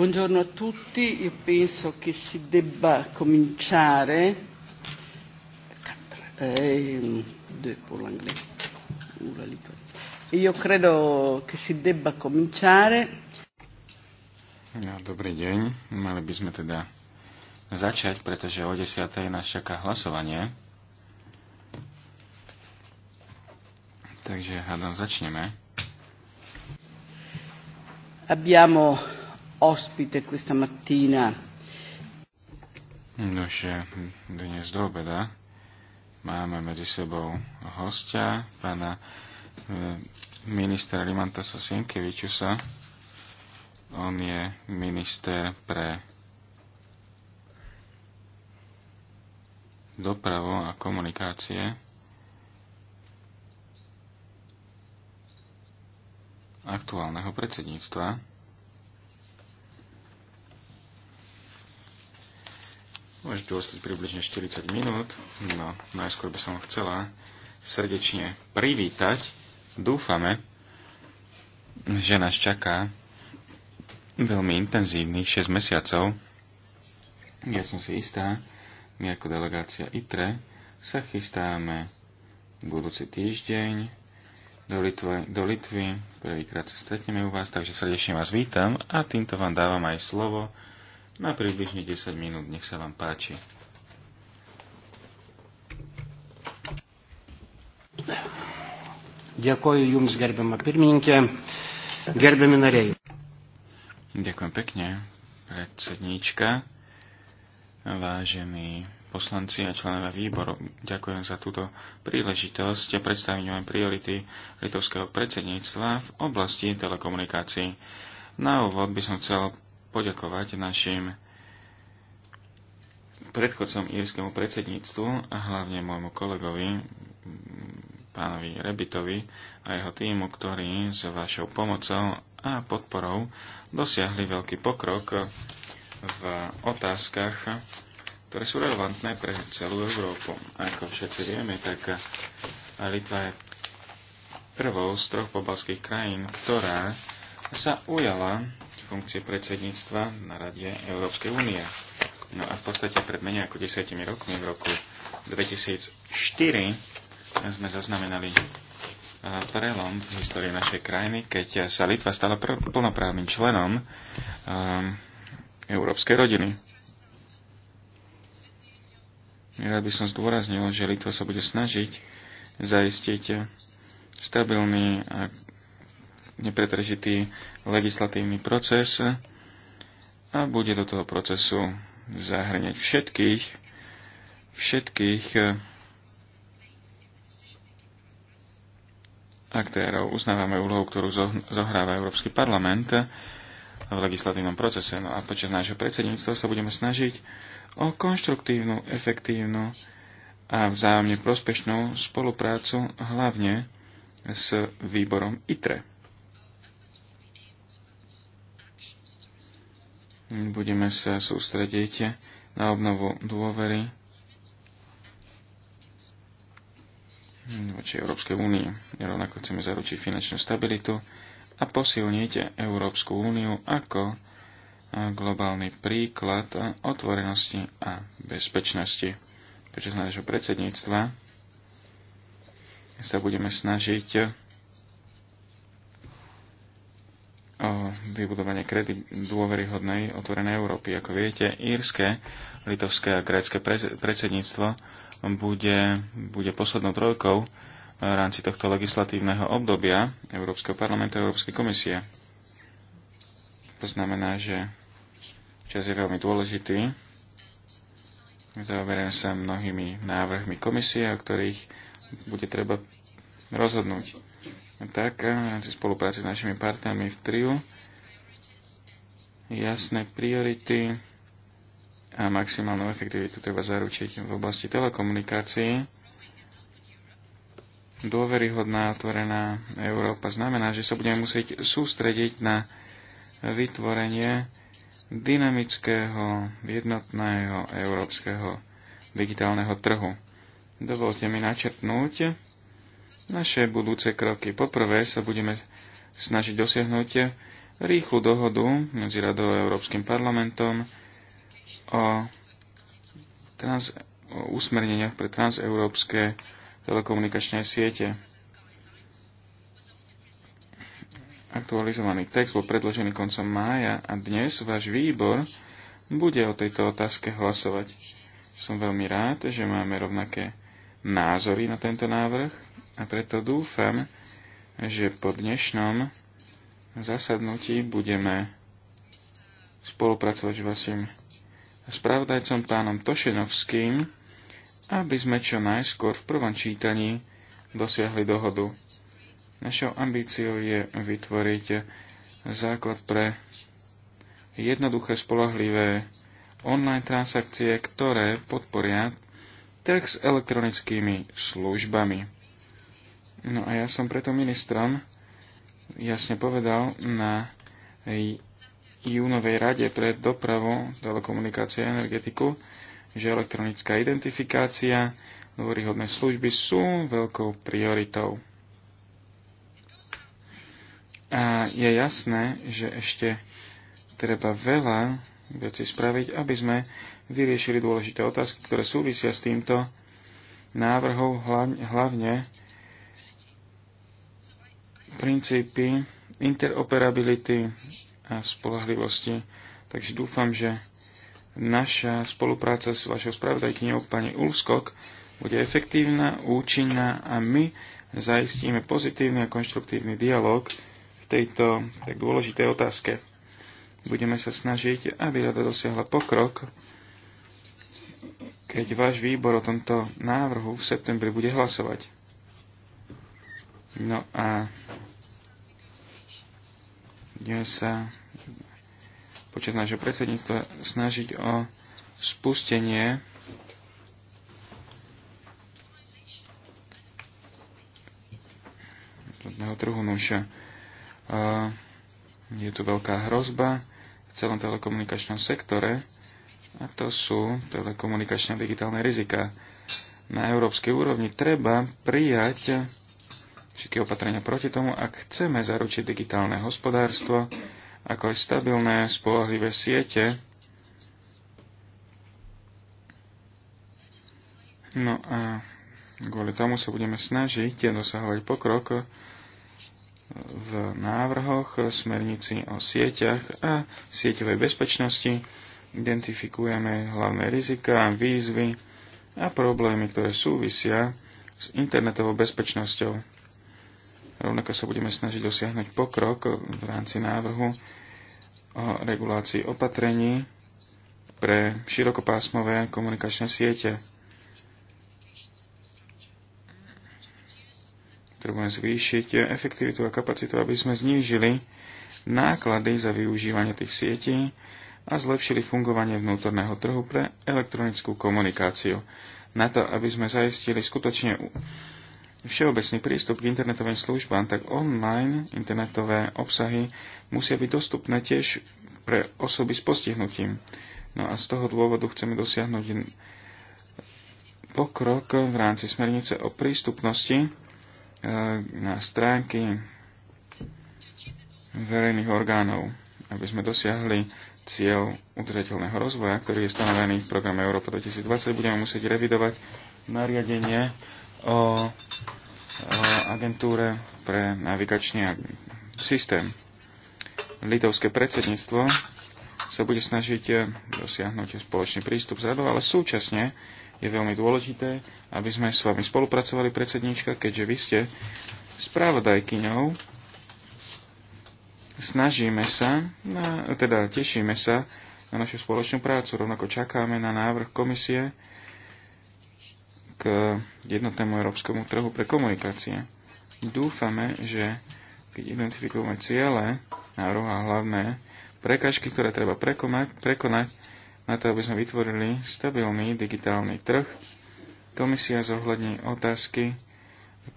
Buongiorno a tutti, io penso che si debba cominciare ehm, io credo che si debba cominciare no, Dobrý deň, mali by sme teda začať, pretože o 10. nás čaká hlasovanie. Takže hádam začneme. Abbiamo ospite questa mattina. Nože, dnes do obeda máme medzi sebou hostia, pána e, ministra Rimantasa Sienkevičusa. On je minister pre dopravo a komunikácie. aktuálneho predsedníctva Môže ostať približne 40 minút. No, najskôr by som chcela srdečne privítať. Dúfame, že nás čaká veľmi intenzívnych 6 mesiacov. Ja som si istá, my ako delegácia ITRE sa chystáme budúci týždeň do, Litve, do Litvy. Prvýkrát sa stretneme u vás, takže srdečne vás vítam a týmto vám dávam aj slovo na približne 10 minút. Nech sa vám páči. Ďakujem Jums, gerbema pirmininke, gerbemi narej. Ďakujem pekne, predsedníčka, vážení poslanci a členovia výboru. Ďakujem za túto príležitosť a predstavenie vám priority litovského predsedníctva v oblasti telekomunikácií. Na úvod by som chcel poďakovať našim predchodcom írskému predsedníctvu a hlavne môjmu kolegovi, pánovi Rebitovi a jeho týmu, ktorí s vašou pomocou a podporou dosiahli veľký pokrok v otázkach, ktoré sú relevantné pre celú Európu. Ako všetci vieme, tak Litva je prvou z troch pobalských krajín, ktorá sa ujala funkcie predsedníctva na Rade Európskej únie. No a v podstate pred menej ako desiatimi rokmi v roku 2004 sme zaznamenali e, prelom v histórii našej krajiny, keď sa Litva stala plnoprávnym členom um, európskej rodiny. Rád by som zdôraznil, že Litva sa bude snažiť zaistiť stabilný a nepretržitý legislatívny proces a bude do toho procesu zahrňať všetkých, všetkých eh, aktérov. Uznávame úlohu, ktorú zohráva Európsky parlament v legislatívnom procese. No a počas nášho predsedníctva sa budeme snažiť o konštruktívnu, efektívnu a vzájomne prospešnú spoluprácu hlavne s výborom ITRE. budeme sa sústrediť na obnovu dôvery voči Európskej únii. Rovnako chceme zaručiť finančnú stabilitu a posilniť Európsku úniu ako globálny príklad otvorenosti a bezpečnosti. Počas nášho predsedníctva sa budeme snažiť o vybudovanie kredy dôveryhodnej otvorenej Európy. Ako viete, írske, litovské a grécké predsedníctvo bude, bude poslednou trojkou v rámci tohto legislatívneho obdobia Európskeho parlamentu a Európskej komisie. To znamená, že čas je veľmi dôležitý. Zaoberám sa mnohými návrhmi komisie, o ktorých bude treba rozhodnúť tak v rámci spolupráci s našimi partnermi v TRIU jasné priority a maximálnu efektivitu treba zaručiť v oblasti telekomunikácií. Dôveryhodná otvorená Európa znamená, že sa budeme musieť sústrediť na vytvorenie dynamického, jednotného európskeho digitálneho trhu. Dovolte mi načrtnúť naše budúce kroky. Poprvé sa budeme snažiť dosiahnuť rýchlu dohodu medzi Radou a Európskym parlamentom o, trans, o usmerneniach pre transeurópske telekomunikačné siete. Aktualizovaný text bol predložený koncom mája a dnes váš výbor bude o tejto otázke hlasovať. Som veľmi rád, že máme rovnaké názory na tento návrh a preto dúfam, že po dnešnom zasadnutí budeme spolupracovať s vašim spravodajcom pánom Tošenovským, aby sme čo najskôr v prvom čítaní dosiahli dohodu. Našou ambíciou je vytvoriť základ pre jednoduché, spolahlivé online transakcie, ktoré podporia trh s elektronickými službami. No a ja som preto ministrom jasne povedal na júnovej rade pre dopravu, telekomunikácie a energetiku, že elektronická identifikácia, dôveryhodné služby sú veľkou prioritou. A je jasné, že ešte treba veľa veci spraviť, aby sme vyriešili dôležité otázky, ktoré súvisia s týmto návrhom, hlavne princípy interoperability a spolahlivosti. Takže dúfam, že naša spolupráca s vašou spravodajkyňou pani Ulskok bude efektívna, účinná a my zaistíme pozitívny a konštruktívny dialog v tejto tak dôležitej otázke. Budeme sa snažiť, aby rada dosiahla pokrok, keď váš výbor o tomto návrhu v septembri bude hlasovať. No a Budeme sa počas nášho predsedníctva snažiť o spustenie jedného trhu nuša. Je tu veľká hrozba v celom telekomunikačnom sektore a to sú telekomunikačné digitálne rizika. Na európskej úrovni treba prijať všetky opatrenia proti tomu, ak chceme zaručiť digitálne hospodárstvo, ako aj stabilné, spolahlivé siete. No a kvôli tomu sa budeme snažiť dosahovať pokrok v návrhoch smernici o sieťach a sieťovej bezpečnosti. Identifikujeme hlavné rizika, výzvy a problémy, ktoré súvisia s internetovou bezpečnosťou. Rovnako sa budeme snažiť dosiahnuť pokrok v rámci návrhu o regulácii opatrení pre širokopásmové komunikačné siete. Potrebujeme zvýšiť efektivitu a kapacitu, aby sme znížili náklady za využívanie tých sietí a zlepšili fungovanie vnútorného trhu pre elektronickú komunikáciu. Na to, aby sme zaistili skutočne všeobecný prístup k internetovým službám, tak online internetové obsahy musia byť dostupné tiež pre osoby s postihnutím. No a z toho dôvodu chceme dosiahnuť pokrok v rámci smernice o prístupnosti e, na stránky verejných orgánov, aby sme dosiahli cieľ udržateľného rozvoja, ktorý je stanovený v programe Európa 2020, budeme musieť revidovať nariadenie o Eh, agentúre pre navigačný systém. Litovské predsedníctvo sa bude snažiť eh, dosiahnuť spoločný prístup s radou, ale súčasne je veľmi dôležité, aby sme s vami spolupracovali, predsednička, keďže vy ste správodajkyňou. Snažíme sa, na, teda tešíme sa na našu spoločnú prácu, rovnako čakáme na návrh komisie k eh, jednotnému európskemu trhu pre komunikácie. Dúfame, že keď identifikujeme ciele, návrh a hlavné prekažky, ktoré treba prekonať, prekonať na to, aby sme vytvorili stabilný digitálny trh, komisia zohľadní otázky,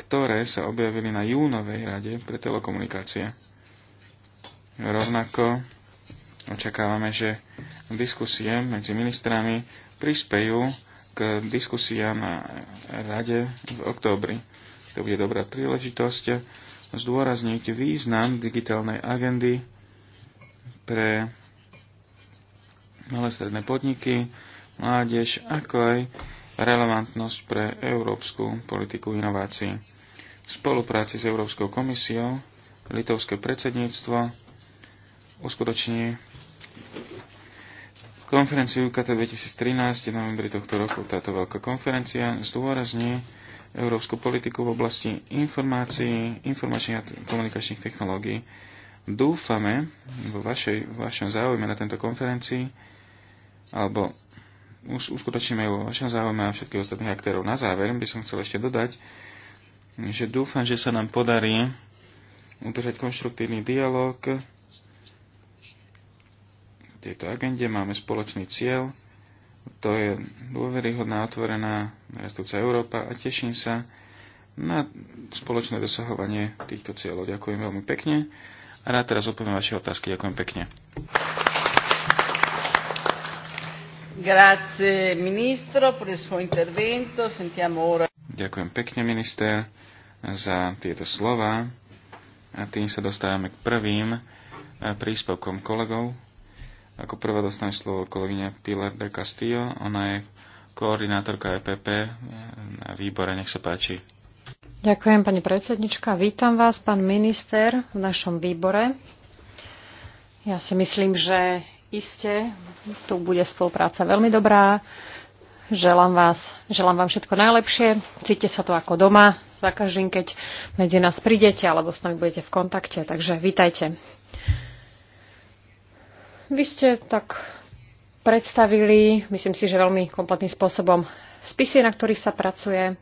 ktoré sa objavili na júnovej rade pre telekomunikácie. Rovnako očakávame, že diskusie medzi ministrami prispejú k diskusiám na rade v októbri. To bude dobrá príležitosť zdôrazniť význam digitálnej agendy pre malé stredné podniky, mládež, ako aj relevantnosť pre európsku politiku inovácií. V spolupráci s Európskou komisiou litovské predsedníctvo uskutoční konferenciu UKT 2013 v novembri tohto roku. Táto veľká konferencia zdôrazní európsku politiku v oblasti informácií, informačných a komunikačných technológií. Dúfame vo vašej, vašom záujme na tento konferencii, alebo už uskutočníme ju vo vašom záujme a všetkých ostatných aktérov. Na záver by som chcel ešte dodať, že dúfam, že sa nám podarí udržať konštruktívny dialog tejto agende. Máme spoločný cieľ, to je dôveryhodná, otvorená, rastúca Európa a teším sa na spoločné dosahovanie týchto cieľov. Ďakujem veľmi pekne a rád teraz odpoviem vaše otázky. Ďakujem pekne. Grazie, ministro, per il suo intervento. Sentiamo ora. Ďakujem pekne, minister, za tieto slova. A tým sa dostávame k prvým eh, príspevkom kolegov. Ako prvá dostane slovo kolegyňa Pilar de Castillo. Ona je koordinátorka EPP eh, na výbore. Nech sa páči. Ďakujem, pani predsednička. Vítam vás, pán minister, v našom výbore. Ja si myslím, že iste tu bude spolupráca veľmi dobrá. Želám, vás, želám vám všetko najlepšie. Cíte sa to ako doma za každým, keď medzi nás prídete alebo s nami budete v kontakte. Takže vítajte. Vy ste tak predstavili, myslím si, že veľmi kompletným spôsobom spisy, na ktorých sa pracuje.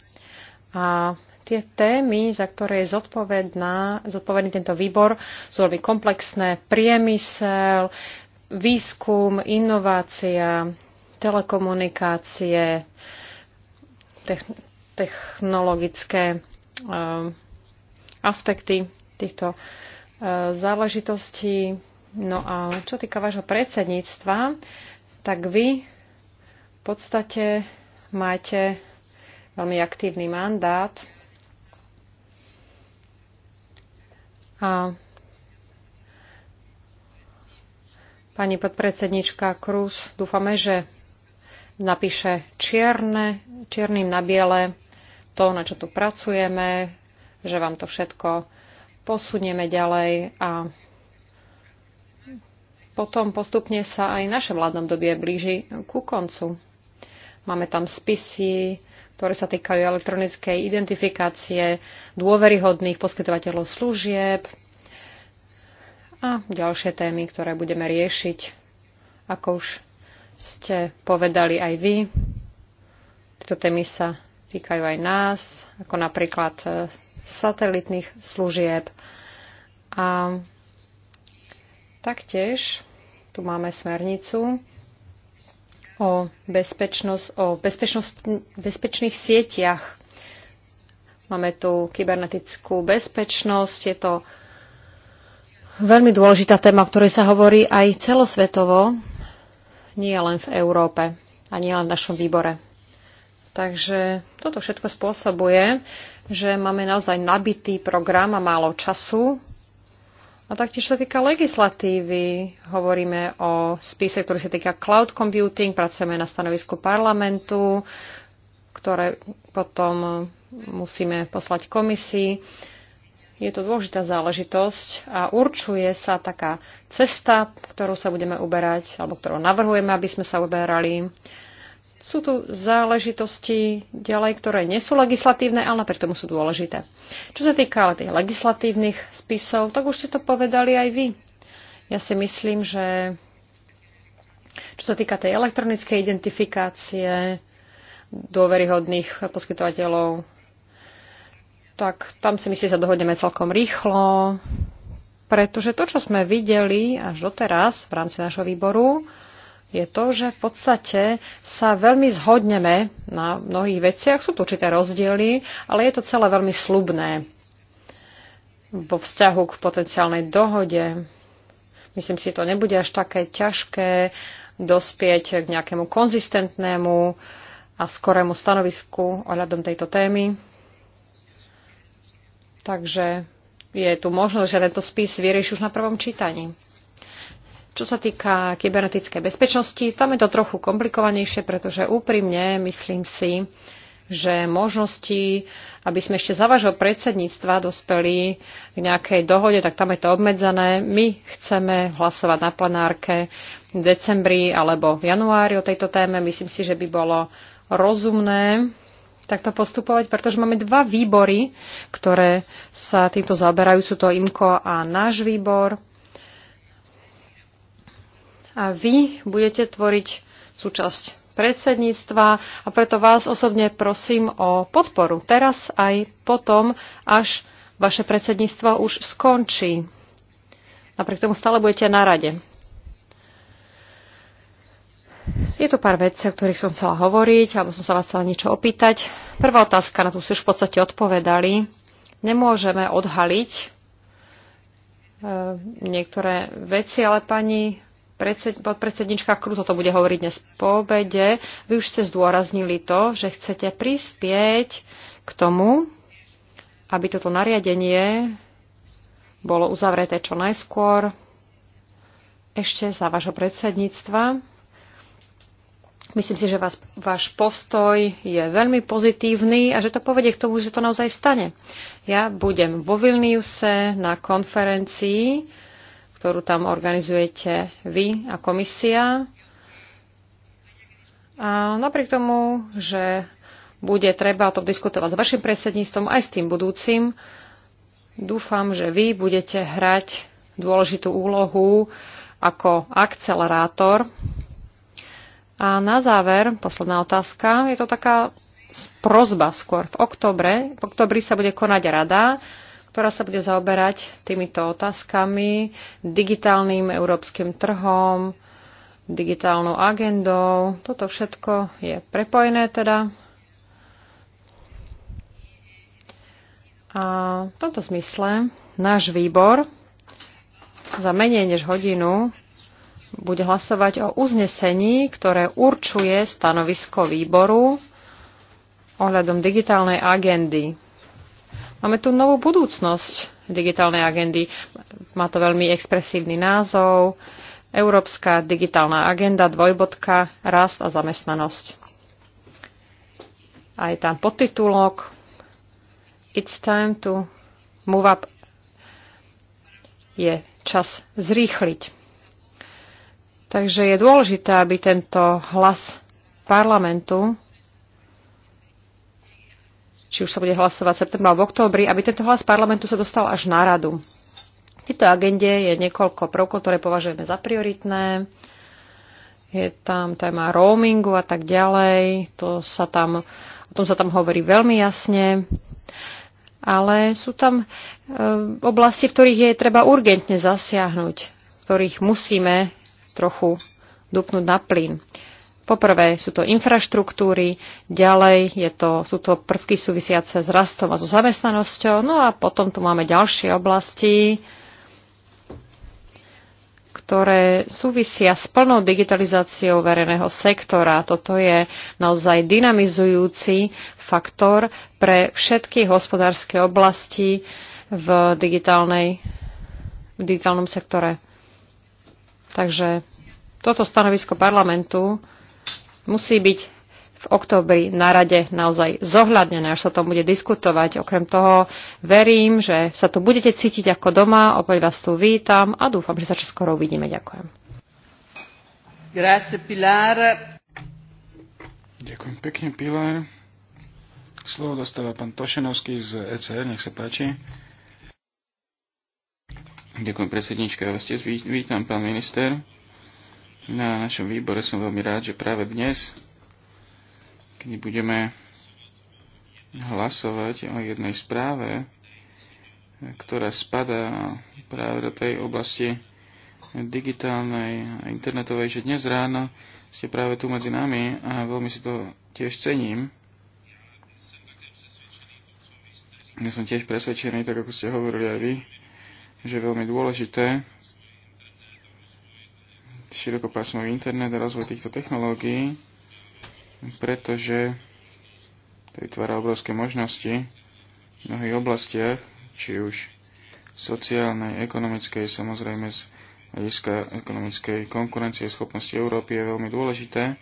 A tie témy, za ktoré je zodpovedná, zodpovedný tento výbor, sú veľmi komplexné. Priemysel, výskum, inovácia, telekomunikácie, technologické ehm, aspekty týchto e, záležitostí No a čo týka vášho predsedníctva, tak vy v podstate máte veľmi aktívny mandát a pani podpredsednička Krus, dúfame, že napíše čierne, čiernym na biele to, na čo tu pracujeme, že vám to všetko posunieme ďalej a potom postupne sa aj naše vládnom dobie blíži ku koncu. Máme tam spisy, ktoré sa týkajú elektronickej identifikácie, dôveryhodných poskytovateľov služieb a ďalšie témy, ktoré budeme riešiť, ako už ste povedali aj vy. Tieto témy sa týkajú aj nás, ako napríklad e, satelitných služieb. A taktiež tu máme smernicu o, bezpečnosť, o bezpečnosť, bezpečných sieťach. Máme tu kybernetickú bezpečnosť. Je to veľmi dôležitá téma, o ktorej sa hovorí aj celosvetovo, nie len v Európe a nie len v našom výbore. Takže toto všetko spôsobuje, že máme naozaj nabitý program a málo času a no taktiež sa týka legislatívy. Hovoríme o spise, ktorý sa týka cloud computing, pracujeme na stanovisku parlamentu, ktoré potom musíme poslať komisii. Je to dôležitá záležitosť a určuje sa taká cesta, ktorú sa budeme uberať, alebo ktorú navrhujeme, aby sme sa uberali sú tu záležitosti ďalej, ktoré nie sú legislatívne, ale napriek tomu sú dôležité. Čo sa týka ale tých legislatívnych spisov, tak už ste to povedali aj vy. Ja si myslím, že čo sa týka tej elektronickej identifikácie dôveryhodných poskytovateľov, tak tam si myslím, že sa dohodneme celkom rýchlo, pretože to, čo sme videli až doteraz v rámci nášho výboru, je to, že v podstate sa veľmi zhodneme na mnohých veciach. Sú tu určité rozdiely, ale je to celé veľmi slubné vo vzťahu k potenciálnej dohode. Myslím si, to nebude až také ťažké dospieť k nejakému konzistentnému a skorému stanovisku ohľadom tejto témy. Takže je tu možnosť, že tento spis vyrieši už na prvom čítaní. Čo sa týka kybernetickej bezpečnosti, tam je to trochu komplikovanejšie, pretože úprimne myslím si, že možnosti, aby sme ešte za vášho predsedníctva dospeli k nejakej dohode, tak tam je to obmedzené. My chceme hlasovať na plenárke v decembri alebo v januári o tejto téme. Myslím si, že by bolo rozumné takto postupovať, pretože máme dva výbory, ktoré sa týmto zaoberajú. Sú to IMKO a náš výbor a vy budete tvoriť súčasť predsedníctva a preto vás osobne prosím o podporu teraz aj potom, až vaše predsedníctvo už skončí. Napriek tomu stále budete na rade. Je tu pár vecí, o ktorých som chcela hovoriť, alebo som sa vás chcela niečo opýtať. Prvá otázka, na tú si už v podstate odpovedali. Nemôžeme odhaliť e, niektoré veci, ale pani podpredsednička Kruz o to bude hovoriť dnes po obede. Vy už ste zdôraznili to, že chcete prispieť k tomu, aby toto nariadenie bolo uzavreté čo najskôr ešte za vášho predsedníctva. Myslím si, že vás, váš postoj je veľmi pozitívny a že to povedie k tomu, že to naozaj stane. Ja budem vo Vilniuse na konferencii ktorú tam organizujete vy a komisia. A napriek tomu, že bude treba o tom diskutovať s vašim predsedníctvom aj s tým budúcim, dúfam, že vy budete hrať dôležitú úlohu ako akcelerátor. A na záver, posledná otázka, je to taká prozba skôr. V oktobre, v oktobri sa bude konať rada ktorá sa bude zaoberať týmito otázkami, digitálnym európskym trhom, digitálnou agendou. Toto všetko je prepojené teda. A v tomto zmysle náš výbor za menej než hodinu bude hlasovať o uznesení, ktoré určuje stanovisko výboru ohľadom digitálnej agendy Máme tu novú budúcnosť digitálnej agendy. Má to veľmi expresívny názov. Európska digitálna agenda, dvojbodka, rast a zamestnanosť. A je tam podtitulok It's time to move up. Je čas zrýchliť. Takže je dôležité, aby tento hlas parlamentu či už sa bude hlasovať v septembra alebo v októbri, aby tento hlas parlamentu sa dostal až na radu. V tejto agende je niekoľko prvkov, ktoré považujeme za prioritné. Je tam téma roamingu a tak ďalej. To sa tam, o tom sa tam hovorí veľmi jasne. Ale sú tam e, oblasti, v ktorých je treba urgentne zasiahnuť, v ktorých musíme trochu dupnúť na plyn. Poprvé sú to infraštruktúry, ďalej je to, sú to prvky súvisiace s rastom a so zamestnanosťou, no a potom tu máme ďalšie oblasti, ktoré súvisia s plnou digitalizáciou verejného sektora. Toto je naozaj dynamizujúci faktor pre všetky hospodárske oblasti v, digitálnej, v digitálnom sektore. Takže toto stanovisko parlamentu musí byť v októbri na rade naozaj zohľadnené, až sa to bude diskutovať. Okrem toho verím, že sa tu budete cítiť ako doma, opäť vás tu vítam a dúfam, že sa čoskoro uvidíme. Ďakujem. Grazie, Pilar. Ďakujem pekne, Pilar. Slovo dostáva pán Tošenovský z ECR, nech sa páči. Ďakujem, predsednička. Ja vás tiež vítam, pán minister na našom výbore. Som veľmi rád, že práve dnes, keď budeme hlasovať o jednej správe, ktorá spadá práve do tej oblasti digitálnej a internetovej, že dnes ráno ste práve tu medzi nami a veľmi si to tiež cením. Ja som tiež presvedčený, tak ako ste hovorili aj vy, že je veľmi dôležité širokopásmový internet a rozvoj týchto technológií, pretože to vytvára obrovské možnosti v mnohých oblastiach, či už sociálnej, ekonomickej, samozrejme z hľadiska ekonomickej konkurencie schopnosti Európy je veľmi dôležité,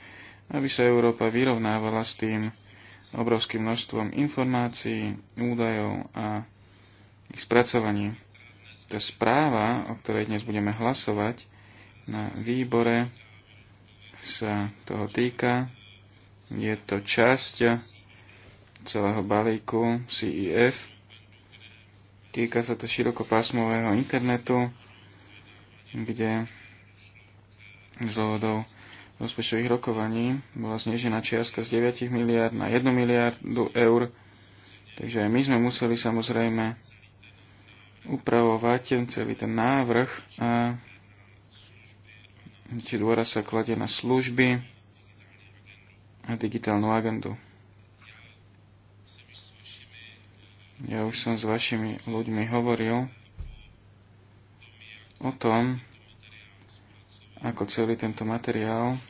aby sa Európa vyrovnávala s tým obrovským množstvom informácií, údajov a ich spracovaní. Tá správa, o ktorej dnes budeme hlasovať, na výbore sa toho týka. Je to časť celého balíku CIF. E týka sa to širokopásmového internetu, kde z dôvodov rozpočtových rokovaní bola znižená čiastka z 9 miliard na 1 miliardu eur. Takže aj my sme museli samozrejme upravovať celý ten návrh a či dôraz sa kladie na služby a digitálnu agendu. Ja už som s vašimi ľuďmi hovoril o tom, ako celý tento materiál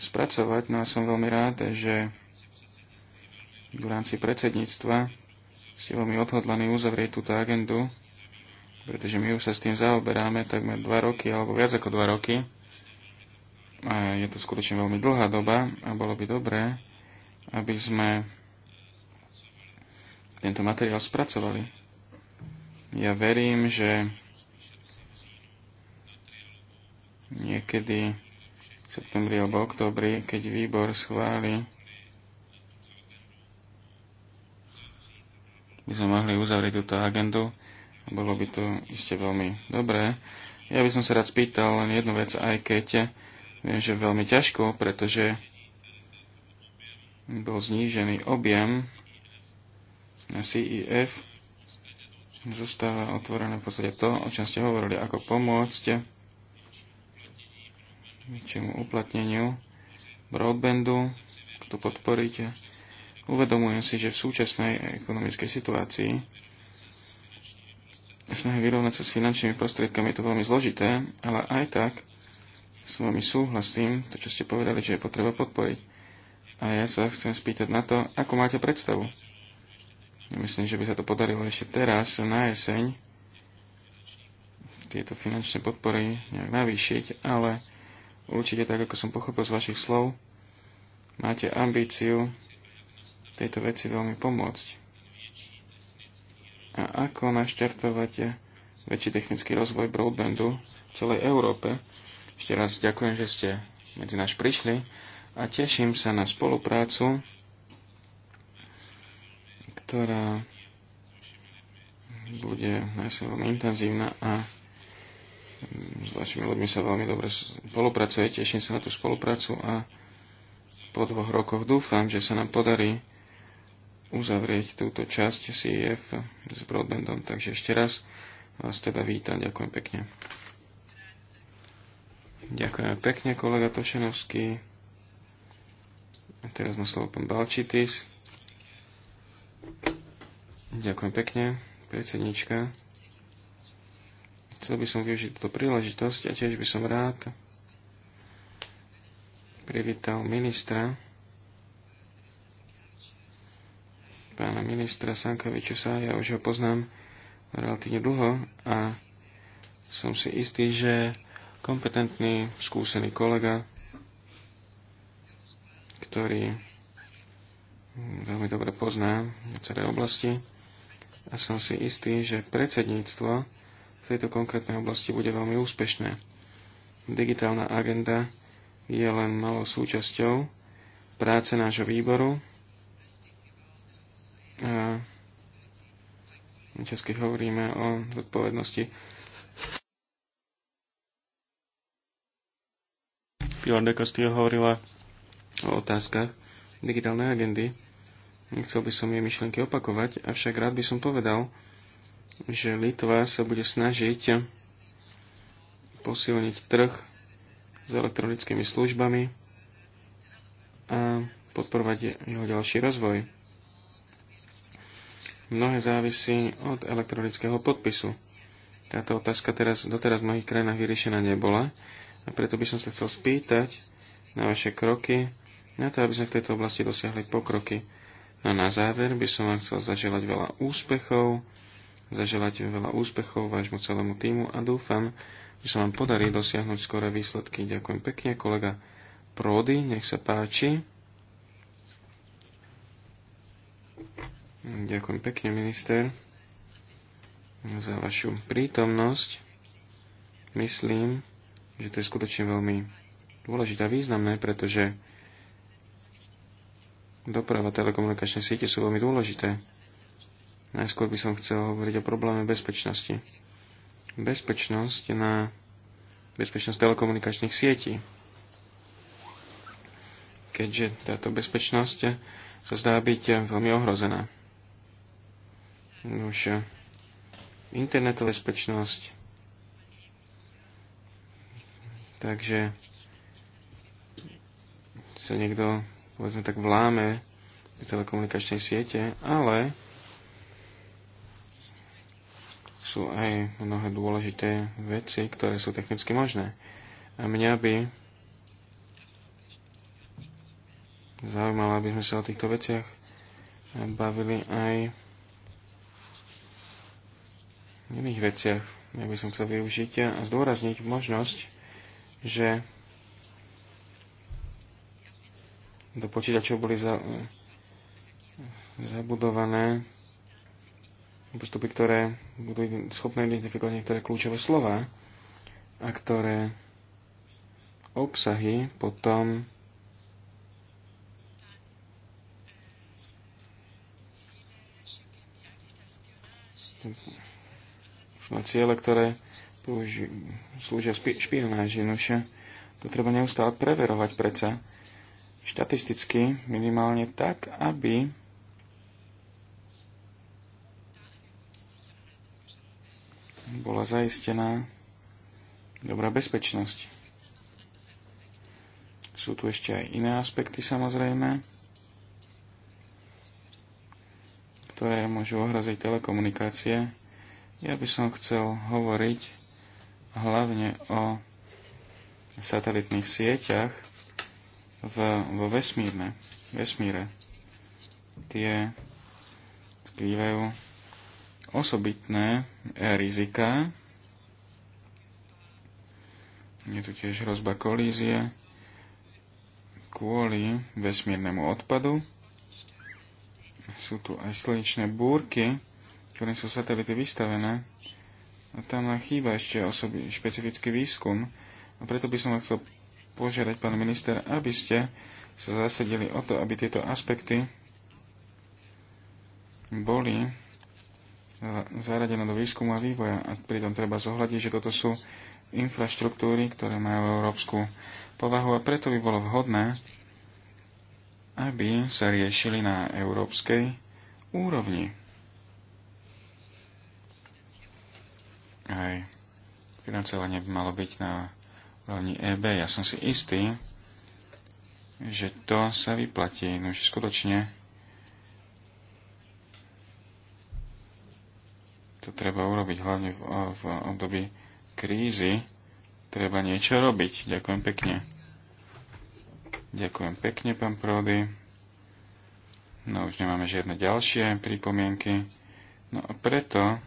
spracovať. No a som veľmi rád, že v rámci predsedníctva ste veľmi odhodlaní uzavrieť túto agendu, pretože my už sa s tým zaoberáme takmer dva roky, alebo viac ako dva roky. A je to skutočne veľmi dlhá doba a bolo by dobré, aby sme tento materiál spracovali. Ja verím, že niekedy v septembri alebo oktobri, keď výbor schváli, by sme mohli uzavrieť túto agendu. Bolo by to iste veľmi dobré. Ja by som sa rád spýtal len jednu vec, aj keď Viem, že veľmi ťažko, pretože bol znížený objem na CIF. E Zostáva otvorené v podstate to, o čom ste hovorili, ako pomôcť čemu uplatneniu broadbandu, kto to podporíte. Uvedomujem si, že v súčasnej ekonomickej situácii snahy vyrovnať sa s finančnými prostriedkami je to veľmi zložité, ale aj tak s vami súhlasím, to čo ste povedali, že je potreba podporiť. A ja sa chcem spýtať na to, ako máte predstavu. Myslím, že by sa to podarilo ešte teraz, na jeseň, tieto finančné podpory nejak navýšiť, ale určite tak, ako som pochopil z vašich slov, máte ambíciu tejto veci veľmi pomôcť. A ako naštartovať väčší technický rozvoj broadbandu v celej Európe, ešte raz ďakujem, že ste medzi nás prišli a teším sa na spoluprácu, ktorá bude najsi veľmi intenzívna a s vašimi ľuďmi sa veľmi dobre spolupracuje. Teším sa na tú spoluprácu a po dvoch rokoch dúfam, že sa nám podarí uzavrieť túto časť CF e s broadbandom. Takže ešte raz vás teda vítam. Ďakujem pekne. Ďakujem pekne, kolega Tošenovský. A teraz má slovo pán Balčitis. Ďakujem pekne, predsednička. Chcel by som využiť túto príležitosť a tiež by som rád privítal ministra, pána ministra sa, ja už ho poznám relatívne dlho a som si istý, že kompetentný, skúsený kolega, ktorý veľmi dobre pozná viaceré oblasti a som si istý, že predsedníctvo v tejto konkrétnej oblasti bude veľmi úspešné. Digitálna agenda je len malou súčasťou práce nášho výboru. A čas, hovoríme o zodpovednosti Pilar de Castillo hovorila o otázkach digitálnej agendy. Nechcel by som jej myšlienky opakovať, avšak rád by som povedal, že Litva sa bude snažiť posilniť trh s elektronickými službami a podporovať jeho ďalší rozvoj. Mnohé závisí od elektronického podpisu. Táto otázka teraz, doteraz v mnohých krajinách vyriešená nebola a preto by som sa chcel spýtať na vaše kroky, na to, aby sme v tejto oblasti dosiahli pokroky. No a na záver by som vám chcel zaželať veľa úspechov, zaželať veľa úspechov vášmu celému týmu a dúfam, že sa vám podarí dosiahnuť skoré výsledky. Ďakujem pekne, kolega Prody, nech sa páči. Ďakujem pekne, minister, za vašu prítomnosť. Myslím, že to je skutočne veľmi dôležité a významné, pretože doprava telekomunikačné siete sú veľmi dôležité. Najskôr by som chcel hovoriť o probléme bezpečnosti. Bezpečnosť na bezpečnosť telekomunikačných sietí. Keďže táto bezpečnosť sa zdá byť veľmi ohrozená. Už eh, internetové bezpečnosť, Takže sa niekto, povedzme tak, vláme do telekomunikačnej siete, ale sú aj mnohé dôležité veci, ktoré sú technicky možné. A mňa by zaujímalo, aby sme sa o týchto veciach bavili aj v iných veciach. Ja by som chcel využiť a zdôrazniť možnosť že do počítačov boli za, zabudované postupy, ktoré budú schopné identifikovať niektoré kľúčové slova a ktoré obsahy potom na ciele, ktoré slúžia špionáži. Nož to treba neustále preverovať predsa štatisticky minimálne tak, aby bola zaistená dobrá bezpečnosť. Sú tu ešte aj iné aspekty samozrejme, ktoré môžu ohraziť telekomunikácie. Ja by som chcel hovoriť hlavne o satelitných sieťach v, vo vesmírne, vesmíre. Tie skrývajú osobitné rizika. Je tu tiež hrozba kolízie kvôli vesmírnemu odpadu. Sú tu aj slnečné búrky, ktoré sú satelity vystavené tam chýba ešte osobi, špecifický výskum. A preto by som chcel požiadať, pán minister, aby ste sa zasadili o to, aby tieto aspekty boli zaradené do výskumu a vývoja. A pritom treba zohľadiť, že toto sú infraštruktúry, ktoré majú európsku povahu a preto by bolo vhodné, aby sa riešili na európskej úrovni. aj financovanie by malo byť na úrovni EB. Ja som si istý, že to sa vyplatí. No, že skutočne to treba urobiť hlavne v, v období krízy. Treba niečo robiť. Ďakujem pekne. Ďakujem pekne, pán Prody. No už nemáme žiadne ďalšie pripomienky. No a preto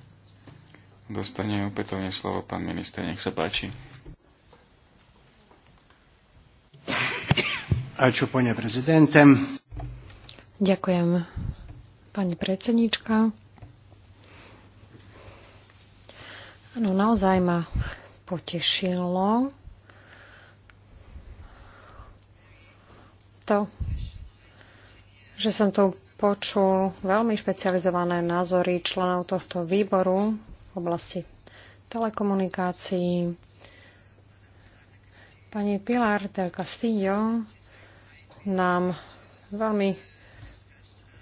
dostane opätovne slovo pán minister. Nech sa páči. Ačo, pane prezidente. Ďakujem, pani predsednička. No naozaj ma potešilo to, že som tu počul veľmi špecializované názory členov tohto výboru oblasti telekomunikácií. Pani Pilar del Castillo nám veľmi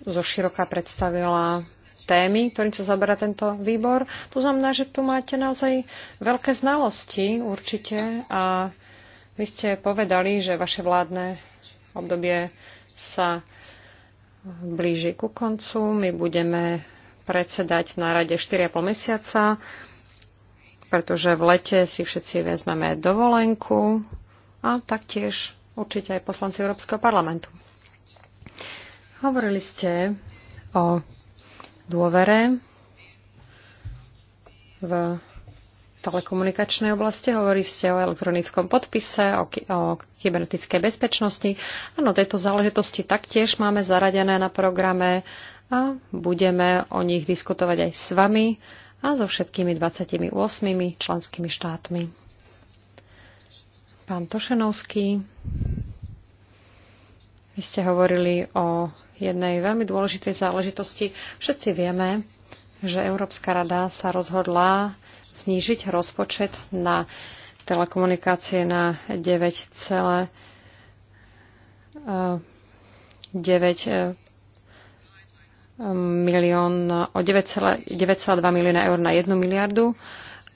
zoširoka predstavila témy, ktorým sa zabera tento výbor. To znamená, že tu máte naozaj veľké znalosti určite a vy ste povedali, že vaše vládne obdobie sa blíži ku koncu. My budeme predsedať na rade 4,5 mesiaca, pretože v lete si všetci vezmeme dovolenku a taktiež určite aj poslanci Európskeho parlamentu. Hovorili ste o dôvere v telekomunikačnej oblasti, hovorili ste o elektronickom podpise, o, ky- o kybernetickej bezpečnosti. Áno, tejto záležitosti taktiež máme zaradené na programe a budeme o nich diskutovať aj s vami a so všetkými 28 členskými štátmi. Pán Tošenovský, vy ste hovorili o jednej veľmi dôležitej záležitosti. Všetci vieme, že Európska rada sa rozhodla znížiť rozpočet na telekomunikácie na 9,9 milión, o 9,2 milióna eur na 1 miliardu.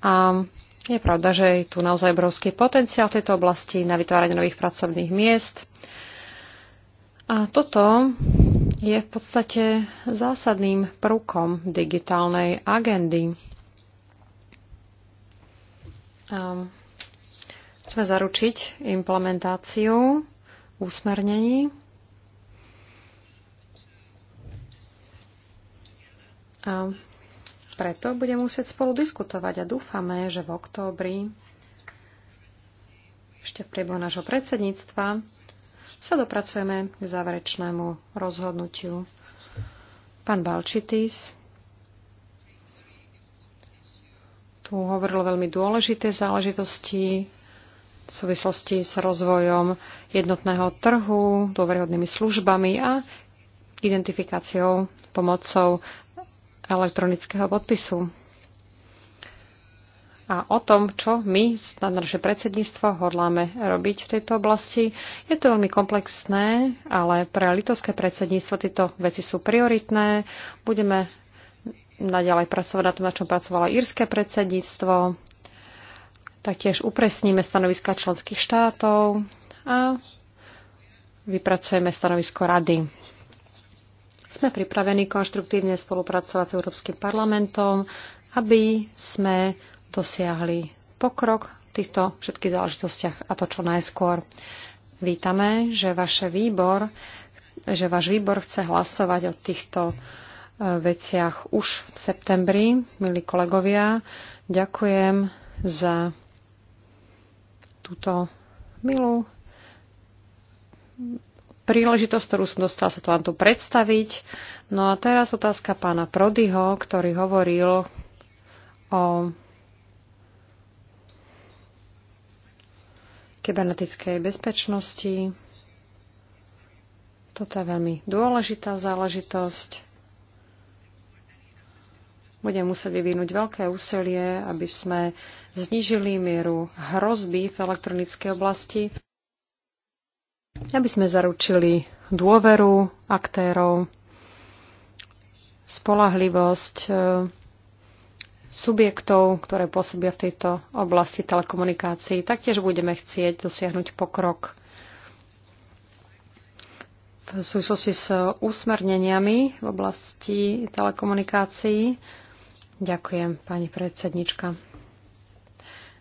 A je pravda, že je tu naozaj obrovský potenciál v tejto oblasti na vytváranie nových pracovných miest. A toto je v podstate zásadným prvkom digitálnej agendy. A chceme zaručiť implementáciu úsmernení A preto budeme musieť spolu diskutovať a dúfame, že v októbri, ešte v priebehu nášho predsedníctva, sa dopracujeme k záverečnému rozhodnutiu. Pán Balčitis tu hovoril veľmi dôležité záležitosti v súvislosti s rozvojom jednotného trhu, dôveryhodnými službami a identifikáciou pomocou elektronického podpisu a o tom, čo my na naše predsedníctvo hodláme robiť v tejto oblasti. Je to veľmi komplexné, ale pre litovské predsedníctvo tieto veci sú prioritné. Budeme naďalej pracovať na tom, na čom pracovalo írske predsedníctvo. Taktiež upresníme stanoviska členských štátov a vypracujeme stanovisko rady. Sme pripravení konštruktívne spolupracovať s Európskym parlamentom, aby sme dosiahli pokrok v týchto všetkých záležitostiach a to čo najskôr. Vítame, že, vaše výbor, že váš výbor chce hlasovať o týchto e, veciach už v septembri. Milí kolegovia, ďakujem za túto milú príležitosť, ktorú som dostala sa to vám tu predstaviť. No a teraz otázka pána Prodyho, ktorý hovoril o kybernetickej bezpečnosti. Toto je veľmi dôležitá záležitosť. Budem musieť vyvinúť veľké úsilie, aby sme znížili mieru hrozby v elektronickej oblasti aby sme zaručili dôveru aktérov, spolahlivosť e, subjektov, ktoré pôsobia v tejto oblasti telekomunikácií. Taktiež budeme chcieť dosiahnuť pokrok v súvislosti s úsmerneniami v oblasti telekomunikácií. Ďakujem, pani predsednička.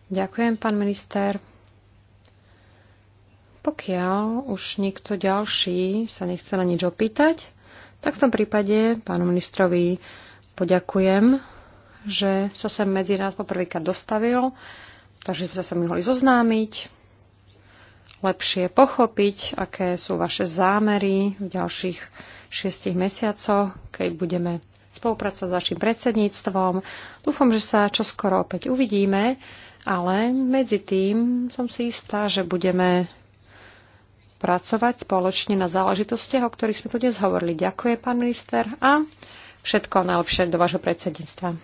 Ďakujem, pán minister. Pokiaľ už nikto ďalší sa nechce na nič opýtať, tak v tom prípade pánu ministrovi poďakujem, že sa sem medzi nás poprvýkrát dostavil, takže sme sa sem mohli zoznámiť, lepšie pochopiť, aké sú vaše zámery v ďalších šiestich mesiacoch, keď budeme spolupracovať s vašim predsedníctvom. Dúfam, že sa čoskoro opäť uvidíme, ale medzi tým som si istá, že budeme pracovať spoločne na záležitostiach, o ktorých sme tu dnes hovorili. Ďakujem, pán minister, a všetko najlepšie do vášho predsedníctva.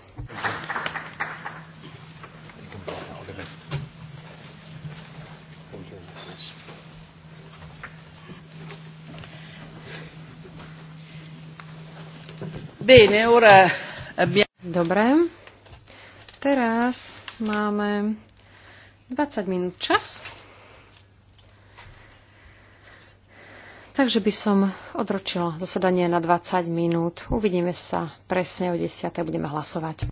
Dobre, teraz máme 20 minút čas. Takže by som odročila zasadanie na 20 minút. Uvidíme sa presne o 10. budeme hlasovať.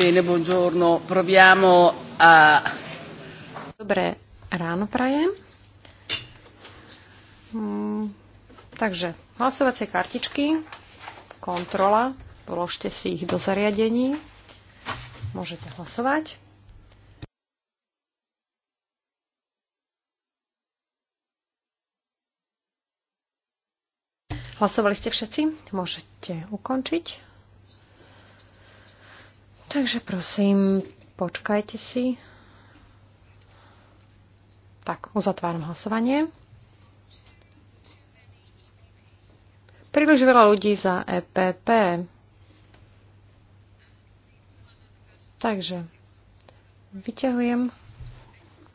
Bene, buongiorno. Proviamo a... Dobré ráno prajem. Mm, takže hlasovacie kartičky, kontrola, vložte si ich do zariadení. Môžete hlasovať. Hlasovali ste všetci? Môžete ukončiť. Takže prosím, počkajte si. Tak, uzatváram hlasovanie. Príliš veľa ľudí za EPP. Takže, vyťahujem.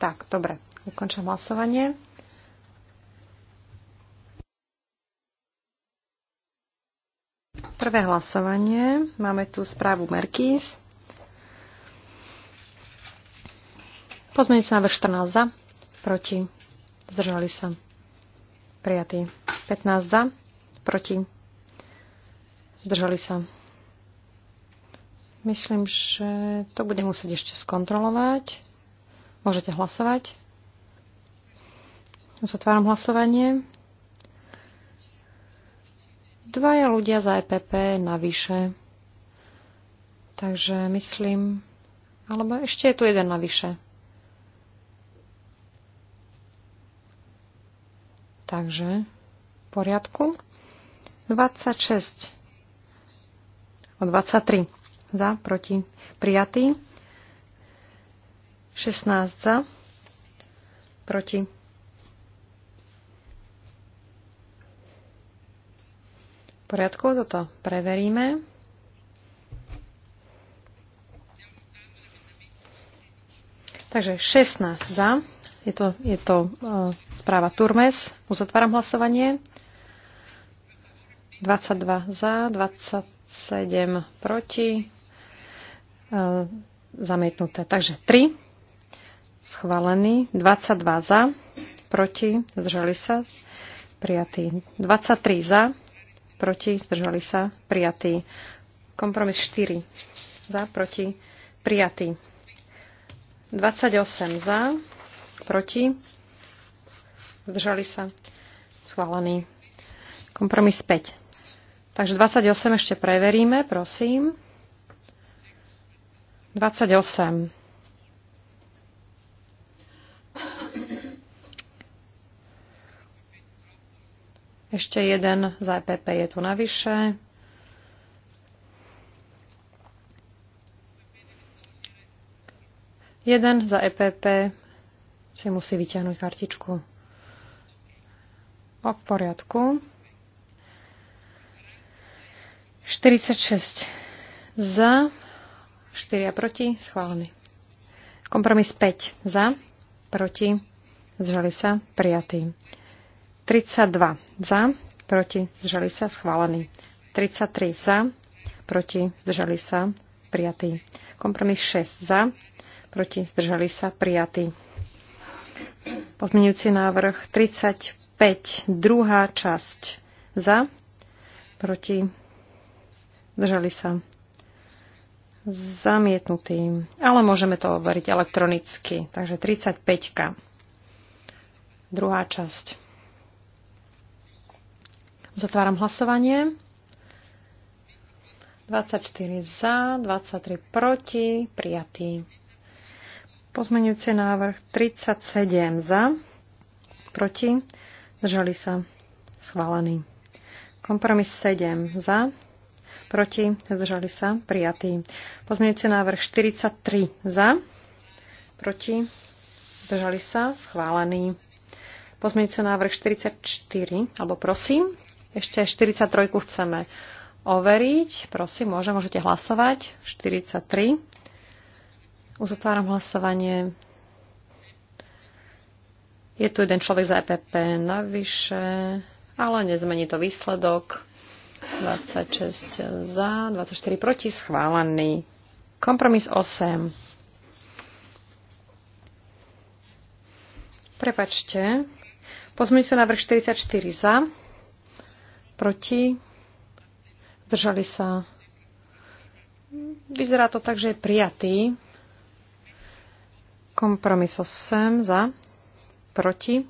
Tak, dobre, ukončím hlasovanie. Prvé hlasovanie. Máme tu správu Merkis. Pozmeňujúci návrh 14 za, proti, zdržali sa. Prijatý. 15 za, proti, zdržali sa. Myslím, že to bude musieť ešte skontrolovať. Môžete hlasovať. Zatváram hlasovanie. Dvaja ľudia za EPP navyše. Takže myslím... Alebo ešte je tu jeden navyše. Takže v poriadku. 26 o 23 za, proti, prijatý. 16 za, proti. V poriadku, toto preveríme. Takže 16 za. Je to, je to e, správa Turmes. Uzatváram hlasovanie. 22 za, 27 proti. E, zamietnuté. Takže 3. Schválený. 22 za, proti. Zdržali sa. Prijatý. 23 za, proti. Zdržali sa. Prijatý. Kompromis 4. Za, proti. Prijatý. 28 za, Proti? Zdržali sa? Schválený. Kompromis 5. Takže 28 ešte preveríme, prosím. 28. Ešte jeden za EPP je tu navyše. Jeden za EPP si musí vyťahnuť kartičku. A v poriadku. 46 za, 4 a proti, schválený. Kompromis 5 za, proti, zžali sa, prijatý. 32 za, proti, zžali sa, schválený. 33 za, proti, zdržali sa, prijatý. Kompromis 6 za, proti, zdržali sa, prijatý. Pozmenujúci návrh 35, druhá časť. Za, proti, držali sa zamietnutý. Ale môžeme to overiť elektronicky. Takže 35. Druhá časť. Zatváram hlasovanie. 24 za, 23 proti, prijatý. Pozmenujúci návrh 37 za, proti, zdržali sa, schválený. Kompromis 7 za, proti, zdržali sa, prijatý. Pozmenujúci návrh 43 za, proti, zdržali sa, schválený. Pozmenujúci návrh 44, alebo prosím, ešte 43 chceme overiť. Prosím, môže, môžete hlasovať. 43. Uzatváram hlasovanie. Je tu jeden človek za EPP navyše, ale nezmení to výsledok. 26 za, 24 proti, schválený. Kompromis 8. Prepačte. na návrh 44 za, proti, držali sa. Vyzerá to tak, že je prijatý. Kompromis 8 za, proti,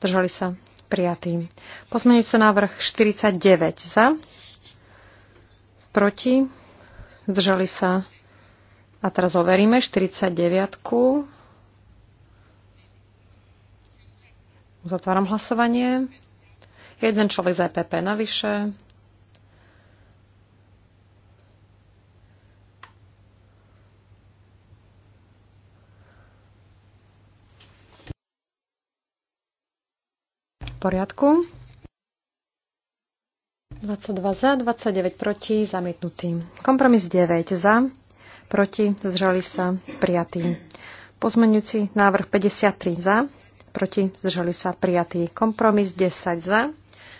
držali sa prijatý. Pozmeňujúce návrh 49 za, proti, držali sa. A teraz overíme 49. Zatváram hlasovanie. Jeden človek za EPP navyše. poriadku. 22 za, 29 proti, zamietnutý. Kompromis 9 za, proti, zdržali sa, prijatý. Pozmeňujúci návrh 53 za, proti, zdržali sa, prijatý. Kompromis 10 za,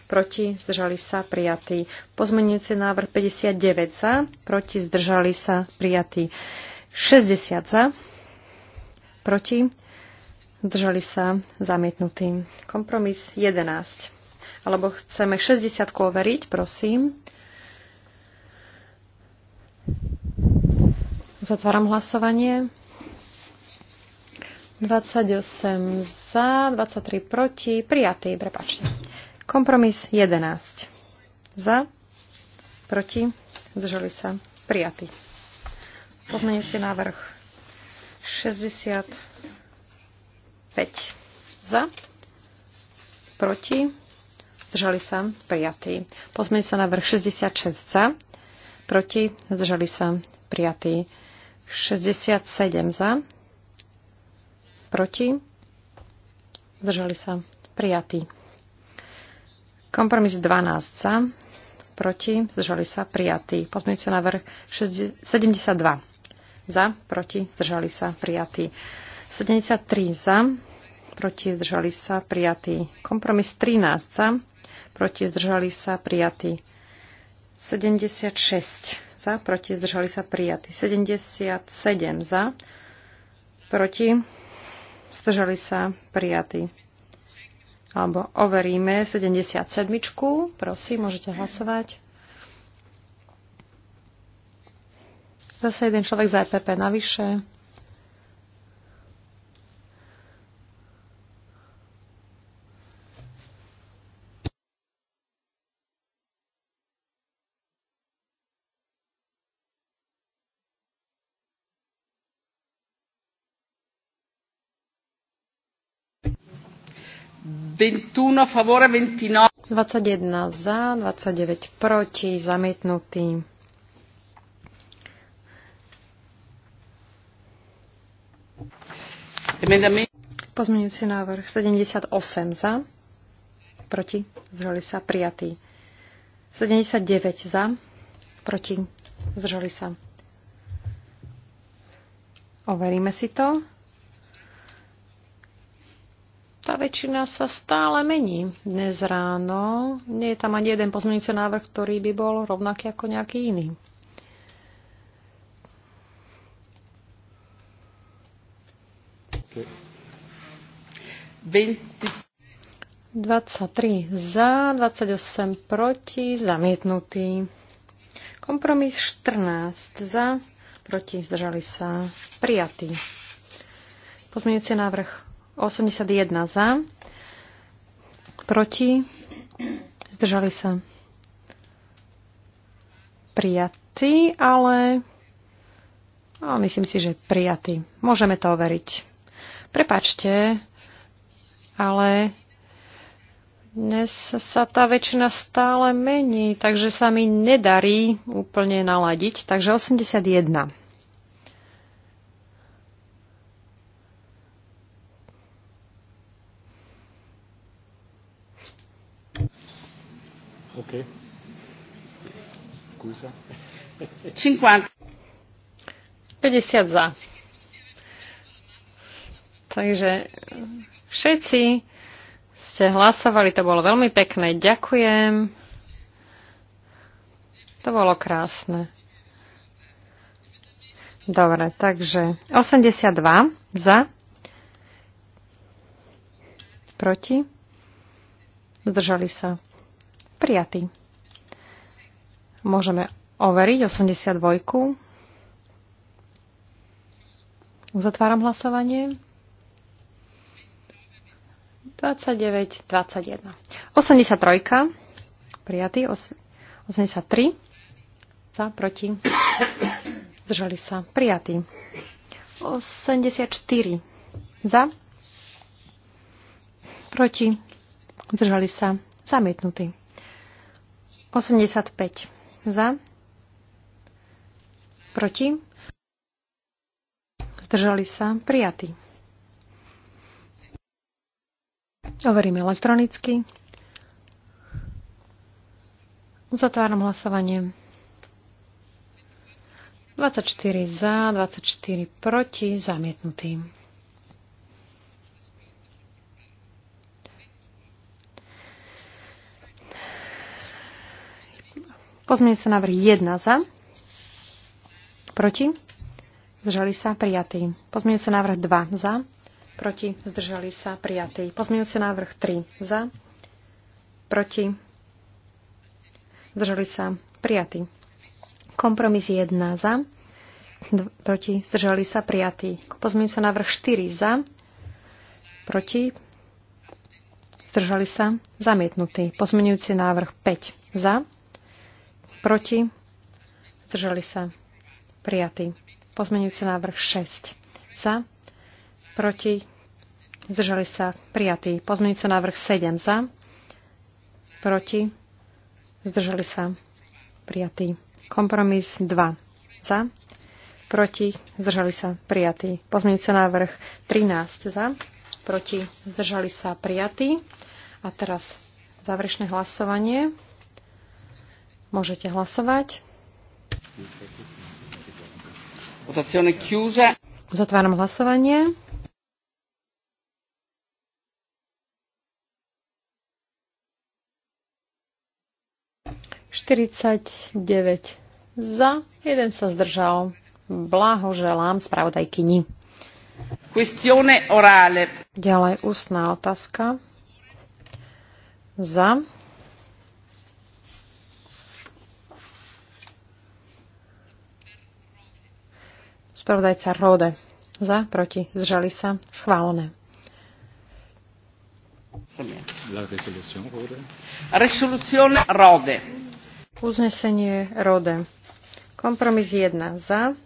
proti, zdržali sa, prijatý. Pozmeňujúci návrh 59 za, proti, zdržali sa, prijatý. 60 za, proti, Držali sa zamietnutý. Kompromis 11. Alebo chceme 60 overiť, prosím. Zatváram hlasovanie. 28 za, 23 proti, prijatý, prepačte. Kompromis 11. Za, proti, zdržali sa, prijatý. Pozmenujúci návrh 60 5 za, proti, zdržali sa, prijatý. Pozmeňujúci sa návrh 66 za, proti, zdržali sa, prijatí. 67 za, proti, zdržali sa, prijatí. Kompromis 12 za, proti, zdržali sa, prijatý. Pozmeňujúci návrh 72 za, proti, zdržali sa, prijatí. 73 za, proti zdržali sa prijatý. Kompromis 13 za, proti zdržali sa prijatý. 76 za, proti zdržali sa prijatý. 77 za, proti zdržali sa prijatý. Alebo overíme 77. Prosím, môžete hlasovať. Zase jeden človek za EPP navyše. 21 a favore, 29. 21 za, 29 proti, zamietnutý. Pozmeňujúci návrh 78 za, proti, zdržali sa, prijatý. 79 za, proti, zdržali sa. Overíme si to tá väčšina sa stále mení. Dnes ráno nie je tam ani jeden pozmeňujúci návrh, ktorý by bol rovnaký ako nejaký iný. Okay. 23 za, 28 proti, zamietnutý. Kompromis 14 za, proti, zdržali sa, prijatý. Pozmeňujúci návrh 81 za, proti, zdržali sa prijatí, ale no, myslím si, že prijatí. Môžeme to overiť. Prepačte, ale dnes sa tá väčšina stále mení, takže sa mi nedarí úplne naladiť. Takže 81. Ok. Scusa. 50. 50 za. Takže všetci ste hlasovali, to bolo veľmi pekné. Ďakujem. To bolo krásne. Dobre, takže 82 za, proti, zdržali sa. Prijatý. Môžeme overiť 82. Uzatváram hlasovanie. 29, 21. 83. Prijatý. 83. Za, proti. Zdržali sa. Prijatý. 84. Za. Proti. Zdržali sa. Zamietnutý. 85 za, proti, zdržali sa, prijatí. Overím elektronicky. Uzatváram hlasovanie. 24 za, 24 proti, zamietnutým. Pozmeň sa návrh 1 za. Proti. Zdržali sa prijatý. sa návrh 2 za. Proti. Zdržali sa prijatý. Pozmeňujúci návrh 3 za. Proti. Zdržali sa prijatý. Kompromis 1 za. Proti. Zdržali sa prijatý. sa návrh 4 za. Proti. Zdržali sa zamietnutý. Pozmeňujúci návrh 5 za. Proti? Zdržali sa. Prijatý. Pozmeňujúci návrh 6. Za. Proti? Zdržali sa. Prijatý. Pozmeňujúci návrh 7. Za. Proti? Zdržali sa. Prijatý. Kompromis 2. Za. Proti? Zdržali sa. Prijatý. Pozmeňujúci návrh 13. Za. Proti? Zdržali sa. Prijatý. A teraz záverečné hlasovanie. Môžete hlasovať. Zatváram hlasovanie. Štyridsať deväť za, jeden sa zdržal. Blahoželám spravodajkyni. Ďalej ústná otázka. Za. Spravodajca Rode. Za, proti, zdržali sa, schválené. Rode. Uznesenie Rode. Kompromis 1 za,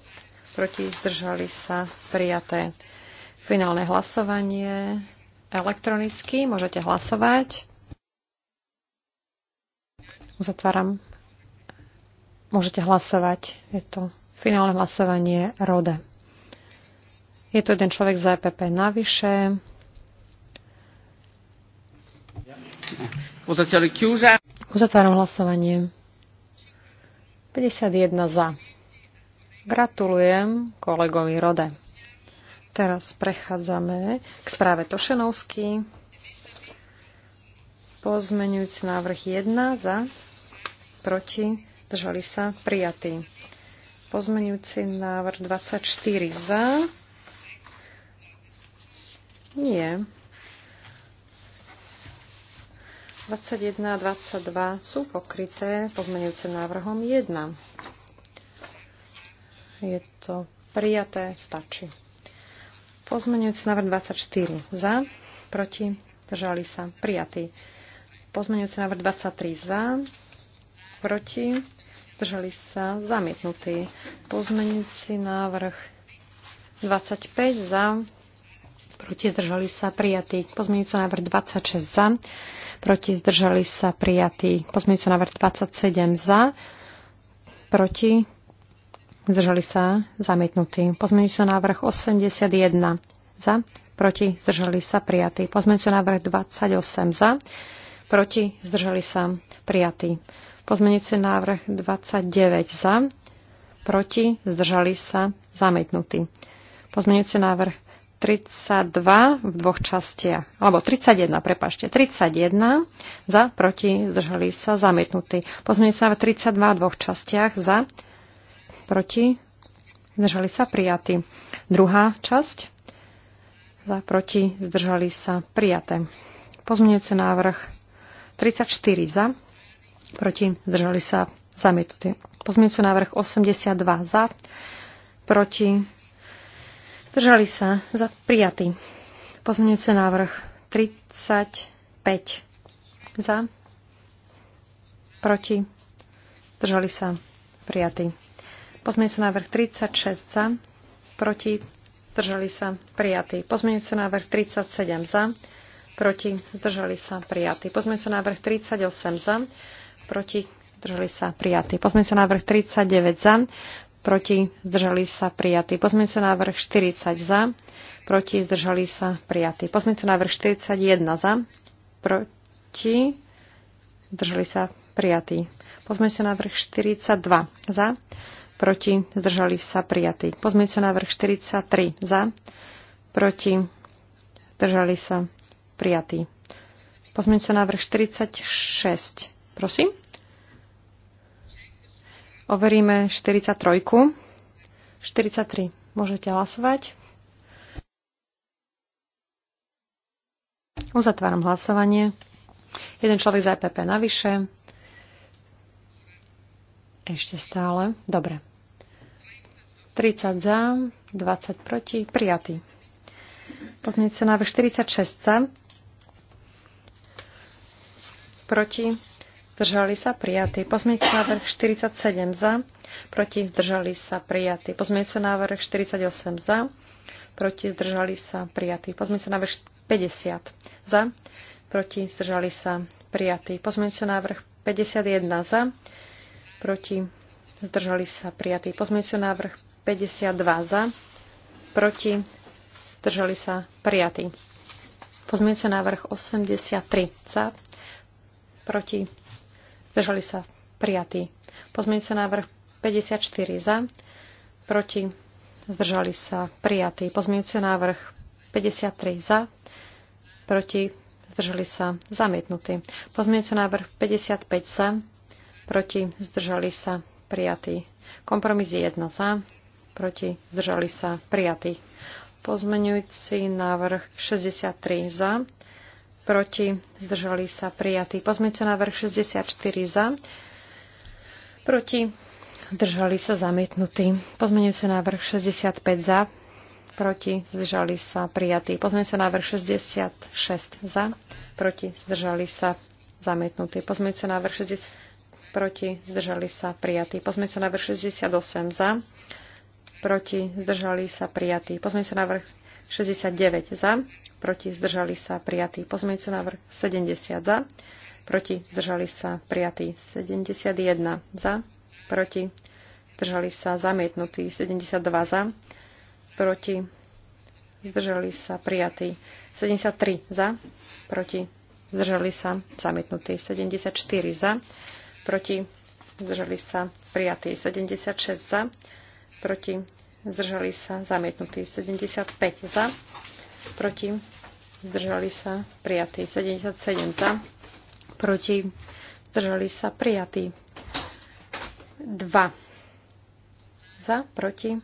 proti zdržali sa prijaté. Finálne hlasovanie elektronicky. Môžete hlasovať. Uzatváram. Môžete hlasovať. Je to Finálne hlasovanie Rode. Je to jeden človek z EPP navyše. Uzatváram hlasovanie. 51 za. Gratulujem kolegovi Rode. Teraz prechádzame k správe Tošenovský. Pozmenujúci návrh 1 za, proti, držali sa, prijatý. Pozmenujúci návrh 24 za. Nie. 21 a 22 sú pokryté pozmenujúcim návrhom 1. Je to prijaté, stačí. Pozmenujúci návrh 24 za, proti, držali sa, prijatý. Pozmenujúci návrh 23 za, proti, Zdržali sa zamietnutý. Pozmenujúci návrh 25 za. Proti zdržali sa prijatý. Pozmenujúci návrh 26 za. Proti zdržali sa prijatý. Pozmenujúci návrh 27 za. Proti zdržali sa zamietnutý. Pozmenujúci návrh 81 za. Proti zdržali sa prijatý. Pozmenujúci návrh 28 za. Proti zdržali sa prijatý. Pozmenujúci návrh 29 za, proti, zdržali sa, zamietnutý. Pozmenujúci návrh 32 v dvoch častiach, alebo 31, prepašte, 31 za, proti, zdržali sa, zamietnutý. Pozmenujúci návrh 32 v dvoch častiach za, proti, zdržali sa, prijatý. Druhá časť, za, proti, zdržali sa, prijaté. Pozmenujúci návrh 34 za, proti, zdržali sa zamietnutý. Pozmienujúci návrh 82 za, proti, zdržali sa za prijatý. Pozmienujúci návrh 35 za, proti, zdržali sa prijatý. Pozmienujúci návrh 36 za, proti, zdržali sa prijatý. Pozmienujúci návrh 37 za, proti, zdržali sa prijatý. Pozmienujúci návrh 38 za, proti, zdržali sa prijatí. Pozmeňujúci návrh 39 za, proti, zdržali sa prijatí. Pozmeňujúci návrh 40 za, proti, zdržali sa prijatí. Pozmeňujúci návrh 41 za, proti, zdržali sa prijatí. Pozmeňujúci návrh 42 za, proti, zdržali sa prijatí. Pozmeňujúci návrh 43 za, proti, zdržali sa prijatí. Pozmeňujúci návrh 46 za, Prosím. Overíme 43. 43. Môžete hlasovať. Uzatváram hlasovanie. Jeden človek za IPP e navyše. Ešte stále. Dobre. 30 za, 20 proti, prijatý. Podmienujúce návrh 46 za, proti, zdržali sa prijatý. Pozmeňujúci návrh 47 za, proti zdržali sa prijatý. Pozmeňujúci návrh 48 za, proti zdržali sa prijatý. Pozmeňujúci návrh 50 za, proti zdržali sa prijatý. Pozmeňujúci návrh 51 za, proti zdržali sa prijatý. Pozmeňujúci návrh 52 za, proti zdržali sa prijatý. Pozmeňujúci návrh 83 za, proti Zdržali sa prijatí. Pozmeňujúci návrh 54 za, proti, zdržali sa prijatí. Pozmeňujúci návrh 53 za, proti, zdržali sa zamietnutí. Pozmeňujúci návrh 55 za, proti, zdržali sa prijatí. Kompromis 1 za, proti, zdržali sa prijatí. Pozmeňujúci návrh 63 za, proti, zdržali sa prijatí. Pozmeňte návrh 64 za, proti, zdržali sa zamietnutí. Pozmeňujúci návrh 65 za, proti, zdržali sa prijatí. Pozmeňujúci návrh 66 za, proti, zdržali sa zamietnutí. Pozmeňujúci návrh 60 proti, zdržali sa prijatí. Pozmeň sa návrh 68 za, proti, zdržali sa prijatí. Pozmeň sa návrh 69 za, proti zdržali sa prijatý pozmeňujúci návrh 70 za, proti zdržali sa prijatý 71 za, proti zdržali sa zamietnutý 72 za, proti zdržali sa prijatý 73 za, proti zdržali sa zamietnutý 74 za, proti zdržali sa prijatý 76 za, proti zdržali sa zamietnutý 75 za, proti, zdržali sa, prijatí. 77 za, proti, zdržali sa, prijatí. 2 za, proti,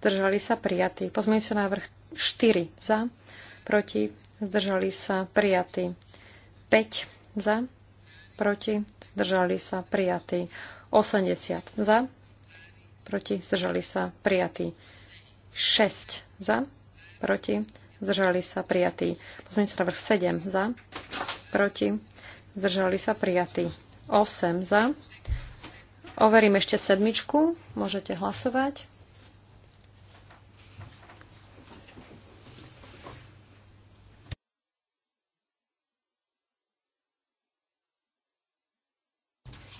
zdržali sa, prijatí. sa návrh 4 za, proti, zdržali sa, prijatí. 5 za, proti, zdržali sa, prijatí. 80 za, proti, zdržali sa, prijatí. 6 za, proti, zdržali sa prijatí. Pozmeňujúci návrh 7 za, proti, zdržali sa prijatí. 8 za. Overím ešte sedmičku, môžete hlasovať.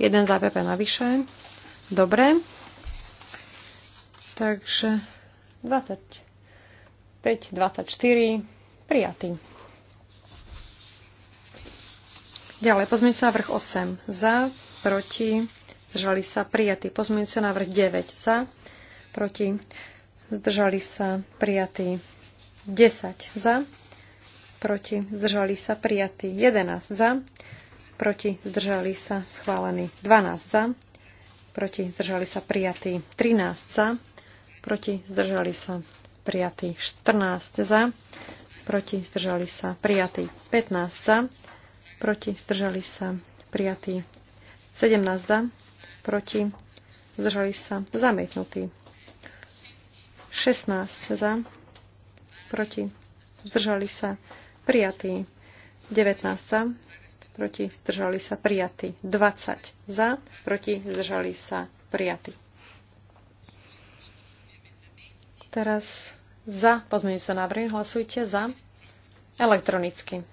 Jeden za PP navyše. Dobre. Takže 20. 5.24. Prijatý. Ďalej, pozmeňujúci návrh 8. Za, proti, zdržali sa, prijatý. Pozmeňujúci návrh 9. Za, proti, zdržali sa, prijatý. 10. Za, proti, zdržali sa, prijatý. 11. Za, proti, zdržali sa, schválený. 12. Za, proti, zdržali sa, prijatý. 13. Za, proti, zdržali sa, prijatý 14 za, proti zdržali sa prijatý 15 za, proti zdržali sa prijatý 17 za, proti zdržali sa zamietnutý 16 za, proti zdržali sa prijatý 19 za, proti zdržali sa prijatý 20 za, proti zdržali sa prijatý. Teraz za pozmeňujúce návrhy hlasujte za elektronicky.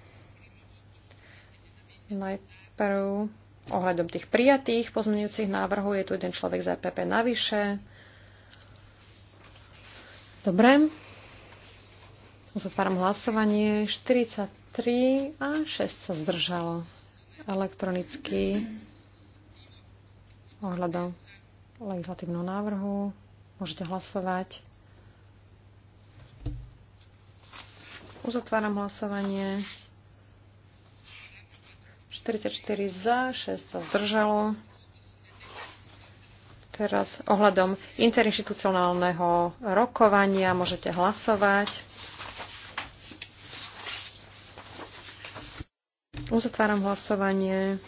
Najprv ohľadom tých prijatých pozmeňujúcich návrhov je tu jeden človek za EPP navyše. Dobre. Uzatváram hlasovanie. 43 a 6 sa zdržalo. Elektronicky ohľadom legislatívneho návrhu. Môžete hlasovať. Uzatváram hlasovanie. 44 za, 6 sa zdržalo. Teraz ohľadom interinstitucionálneho rokovania môžete hlasovať. Uzatváram hlasovanie.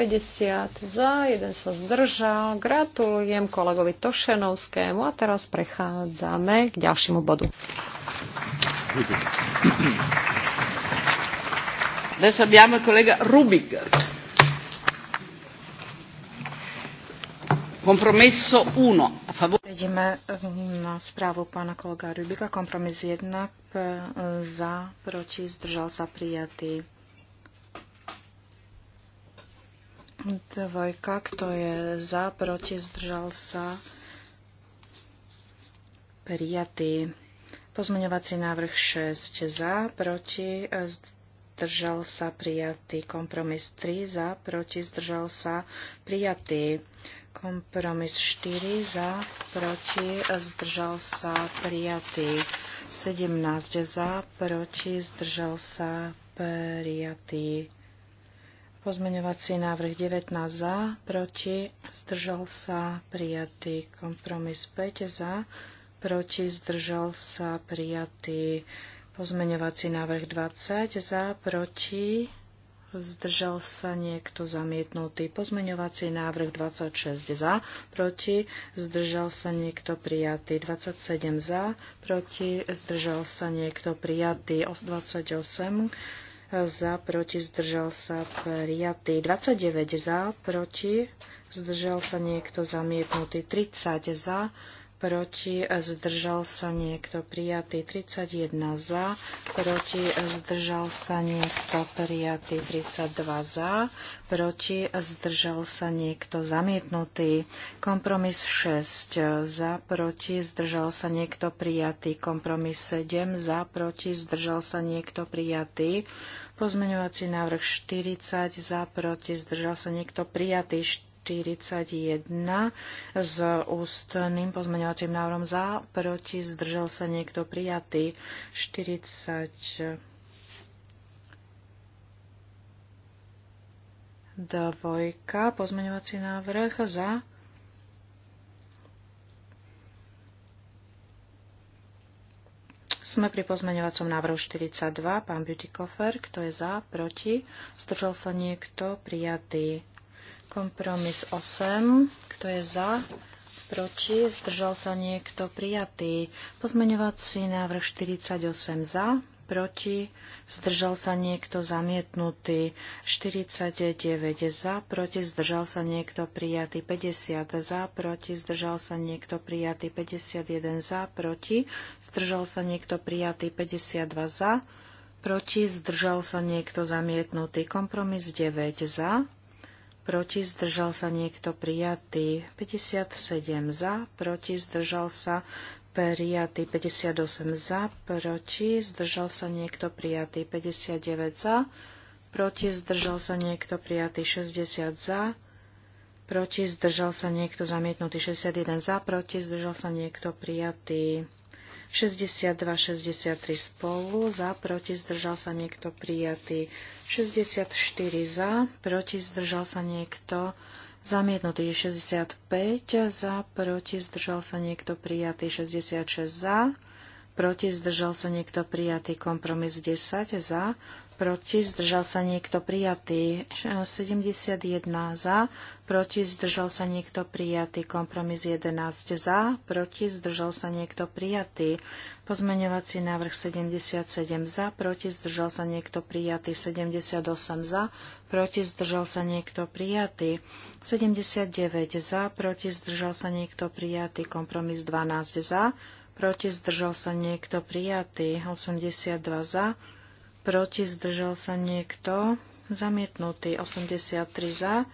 50 za, jeden sa zdržal. Gratulujem kolegovi Tošenovskému a teraz prechádzame k ďalšiemu bodu. Adesso abbiamo il collega Rubik. Kompromiso 1. A favore. Prejdeme na správu pána kolega Rubika. Kompromis 1 za, proti, zdržal sa prijatý. Dvojka, kto je za, proti, zdržal sa prijatý. Pozmeňovací návrh 6 za, proti, zdržal sa prijatý. Kompromis 3 za, proti, zdržal sa prijatý. Kompromis 4 za, proti, zdržal sa prijatý. 17 za, proti, zdržal sa prijatý. Pozmeňovací návrh 19 za, proti, zdržal sa prijatý. Kompromis 5 za, proti, zdržal sa, prijatý. Pozmeňovací návrh 20 za, proti, zdržal sa niekto zamietnutý. Pozmeňovací návrh 26 za, proti, zdržal sa niekto prijatý. 27 za, proti, zdržal sa niekto prijatý. 28 za, proti, zdržal sa prijatý. 29 za, proti, zdržal sa niekto zamietnutý. 30 za, proti, proti, zdržal sa niekto prijatý 31 za, proti, zdržal sa niekto prijatý 32 za, proti, zdržal sa niekto zamietnutý, kompromis 6 za, proti, zdržal sa niekto prijatý, kompromis 7 za, proti, zdržal sa niekto prijatý, pozmeňovací návrh 40 za, proti, zdržal sa niekto prijatý 41 s ústným pozmeňovacím návrhom za, proti, zdržal sa niekto prijatý. 40 dvojka, pozmeňovací návrh za, Sme pri pozmeňovacom návrhu 42, pán Beauty Koffer, kto je za, proti, zdržal sa niekto, prijatý. Kompromis 8. Kto je za? Proti? Zdržal sa niekto prijatý. Pozmeňovací návrh 48 za. Proti? Zdržal sa niekto zamietnutý. 49 za. Proti? Zdržal sa niekto prijatý. 50 za. Proti? Zdržal sa niekto prijatý. 51 za. Proti? Zdržal sa niekto prijatý. 52 za. Proti? Zdržal sa niekto zamietnutý. Kompromis 9 za proti zdržal sa niekto prijatý, 57 za, proti zdržal sa prijatý, 58 za, proti zdržal sa niekto prijatý, 59 za, proti zdržal sa niekto prijatý, 60 za, proti zdržal sa niekto zamietnutý, 61 za, proti zdržal sa niekto prijatý. 62, 63 spolu, za, proti, zdržal sa niekto prijatý. 64 za, proti, zdržal sa niekto zamietnutý. 65 za, proti, zdržal sa niekto prijatý. 66 za, proti, zdržal sa niekto prijatý. Kompromis 10 za, proti, zdržal sa niekto prijatý. 71 za, proti, zdržal sa niekto prijatý. Kompromis 11 za, proti, zdržal sa niekto prijatý. Pozmeňovací návrh 77 za, proti, zdržal sa niekto prijatý. 78 za, proti, zdržal sa niekto prijatý. 79 za, proti, zdržal sa niekto prijatý. Kompromis 12 za, proti, zdržal sa niekto prijatý. 82 za, proti zdržal sa niekto, zamietnutý 83 za,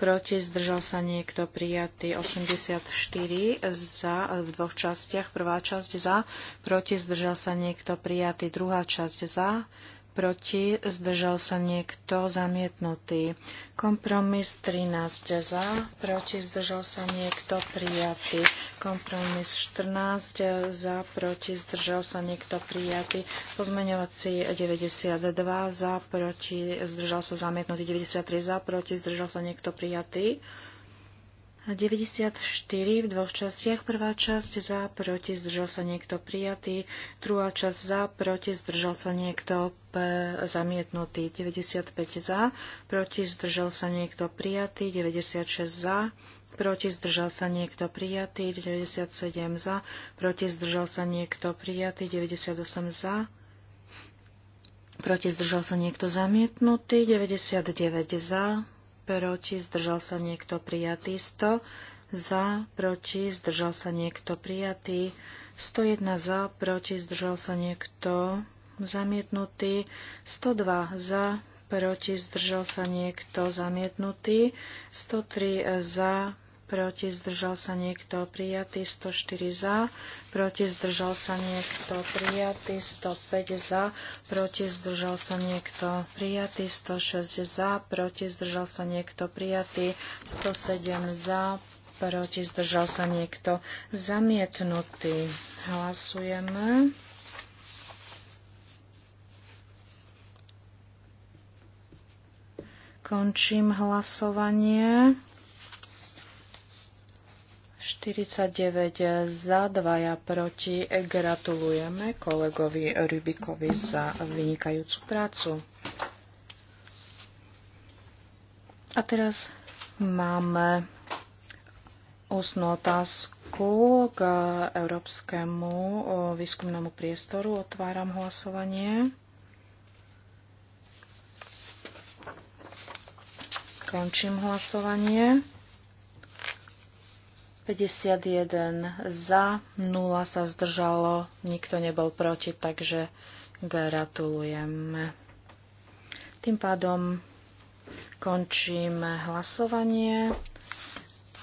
proti zdržal sa niekto, prijatý 84 za v dvoch častiach, prvá časť za, proti zdržal sa niekto, prijatý druhá časť za, proti, zdržal sa niekto, zamietnutý. Kompromis 13 za, proti, zdržal sa niekto, prijatý. Kompromis 14 za, proti, zdržal sa niekto, prijatý. Pozmeňovací 92 za, proti, zdržal sa zamietnutý. 93 za, proti, zdržal sa niekto, prijatý. 94 v dvoch častiach. Prvá časť za, proti, zdržal sa niekto prijatý. Druhá časť za, proti, zdržal sa niekto zamietnutý. 95 za, proti, zdržal sa niekto prijatý. 96 za, proti, zdržal sa niekto prijatý. 97 za, proti, zdržal sa niekto prijatý. 98 za, proti, zdržal sa niekto zamietnutý. 99 za, proti, zdržal sa niekto prijatý. 100 za, proti, zdržal sa niekto prijatý. 101 za, proti, zdržal sa niekto zamietnutý. 102 za, proti, zdržal sa niekto zamietnutý. 103 za, proti zdržal sa niekto prijatý, 104 za, proti zdržal sa niekto prijatý, 105 za, proti zdržal sa niekto prijatý, 106 za, proti zdržal sa niekto prijatý, 107 za, proti zdržal sa niekto zamietnutý. Hlasujeme. Končím hlasovanie. 49 za, 2 ja proti. Gratulujeme kolegovi Rybikovi za vynikajúcu prácu. A teraz máme ústnu otázku k Európskemu výskumnému priestoru. Otváram hlasovanie. Končím hlasovanie. 51 za, 0 sa zdržalo, nikto nebol proti, takže gratulujeme. Tým pádom končíme hlasovanie.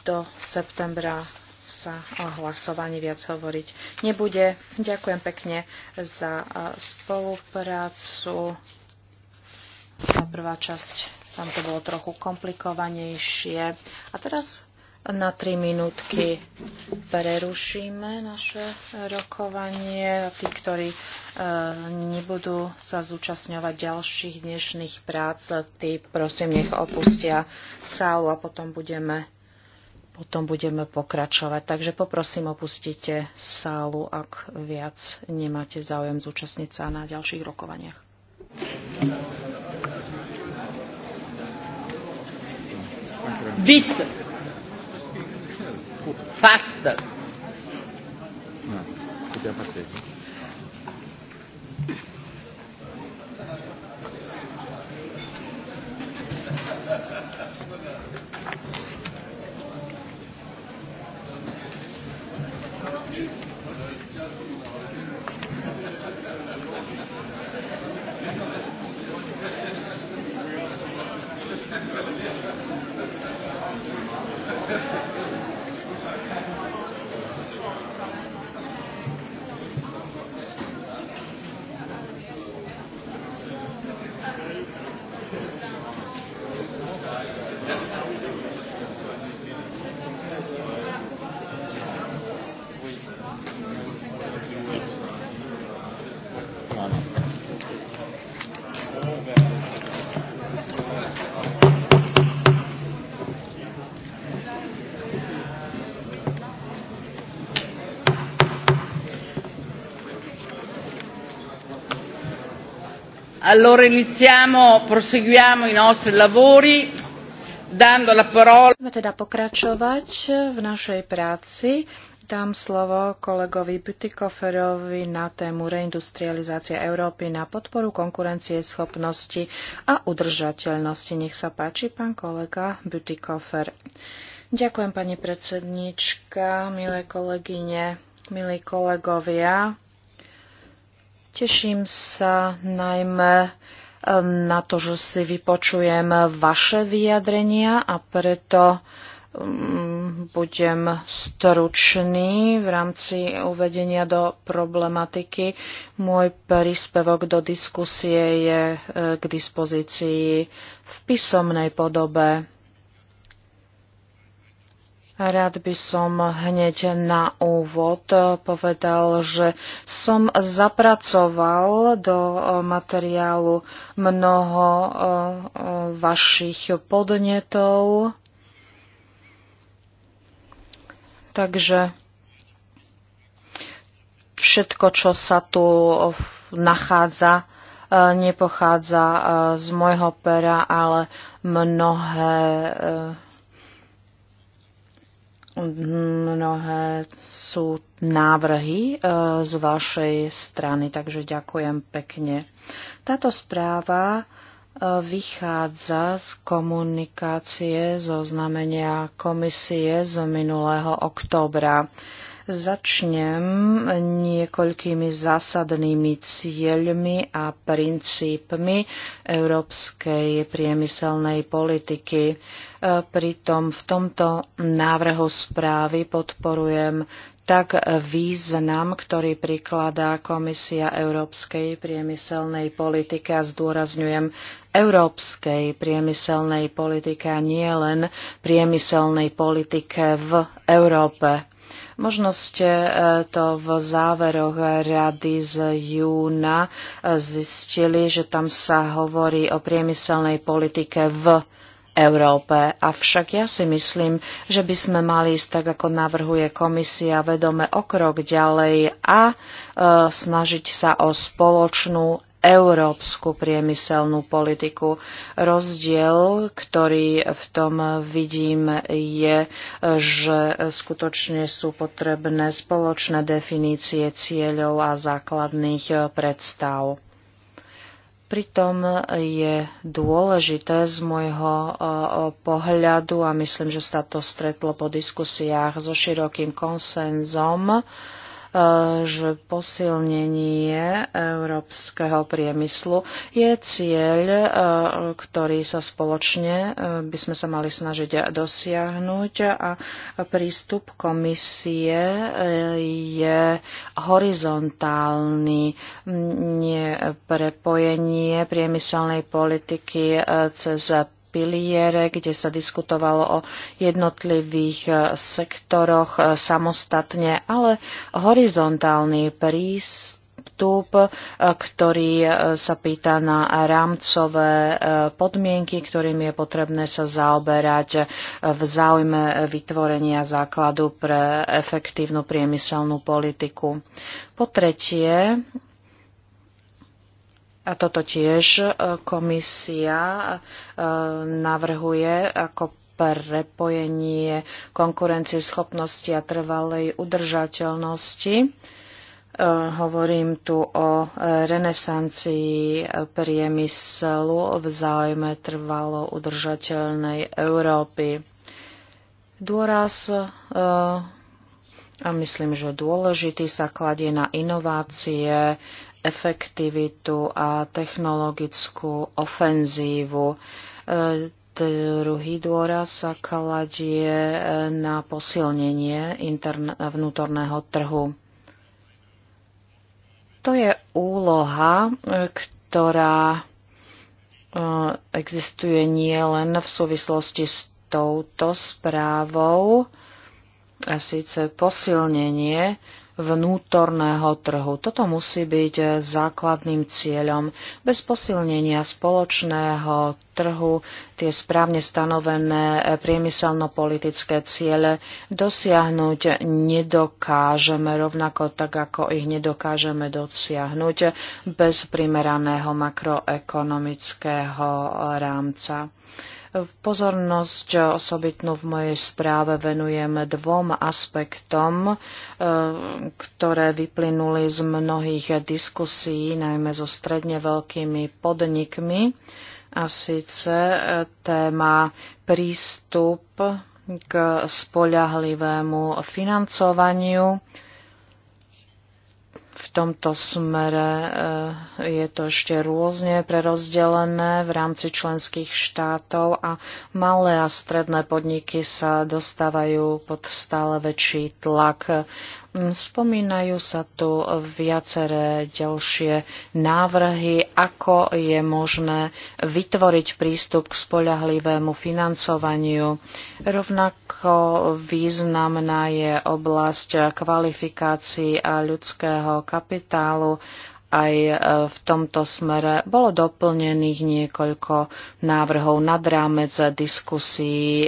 Do septembra sa o hlasovaní viac hovoriť nebude. Ďakujem pekne za spoluprácu. Tá prvá časť, tam to bolo trochu komplikovanejšie. A teraz na 3 minútky prerušíme naše rokovanie. Tí, ktorí e, nebudú sa zúčastňovať ďalších dnešných prác, tí prosím nech opustia sálu a potom budeme, potom budeme pokračovať. Takže poprosím opustite sálu, ak viac nemáte záujem zúčastniť sa na ďalších rokovaniach. Vite Fasta. Não, você tem a paciência. Allora iniziamo, proseguiamo i nostri lavori dando la parola. Dobbiamo teda pokračovať v našej práci. Dám slovo kolegovi Butikoferovi na tému reindustrializácia Európy na podporu konkurencie schopnosti a udržateľnosti. Nech sa páči, pán kolega Butikofer. Ďakujem, pani predsednička, milé kolegyne, milí kolegovia. Teším sa najmä na to, že si vypočujem vaše vyjadrenia a preto budem stručný v rámci uvedenia do problematiky. Môj príspevok do diskusie je e, k dispozícii v písomnej podobe. Rád by som hneď na úvod povedal, že som zapracoval do materiálu mnoho eh, vašich podnetov. Takže všetko, čo sa tu nachádza, eh, nepochádza eh, z môjho pera, ale mnohé mnohé sú návrhy e, z vašej strany, takže ďakujem pekne. Táto správa e, vychádza z komunikácie zo znamenia komisie z minulého októbra. Začnem niekoľkými zásadnými cieľmi a princípmi európskej priemyselnej politiky. Pritom v tomto návrhu správy podporujem tak význam, ktorý prikladá Komisia Európskej priemyselnej politike a zdôrazňujem európskej priemyselnej politike a nie len priemyselnej politike v Európe. Možno ste e, to v záveroch rady z júna e, zistili, že tam sa hovorí o priemyselnej politike v Európe Európe. Avšak ja si myslím, že by sme mali ísť tak, ako navrhuje komisia, vedome o krok ďalej a e, snažiť sa o spoločnú európsku priemyselnú politiku. Rozdiel, ktorý v tom vidím, je, že skutočne sú potrebné spoločné definície cieľov a základných e, predstav. Pritom je dôležité z môjho e, pohľadu, a myslím, že sa to stretlo po diskusiách so širokým konsenzom, Eh, že posilnenie európskeho priemyslu je cieľ, eh, ktorý sa spoločne eh, by sme sa mali snažiť dosiahnuť a prístup komisie je horizontálny. Nie prepojenie priemyselnej politiky cez piliere, kde sa diskutovalo o jednotlivých e, sektoroch e, samostatne, ale horizontálny prístup, e, ktorý sa pýta na rámcové podmienky, ktorým je potrebné sa zaoberať v záujme vytvorenia základu pre efektívnu priemyselnú politiku. Po tretie, a toto tiež e, komisia e, navrhuje ako prepojenie schopnosti a trvalej udržateľnosti. E, hovorím tu o renesancii priemyslu v záujme trvalo udržateľnej Európy. Dôraz a myslím, že dôležitý sa kladie na inovácie, efektivitu a technologickú ofenzívu. E, druhý dôraz sa kladie e, na posilnenie vnútorného trhu. To je úloha, e, ktorá existuje nie len v súvislosti s touto správou, a síce posilnenie vnútorného trhu. Toto musí byť základným cieľom. Bez posilnenia spoločného trhu tie správne stanovené priemyselno-politické ciele dosiahnuť nedokážeme, rovnako tak, ako ich nedokážeme dosiahnuť bez primeraného makroekonomického rámca. Pozornosť osobitnú v mojej správe venujem dvom aspektom, e, ktoré vyplynuli z mnohých diskusí, najmä so stredne veľkými podnikmi, a síce e, téma prístup k spoľahlivému financovaniu, tomto smere eh, je to ešte rôzne prerozdelené v rámci členských štátov a malé a stredné podniky sa dostávajú pod stále väčší tlak Spomínajú sa tu viaceré ďalšie návrhy, ako je možné vytvoriť prístup k spoľahlivému financovaniu. Rovnako významná je oblasť kvalifikácií a ľudského kapitálu aj e, v tomto smere bolo doplnených niekoľko návrhov nad rámec diskusí, e,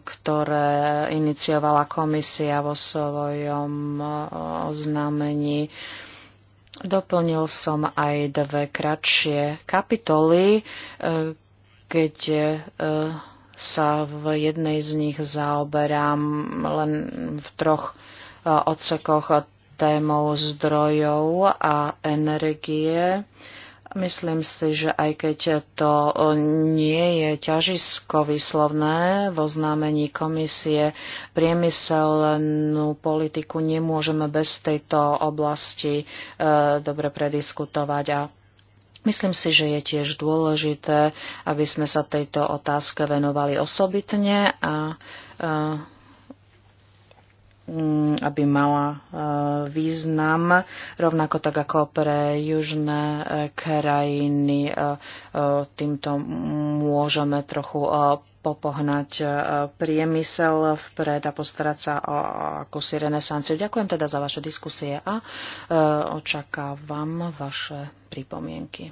ktoré iniciovala komisia vo svojom e, oznámení. Doplnil som aj dve kratšie kapitoly, keď sa v jednej z nich zaoberám len v troch odsekoch témou zdrojov a energie. Myslím si, že aj keď to nie je ťažisko vyslovné v oznámení komisie, priemyselnú politiku nemôžeme bez tejto oblasti e, dobre prediskutovať a Myslím si, že je tiež dôležité, aby sme sa tejto otázke venovali osobitne a e, Mm, aby mala e, význam, rovnako tak ako pre južné e, krajiny. E, týmto môžeme trochu popohnať priemysel vpred a postarať sa o akúsi renesanciu. Ďakujem teda za vaše diskusie a očakávam vaše pripomienky.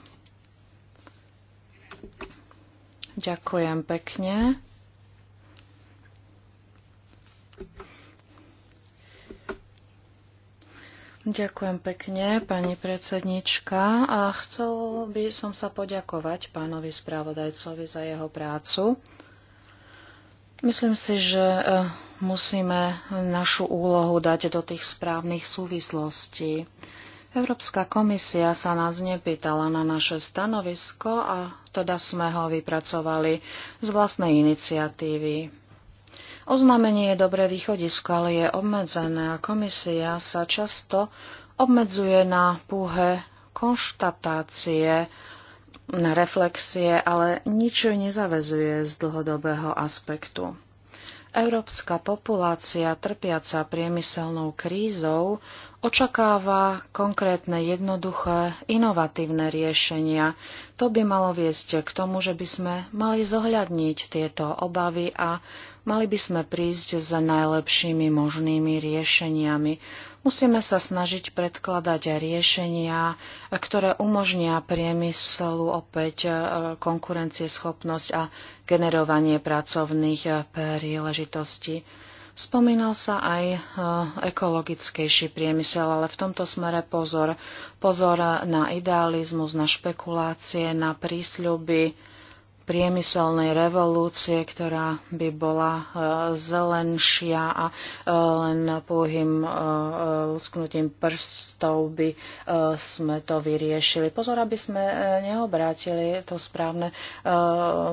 Ďakujem pekne. Ďakujem pekne, pani predsednička. A chcel by som sa poďakovať pánovi spravodajcovi za jeho prácu. Myslím si, že e, musíme našu úlohu dať do tých správnych súvislostí. Európska komisia sa nás nepýtala na naše stanovisko a teda sme ho vypracovali z vlastnej iniciatívy. Oznámenie je dobré východisko, ale je obmedzené a komisia sa často obmedzuje na púhe konštatácie, na reflexie, ale nič nezavezuje z dlhodobého aspektu. Európska populácia trpiaca priemyselnou krízou očakáva konkrétne, jednoduché, inovatívne riešenia. To by malo viesť k tomu, že by sme mali zohľadniť tieto obavy a mali by sme prísť s najlepšími možnými riešeniami. Musíme sa snažiť predkladať riešenia, ktoré umožnia priemyslu opäť e, konkurencieschopnosť a generovanie pracovných e, príležitostí. Spomínal sa aj e, ekologickejší priemysel, ale v tomto smere pozor. Pozor na idealizmus, na špekulácie, na prísľuby priemyselnej revolúcie, ktorá by bola e, zelenšia a e, len pouhým e, lusknutím prstov by sme to vyriešili. Pozor, aby sme neobrátili to správne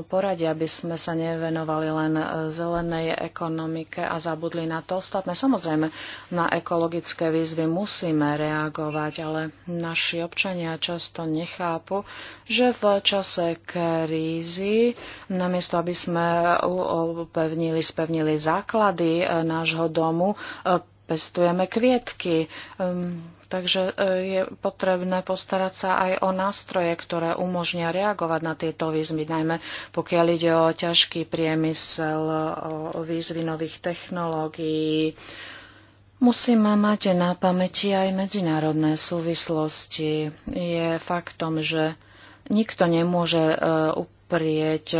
poradie, aby sme sa nevenovali len zelenej ekonomike a zabudli na to ostatné. Samozrejme, na ekologické výzvy musíme reagovať, ale naši občania často nechápu, že v čase krízy peňazí, namiesto aby sme upevnili, spevnili základy e, nášho domu, e, pestujeme kvietky. Takže e, je potrebné postarať sa aj o nástroje, ktoré umožnia reagovať na tieto výzvy, najmä pokiaľ ide o ťažký priemysel, o výzvy nových technológií. Musíme mať na pamäti aj medzinárodné súvislosti. Je faktom, že nikto nemôže poprieť e,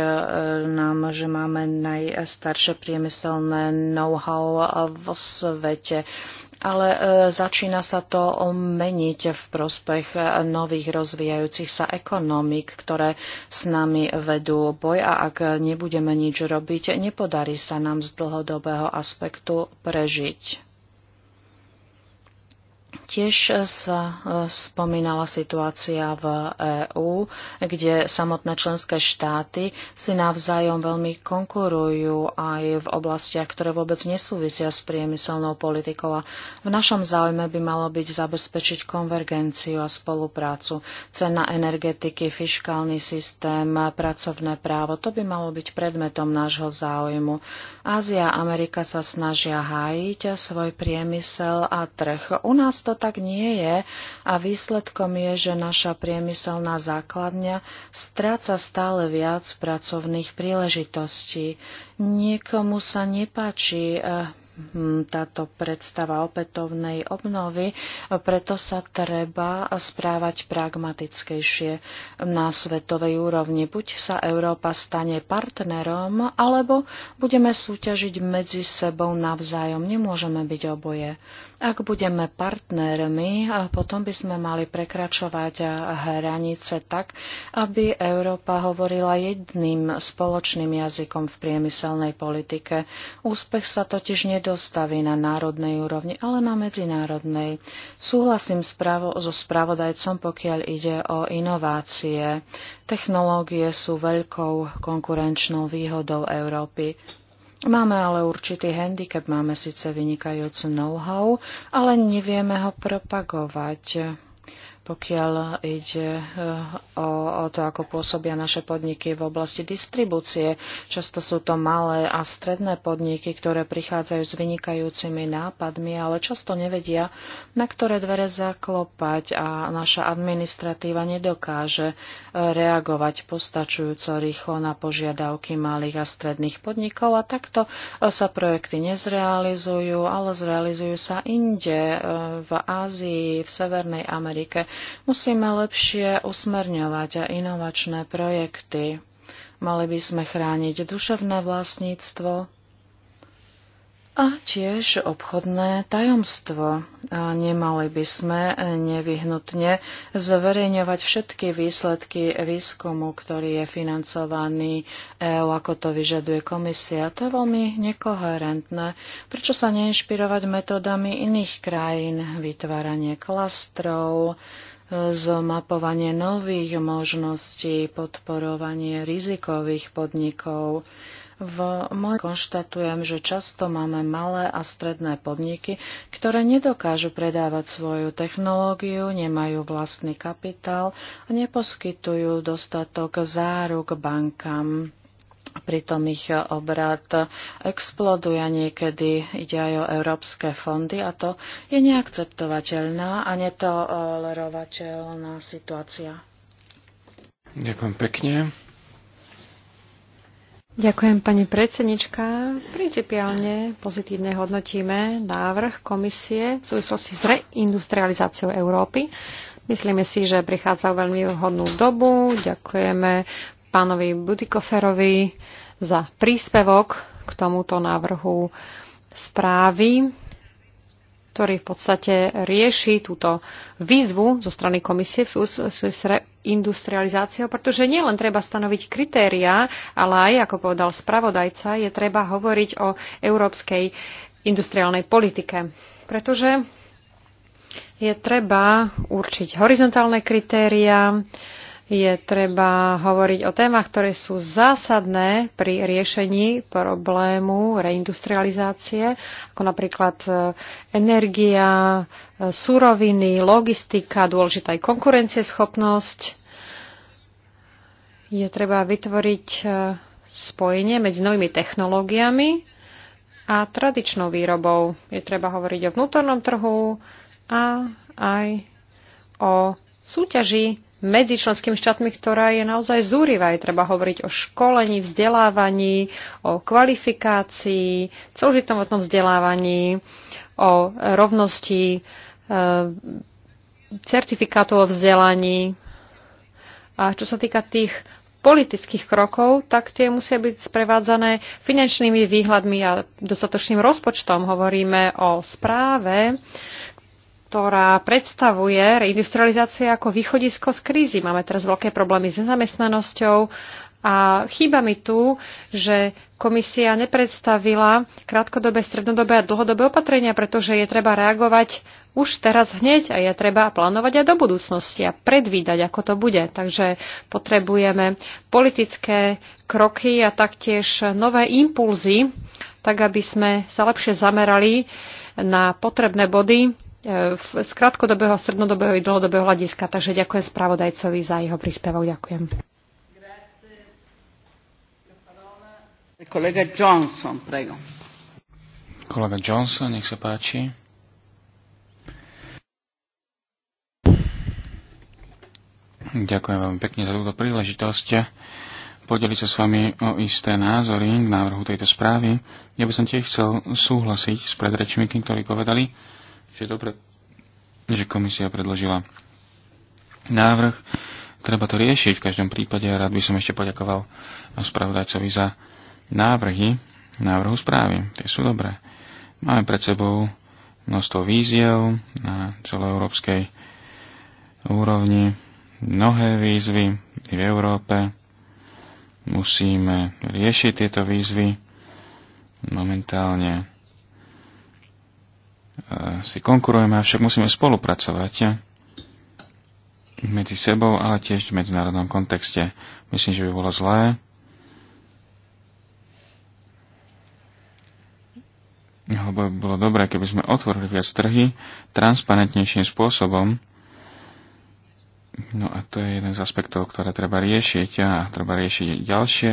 nám, že máme najstaršie priemyselné know-how vo svete ale e, začína sa to meniť v prospech nových rozvíjajúcich sa ekonomík, ktoré s nami vedú boj a ak nebudeme nič robiť, nepodarí sa nám z dlhodobého aspektu prežiť. Tiež sa e, spomínala situácia v EÚ, kde samotné členské štáty si navzájom veľmi konkurujú aj v oblastiach, ktoré vôbec nesúvisia s priemyselnou politikou. A v našom záujme by malo byť zabezpečiť konvergenciu a spoluprácu. Cena energetiky, fiskálny systém, pracovné právo, to by malo byť predmetom nášho záujmu. Ázia a Amerika sa snažia hájiť svoj priemysel a trh. U nás to tak nie je a výsledkom je, že naša priemyselná základňa stráca stále viac pracovných príležitostí. Niekomu sa nepáči eh, hm, táto predstava opätovnej obnovy, preto sa treba správať pragmatickejšie na svetovej úrovni. Buď sa Európa stane partnerom, alebo budeme súťažiť medzi sebou navzájom. Nemôžeme byť oboje. Ak budeme partnermi, potom by sme mali prekračovať hranice tak, aby Európa hovorila jedným spoločným jazykom v priemyselnej politike. Úspech sa totiž nedostaví na národnej úrovni, ale na medzinárodnej. Súhlasím spravo, so spravodajcom, pokiaľ ide o inovácie. Technológie sú veľkou konkurenčnou výhodou Európy. Máme ale určitý handicap, máme síce vynikajúce know-how, ale nevieme ho propagovať pokiaľ ide eh, o, to, ako pôsobia naše podniky v oblasti distribúcie. Často sú to malé a stredné podniky, ktoré prichádzajú s vynikajúcimi nápadmi, ale často nevedia, na ktoré dvere zaklopať a naša administratíva nedokáže eh, reagovať postačujúco rýchlo na požiadavky malých a stredných podnikov a takto eh, sa projekty nezrealizujú, ale zrealizujú sa inde, v Ázii, v Severnej Amerike. Musíme lepšie usmerňovať inovačné projekty. Mali by sme chrániť duševné vlastníctvo, a tiež obchodné tajomstvo. A nemali by sme nevyhnutne zverejňovať všetky výsledky výskumu, ktorý je financovaný EU, ako to vyžaduje komisia. To je veľmi nekoherentné. Prečo sa neinšpirovať metodami iných krajín, vytváranie klastrov, zmapovanie nových možností, podporovanie rizikových podnikov, v mojej konštatujem, že často máme malé a stredné podniky, ktoré nedokážu predávať svoju technológiu, nemajú vlastný kapitál a neposkytujú dostatok záruk bankám. Pritom ich obrad exploduje niekedy ide aj o európske fondy a to je neakceptovateľná a netolerovateľná situácia. Ďakujem pekne. Ďakujem, pani predsednička. Principiálne pozitívne hodnotíme návrh komisie v súvislosti s reindustrializáciou Európy. Myslíme si, že prichádza o veľmi vhodnú dobu. Ďakujeme pánovi Budikoferovi za príspevok k tomuto návrhu správy, ktorý v podstate rieši túto výzvu zo strany komisie v súvislosti s industrializáciou, pretože nielen treba stanoviť kritériá, ale aj, ako povedal spravodajca, je treba hovoriť o európskej industriálnej politike. Pretože je treba určiť horizontálne kritéria, je treba hovoriť o témach, ktoré sú zásadné pri riešení problému reindustrializácie, ako napríklad e, energia, e, suroviny, logistika, dôležitá aj konkurencieschopnosť je treba vytvoriť e, spojenie medzi novými technológiami a tradičnou výrobou. Je treba hovoriť o vnútornom trhu a aj o súťaži medzi členskými štátmi, ktorá je naozaj zúrivá. Je treba hovoriť o školení, vzdelávaní, o kvalifikácii, celožitotnom vzdelávaní, o rovnosti e, certifikátov o vzdelaní. A čo sa týka tých politických krokov, tak tie musia byť sprevádzané finančnými výhľadmi a dostatočným rozpočtom. Hovoríme o správe, ktorá predstavuje reindustrializáciu ako východisko z krízy. Máme teraz veľké problémy s nezamestnanosťou a chýba mi tu, že komisia nepredstavila krátkodobé, strednodobé a dlhodobé opatrenia, pretože je treba reagovať už teraz hneď a je treba plánovať aj do budúcnosti a predvídať, ako to bude. Takže potrebujeme politické kroky a taktiež nové impulzy, tak aby sme sa lepšie zamerali na potrebné body e, z krátkodobého, strednodobého i dlhodobého hľadiska. Takže ďakujem spravodajcovi za jeho príspevok. Ďakujem. Kolega Johnson, prego. Kolega Johnson, nech sa páči. Ďakujem veľmi pekne za túto príležitosť podeliť sa s vami o isté názory k návrhu tejto správy. Ja by som tiež chcel súhlasiť s predrečníkmi, ktorí povedali, že, dobre, že komisia predložila návrh. Treba to riešiť v každom prípade. Rád by som ešte poďakoval spravodajcovi za návrhy návrhu správy. Tie sú dobré. Máme pred sebou množstvo víziev na celoeurópskej úrovni, mnohé výzvy v Európe. Musíme riešiť tieto výzvy. Momentálne eh, si konkurujeme, avšak musíme spolupracovať medzi sebou, ale tiež v medzinárodnom kontexte. Myslím, že by bolo zlé Lebo bolo dobré, keby sme otvorili viac trhy transparentnejším spôsobom. No a to je jeden z aspektov, ktoré treba riešiť a treba riešiť ďalšie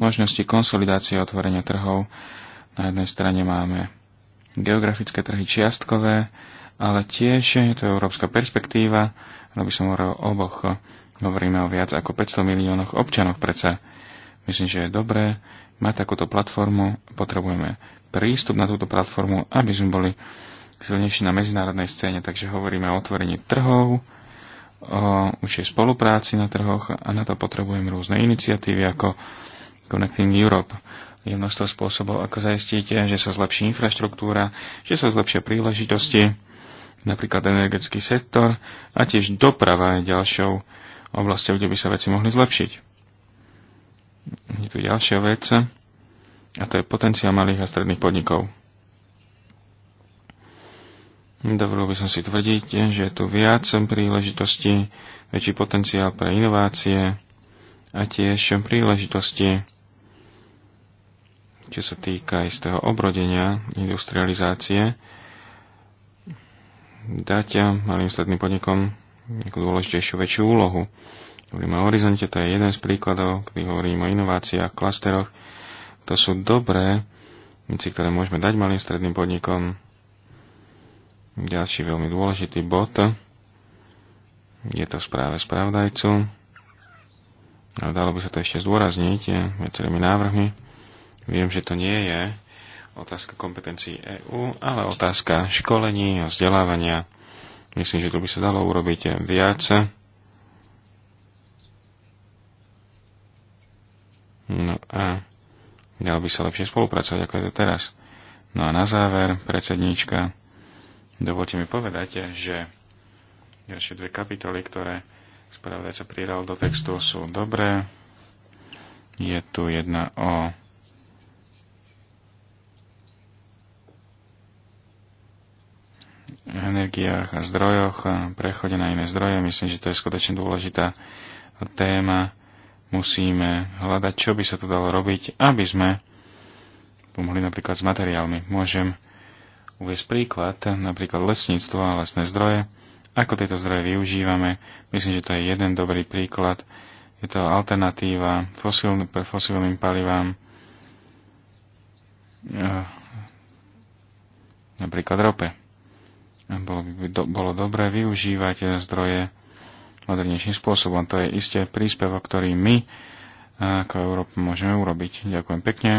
možnosti konsolidácie otvorenia trhov. Na jednej strane máme geografické trhy čiastkové, ale tiež je to európska perspektíva, lebo no by som hovoril o oboch. Hovoríme o viac ako 500 miliónoch občanov predsa. Myslím, že je dobré mať takúto platformu. Potrebujeme prístup na túto platformu, aby sme boli silnejší na medzinárodnej scéne. Takže hovoríme o otvorení trhov, o užšej spolupráci na trhoch a na to potrebujeme rôzne iniciatívy ako Connecting Europe. Je množstvo spôsobov, ako zaistíte, že sa zlepší infraštruktúra, že sa zlepšia príležitosti, napríklad energetický sektor a tiež doprava je ďalšou oblasťou, kde by sa veci mohli zlepšiť. Je tu ďalšia vec, a to je potenciál malých a stredných podnikov. Dovolil by som si tvrdiť, že je tu viac príležitosti, väčší potenciál pre inovácie a tiež príležitosti, čo sa týka istého obrodenia, industrializácie, dať malým stredným podnikom nejakú dôležitejšiu väčšiu úlohu. Hovoríme o horizonte, to je jeden z príkladov, kedy hovorím o inováciách, klasteroch, to sú dobré veci, ktoré môžeme dať malým stredným podnikom. Ďalší veľmi dôležitý bod. Je to v správe správdajcu. Ale dalo by sa to ešte zdôrazniť eh, viacerými návrhmi. Viem, že to nie je otázka kompetencií EÚ, ale otázka školení a vzdelávania. Myslím, že tu by sa dalo urobiť viac. No a Dalo by sa lepšie spolupracovať, ako je to teraz. No a na záver, predsedníčka, dovolte mi povedať, že ďalšie dve kapitoly, ktoré sa pridal do textu, sú dobré. Je tu jedna o energiách a zdrojoch, a prechode na iné zdroje. Myslím, že to je skutočne dôležitá téma musíme hľadať, čo by sa to dalo robiť, aby sme pomohli napríklad s materiálmi. Môžem uvieť príklad, napríklad lesníctvo a lesné zdroje. Ako tieto zdroje využívame, myslím, že to je jeden dobrý príklad. Je to alternatíva fosílny, pre fosílnym palivám, ehm, napríklad rope. Bolo, by, do, bolo dobré využívať zdroje modernejším spôsobom. To je isté príspevok, ktorý my e, ako Európa môžeme urobiť. Ďakujem pekne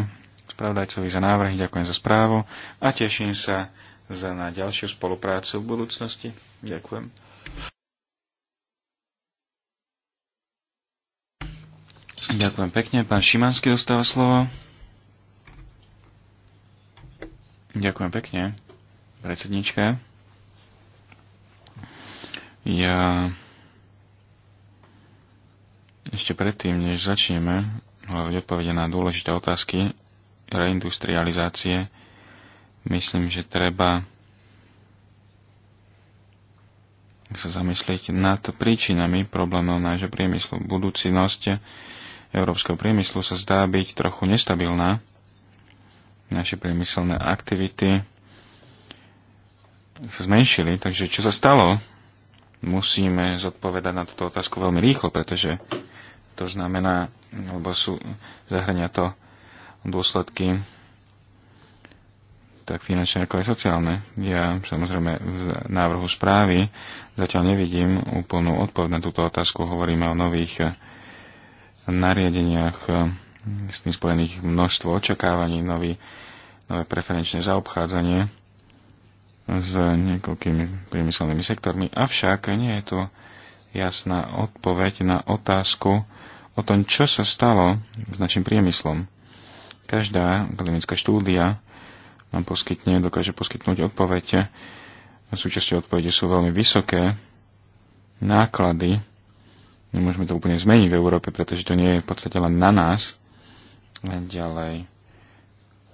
spravodajcovi za návrhy, ďakujem za správu a teším sa za na ďalšiu spoluprácu v budúcnosti. Ďakujem. Ďakujem pekne. Pán Šimanský dostáva slovo. Ďakujem pekne, predsednička. Ja ešte predtým, než začneme hľadať odpovede na dôležité otázky reindustrializácie, myslím, že treba sa zamyslieť nad príčinami problémov nášho priemyslu. Budúcnosť európskeho priemyslu sa zdá byť trochu nestabilná. Naše priemyselné aktivity sa zmenšili, takže čo sa stalo, musíme zodpovedať na túto otázku veľmi rýchlo, pretože to znamená, alebo sú, zahrania to dôsledky tak finančné ako aj sociálne. Ja samozrejme v návrhu správy zatiaľ nevidím úplnú odpoveď na túto otázku. Hovoríme o nových eh, nariadeniach eh, s tým spojených množstvo očakávaní, nový, nové preferenčné zaobchádzanie s niekoľkými priemyselnými sektormi. Avšak nie je to jasná odpoveď na otázku o tom, čo sa stalo s našim priemyslom. Každá akademická štúdia nám poskytne, dokáže poskytnúť odpoveď. A súčasťou odpovede sú veľmi vysoké náklady. Nemôžeme to úplne zmeniť v Európe, pretože to nie je v podstate len na nás. Len ďalej.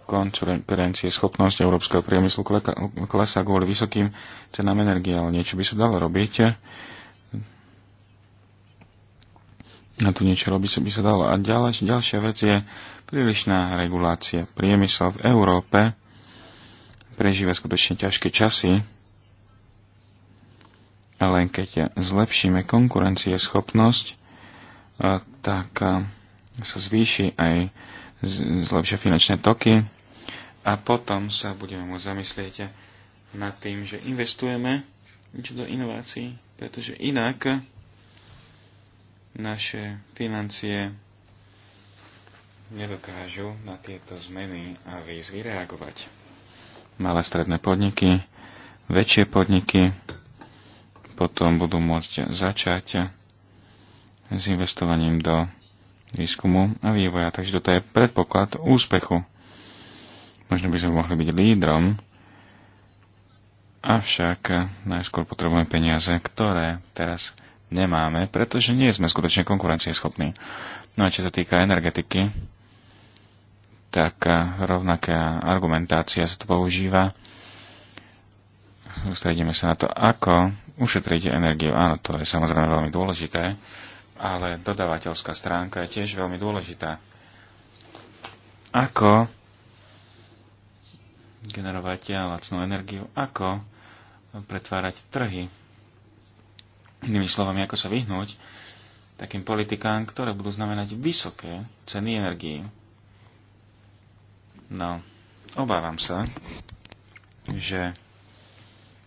Konkurencie, schopnosť európskeho priemyslu klesá kvôli vysokým cenám energie, ale niečo by sa dalo robiť na tu niečo robiť, by sa dalo. A ďalej, ďalšia vec je prílišná regulácia. Priemysel v Európe prežíva skutočne ťažké časy, len keď zlepšíme konkurencieschopnosť, e, tak e, sa zvýši aj zlepšia finančné toky a potom sa budeme môcť zamyslieť nad tým, že investujeme niečo do inovácií, pretože inak naše financie nedokážu na tieto zmeny a výzvy reagovať. Malé stredné podniky, väčšie podniky potom budú môcť začať s investovaním do výskumu a vývoja. Takže toto je predpoklad úspechu. Možno by sme mohli byť lídrom, avšak najskôr potrebujeme peniaze, ktoré teraz nemáme, pretože nie sme skutočne konkurencieschopní. No a čo sa týka energetiky, tak eh, rovnaká argumentácia sa tu používa. Sústredíme sa na to, ako ušetriť energiu. Áno, to je samozrejme veľmi dôležité, ale dodávateľská stránka je tiež veľmi dôležitá. Ako generovať lacnú energiu, ako pretvárať trhy inými slovami, ako sa vyhnúť takým politikám, ktoré budú znamenať vysoké ceny energií. No, obávam sa, že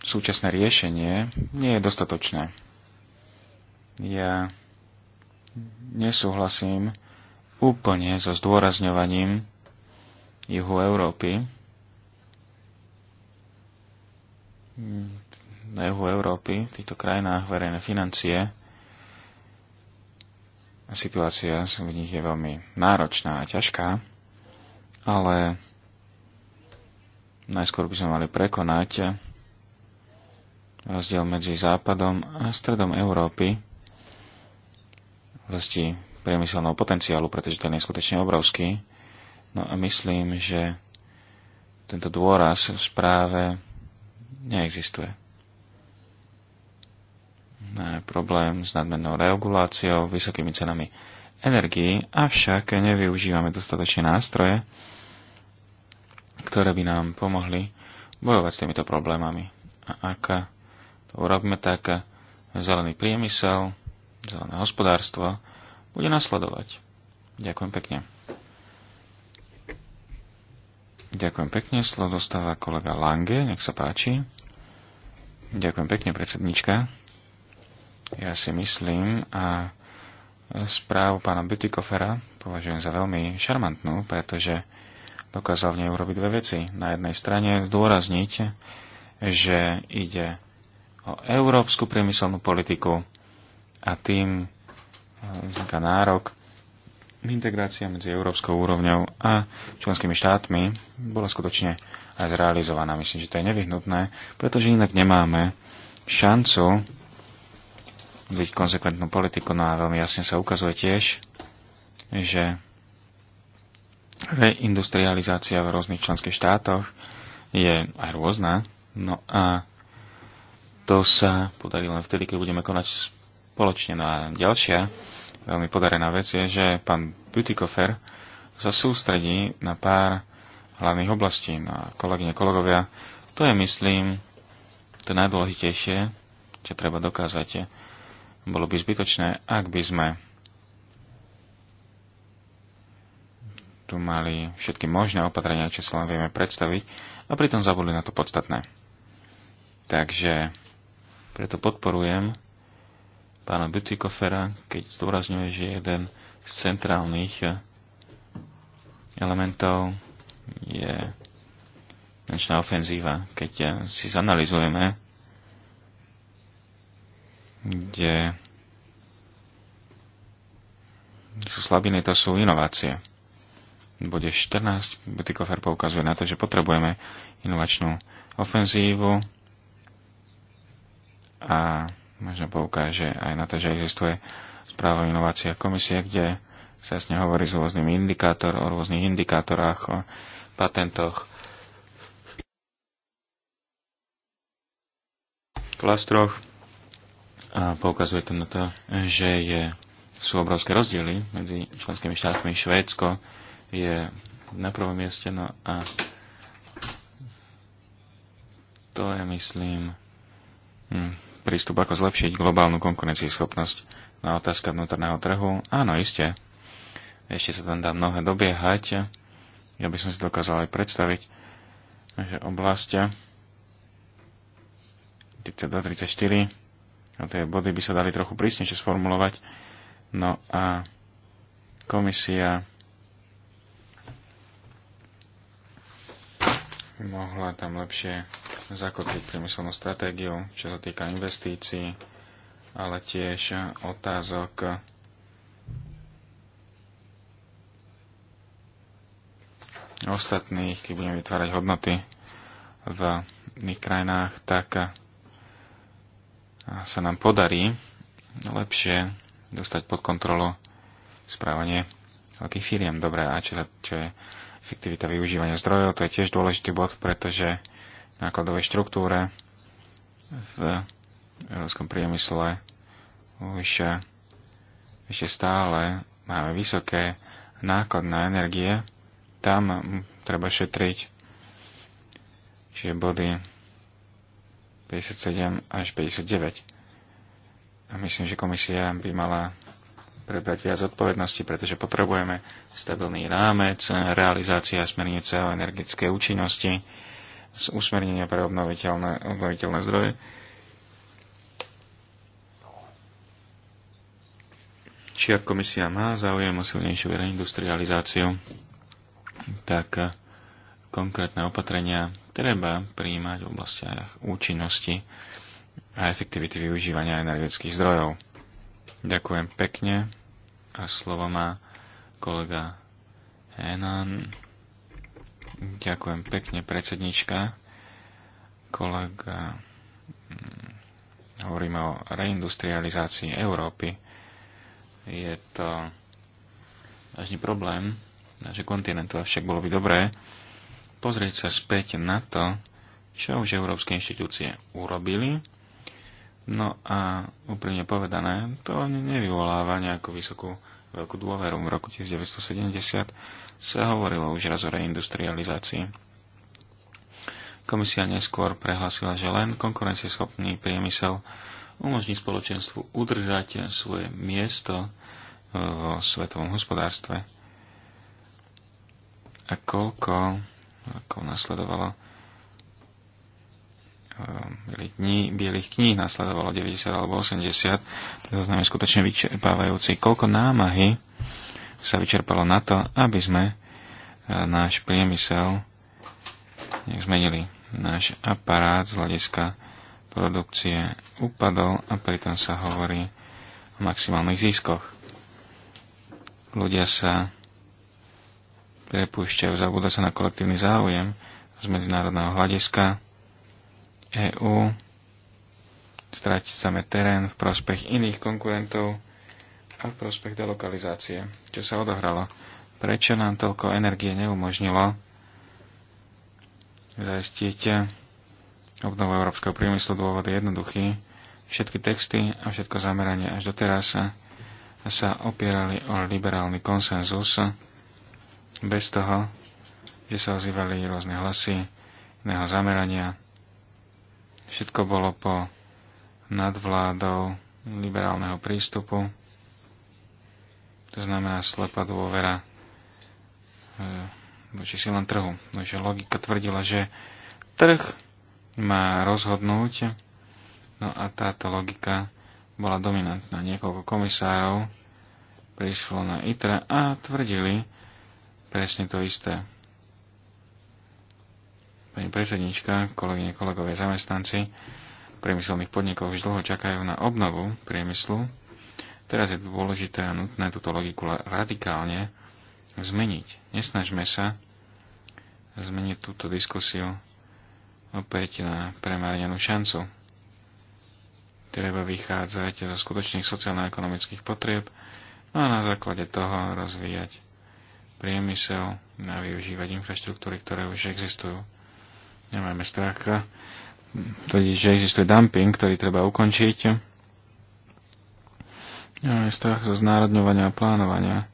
súčasné riešenie nie je dostatočné. Ja nesúhlasím úplne so zdôrazňovaním juhu Európy na juhu Európy, v týchto krajinách verejné financie, situácia v nich je veľmi náročná a ťažká, ale najskôr by sme mali prekonať rozdiel medzi západom a stredom Európy vlasti priemyselného potenciálu, pretože ten je skutočne obrovský. No a myslím, že tento dôraz v správe neexistuje problém s nadmernou reguláciou, vysokými cenami energií, avšak nevyužívame dostatočné nástroje, ktoré by nám pomohli bojovať s týmito problémami. A ak to urobíme, tak zelený priemysel, zelené hospodárstvo bude nasledovať. Ďakujem pekne. Ďakujem pekne. Slovo dostáva kolega Lange. Nech sa páči. Ďakujem pekne, predsednička. Ja si myslím a správu pána Butikofera považujem za veľmi šarmantnú, pretože dokázal v nej urobiť dve veci. Na jednej strane zdôrazniť, že ide o európsku priemyselnú politiku a tým vzniká nárok integrácia medzi európskou úrovňou a členskými štátmi bola skutočne aj zrealizovaná. Myslím, že to je nevyhnutné, pretože inak nemáme šancu byť konsekventnú politiku. No a veľmi jasne sa ukazuje tiež, že reindustrializácia v rôznych členských štátoch je aj rôzna. No a to sa podarí len vtedy, keď budeme konať spoločne. No a ďalšia veľmi podarená vec je, že pán Butikofer sa sústredí na pár hlavných oblastí. No a kolegyne, kolegovia, to je, myslím, to najdôležitejšie, čo treba dokázať bolo by zbytočné, ak by sme tu mali všetky možné opatrenia, čo sa len vieme predstaviť a pritom zabudli na to podstatné. Takže preto podporujem pána Butikofera, keď zdôrazňuje, že jeden z centrálnych elementov je finančná ofenzíva. Keď si zanalizujeme kde sú slabiny, to sú inovácie. Bude 14, Butikofer poukazuje na to, že potrebujeme inovačnú ofenzívu a možno poukáže aj na to, že existuje správa inovácia komisie, kde sa s hovorí s rôznymi indikátor, o rôznych indikátorách, o patentoch, klastroch a poukazuje to na to, že je, sú obrovské rozdiely medzi členskými štátmi. Švédsko je na prvom mieste, no a to je, myslím, hm, prístup, ako zlepšiť globálnu konkurencieschopnosť na no otázka vnútorného trhu. Áno, iste. Ešte sa tam dá mnohé dobiehať. Ja by som si dokázal aj predstaviť, že oblasti 32-34 a tie body by sa dali trochu prísnejšie sformulovať. No a komisia mohla tam lepšie zakotviť priemyselnú stratégiu, čo sa týka investícií, ale tiež otázok ostatných, keď budeme vytvárať hodnoty v iných krajinách, tak sa nám podarí lepšie dostať pod kontrolu správanie veľkých firiem. Dobre, a čo, čo je efektivita využívania zdrojov, to je tiež dôležitý bod, pretože v nákladovej štruktúre v európskom priemysle už ešte stále máme vysoké náklad na energie, tam treba šetriť. že body 57 až 59. A myslím, že komisia by mala prebrať viac odpovednosti, pretože potrebujeme stabilný rámec, realizácia smernice o energetickej účinnosti, z usmernenia pre obnoviteľné, obnoviteľné zdroje. Či ak komisia má záujem o silnejšiu reindustrializáciu, tak konkrétne opatrenia treba prijímať v oblastiach účinnosti a efektivity využívania energetických zdrojov. Ďakujem pekne a slovo má kolega Henan. Ďakujem pekne, predsednička. Kolega, mm, hovoríme o reindustrializácii Európy. Je to vážny problém naše kontinentu, avšak bolo by dobré, pozrieť sa späť na to, čo už európske inštitúcie urobili. No a úprimne povedané, to nevyvoláva nejakú vysokú veľkú dôveru. V roku 1970 sa hovorilo už raz o reindustrializácii. Komisia neskôr prehlasila, že len konkurencieschopný priemysel umožní spoločenstvu udržať svoje miesto vo svetovom hospodárstve. A koľko ako nasledovalo ehm, bielých, dní, bielých kníh nasledovalo 90 alebo 80, to znamená skutočne vyčerpávajúci. Koľko námahy sa vyčerpalo na to, aby sme ehm, náš priemysel zmenili. Náš aparát z hľadiska produkcie upadol a pritom sa hovorí o maximálnych ziskoch. Ľudia sa prepúšťajú, zabúda sa na kolektívny záujem z medzinárodného hľadiska. EÚ samé terén v prospech iných konkurentov a v prospech delokalizácie. Čo sa odohralo? Prečo nám toľko energie neumožnilo zaistiť obnovu európskeho priemyslu? dôvody jednoduchý. Všetky texty a všetko zameranie až doteraz sa opierali o liberálny konsenzus bez toho, že sa ozývali rôzne hlasy iného zamerania. Všetko bolo po nadvládou liberálneho prístupu. To znamená slepá dôvera e, voči silom trhu. Takže logika tvrdila, že trh má rozhodnúť, no a táto logika bola dominantná. Niekoľko komisárov prišlo na ITRA a tvrdili, presne to isté. Pani predsednička, kolegyne, kolegovia, zamestnanci priemyselných podnikov už dlho čakajú na obnovu priemyslu. Teraz je dôležité a nutné túto logiku radikálne zmeniť. Nesnažme sa zmeniť túto diskusiu opäť na premárnenú šancu. Treba vychádzať zo skutočných sociálno-ekonomických potrieb no a na základe toho rozvíjať priemysel na využívať infraštruktúry, ktoré už existujú. Nemáme strach tvrdiť, že existuje dumping, ktorý treba ukončiť. Nemáme strach zo znárodňovania a plánovania.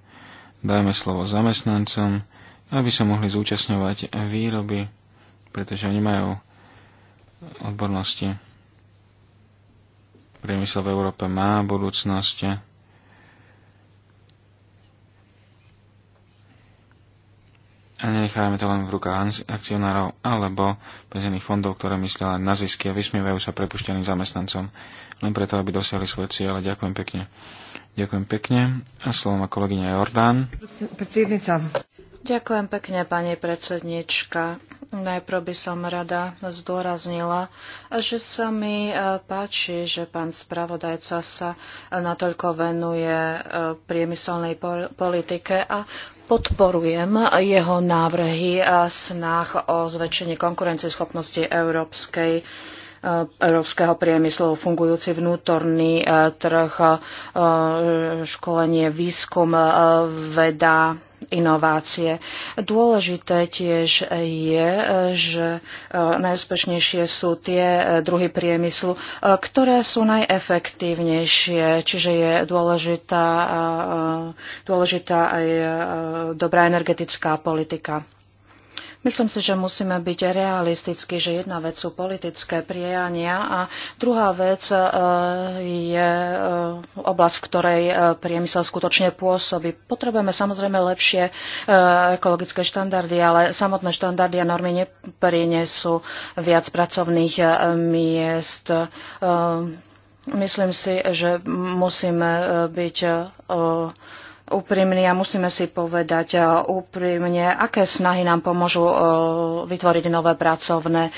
Dajme slovo zamestnancom, aby sa mohli zúčastňovať výroby, pretože oni majú odbornosti. Priemysel v Európe má budúcnosť a nechajme to len v rukách akcionárov alebo penzijných fondov, ktoré myslia len na zisky a vysmievajú sa prepušteným zamestnancom, len preto, aby dosiahli svoje cieľe. Ďakujem pekne. Ďakujem pekne a slovo má kolegyňa Jordán. Predsednica. Ďakujem pekne, pani predsednička. Najprv by som rada zdôraznila, že sa mi e, páči, že pán spravodajca sa natoľko venuje e, priemyselnej politike a podporujem jeho návrhy a snah o zväčšení konkurencieschopnosti európskej európskeho priemyslu, fungujúci vnútorný e, trh, e, školenie, výskum, e, veda, inovácie. Dôležité tiež je, že najúspešnejšie sú tie druhy priemyslu, ktoré sú najefektívnejšie, čiže je dôležitá, dôležitá aj dobrá energetická politika. Myslím si, že musíme byť realistickí, že jedna vec sú politické priania a druhá vec e, je e, oblasť, v ktorej e, priemysel skutočne pôsobí. Potrebujeme samozrejme lepšie ekologické štandardy, ale samotné štandardy a normy neprinesú viac pracovných miest. Myslím si, že musíme byť úprimní a musíme si povedať úprimne, aké snahy nám pomôžu e, vytvoriť nové pracovné e,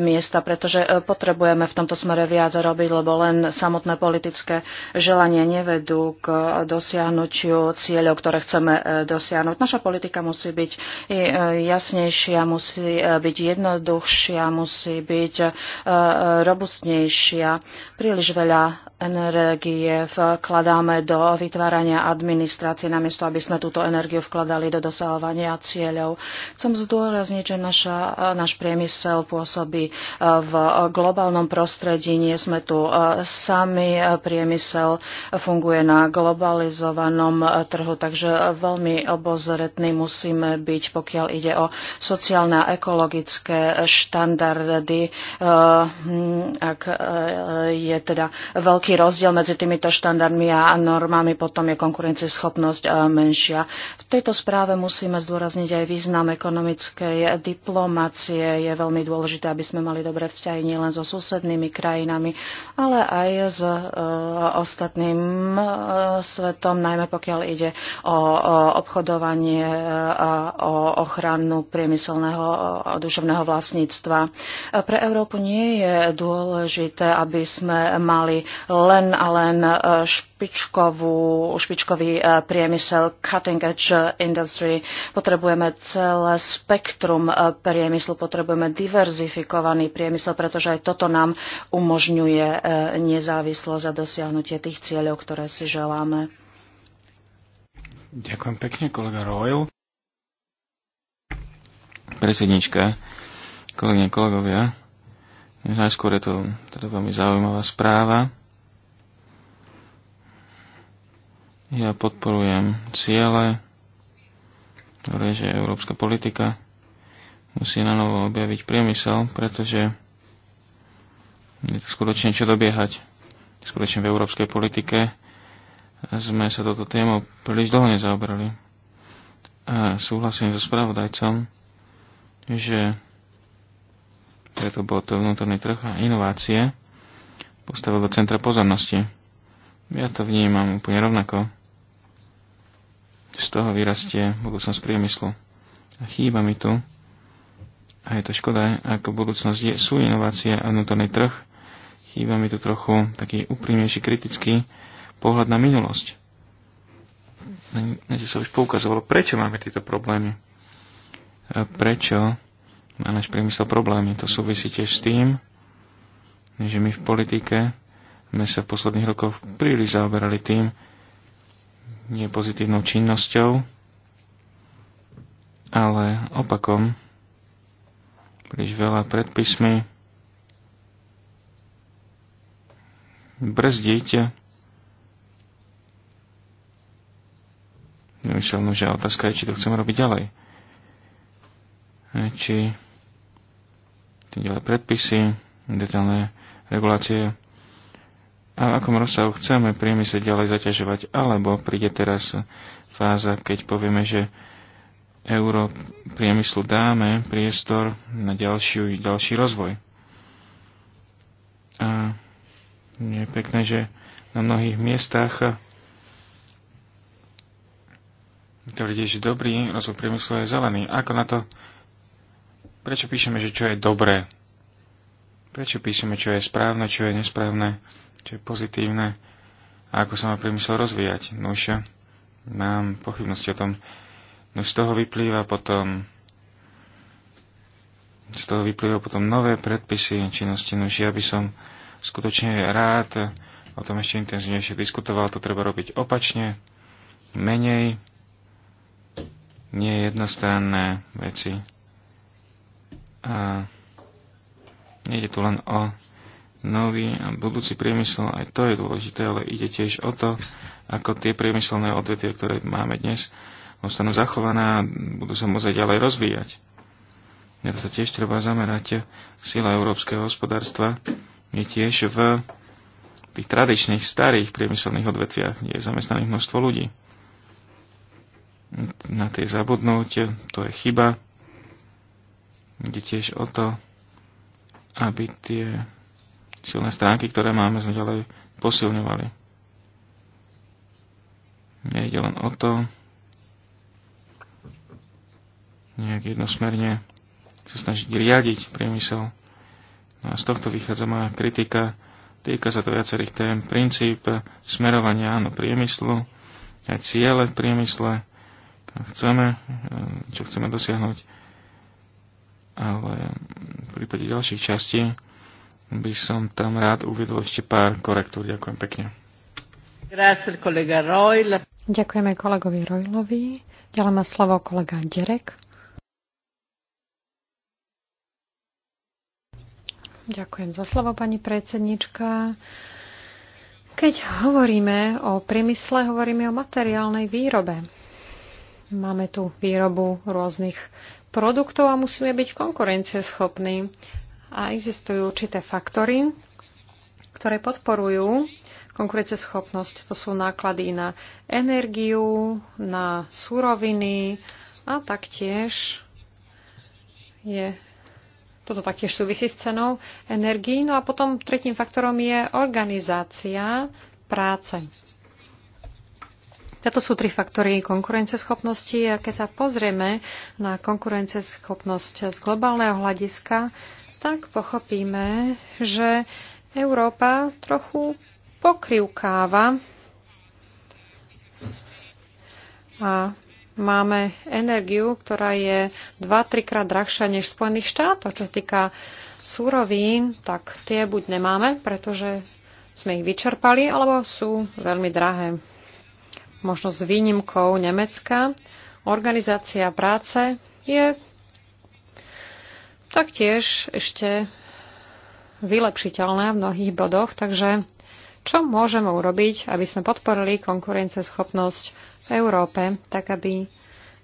miesta, pretože e, potrebujeme v tomto smere viac robiť, lebo len samotné politické želanie nevedú k dosiahnutiu cieľov, ktoré chceme dosiahnuť. Naša politika musí byť jasnejšia, musí byť jednoduchšia, musí byť robustnejšia. Príliš veľa energie vkladáme do vytvárania administrácie práci, namiesto aby sme túto energiu vkladali do dosahovania cieľov. Chcem zdôrazniť, že naša, eh, náš priemysel pôsobí eh, v globálnom prostredí, nie sme tu eh, sami, priemysel funguje na globalizovanom trhu, takže veľmi obozretný musíme byť, pokiaľ ide o sociálne a ekologické štandardy, hm, ak je teda veľký rozdiel medzi týmito štandardmi a normami, potom je konkurencieschopnosť zodpovednosť eh, menšia. V tejto správe musíme zdôrazniť aj význam ekonomickej diplomácie. Je veľmi dôležité, aby sme mali dobré vzťahy nielen so susednými krajinami, ale aj s e, ostatným e, svetom, najmä pokiaľ ide o, o obchodovanie a o ochranu priemyselného a duševného vlastníctva. Pre Európu nie je dôležité, aby sme mali len a len špičkovú, špičkový e, priemysel, cutting edge industry. Potrebujeme celé spektrum e, priemyslu, potrebujeme diverzifikovaný priemysel, pretože aj toto nám umožňuje e, nezávislosť a dosiahnutie tých cieľov, ktoré si želáme. Ďakujem pekne, kolega Royal. Presednička, kolegyne, kolegovia, najskôr je to teda veľmi zaujímavá správa Ja podporujem ciele, ktoré, že európska politika musí na novo objaviť priemysel, pretože je to skutočne čo dobiehať. Skutočne v európskej politike sme sa toto tému príliš dlho nezaobrali. A súhlasím so spravodajcom, že preto bol to vnútorný trh a inovácie postavil do centra pozornosti. Ja to vnímam úplne rovnako z toho vyrastie budúcnosť priemyslu. A chýba mi tu, a je to škoda, ako budúcnosť je, sú inovácie a vnútorný trh, chýba mi tu trochu taký úprimnejší, kritický pohľad na minulosť. Na sa už poukazovalo, prečo máme tieto problémy. A prečo má náš priemysel problémy. To súvisí tiež s tým, že my v politike sme sa v posledných rokoch príliš zaoberali tým, nie pozitívnou činnosťou, ale opakom. Príliš veľa predpismi brzdiť Nemyslel, že otázka je, či to chcem robiť ďalej. Či tým ďalej predpisy, detailné regulácie a v akom rozsahu chceme priemysel ďalej zaťažovať, alebo príde teraz fáza, keď povieme, že euro priemyslu dáme priestor na ďalšiu, ďalší rozvoj. A je pekné, že na mnohých miestach vidie, že dobrý rozvoj priemyslu je zelený. Ako na to? Prečo píšeme, že čo je dobré? Prečo píšeme, čo je správne, čo je nesprávne? čo je pozitívne a ako sa má priemysel rozvíjať. Nuž, mám pochybnosti o tom. No z toho vyplýva potom z toho vyplýva potom nové predpisy činnosti. Nuž ja by som skutočne rád o tom ešte intenzívnejšie diskutoval. To treba robiť opačne, menej, nie jednostranné veci. A nejde tu len o nový a budúci priemysel, aj to je dôležité, ale ide tiež o to, ako tie priemyselné odvetvia, ktoré máme dnes, ostanú zachované a budú sa môcť ďalej rozvíjať. Na to sa tiež treba zamerať. Sila európskeho hospodárstva je tiež v tých tradičných, starých priemyselných odvetviach, kde je zamestnaných množstvo ľudí. Na tie zabudnúť, to je chyba. Ide tiež o to, aby tie silné stránky, ktoré máme, sme ďalej posilňovali. Nejde len o to, nejak jednosmerne sa snažiť riadiť priemysel. No a z tohto vychádza moja kritika. Týka sa to viacerých tém. Princíp smerovania áno priemyslu, aj ciele v priemysle, chceme, čo chceme dosiahnuť. Ale v prípade ďalších častí by som tam rád uvedol ešte pár korektúr. Ďakujem pekne. Ďakujeme kolegovi Rojlovi. Ďalej má slovo kolega Derek. Ďakujem za slovo, pani predsednička. Keď hovoríme o priemysle, hovoríme o materiálnej výrobe. Máme tu výrobu rôznych produktov a musíme byť konkurencieschopní a existujú určité faktory, ktoré podporujú konkurenceschopnosť. To sú náklady na energiu, na suroviny a taktiež je toto taktiež súvisí s cenou energií. No a potom tretím faktorom je organizácia práce. Toto sú tri faktory konkurenceschopnosti a keď sa pozrieme na konkurenceschopnosť z globálneho hľadiska, tak pochopíme, že Európa trochu pokrivkáva a máme energiu, ktorá je 2-3 krát drahšia než v Spojených štátoch. Čo týka súrovín, tak tie buď nemáme, pretože sme ich vyčerpali, alebo sú veľmi drahé. Možno s výnimkou Nemecka organizácia práce je taktiež ešte vylepšiteľné v mnohých bodoch, takže čo môžeme urobiť, aby sme podporili konkurenceschopnosť v Európe, tak aby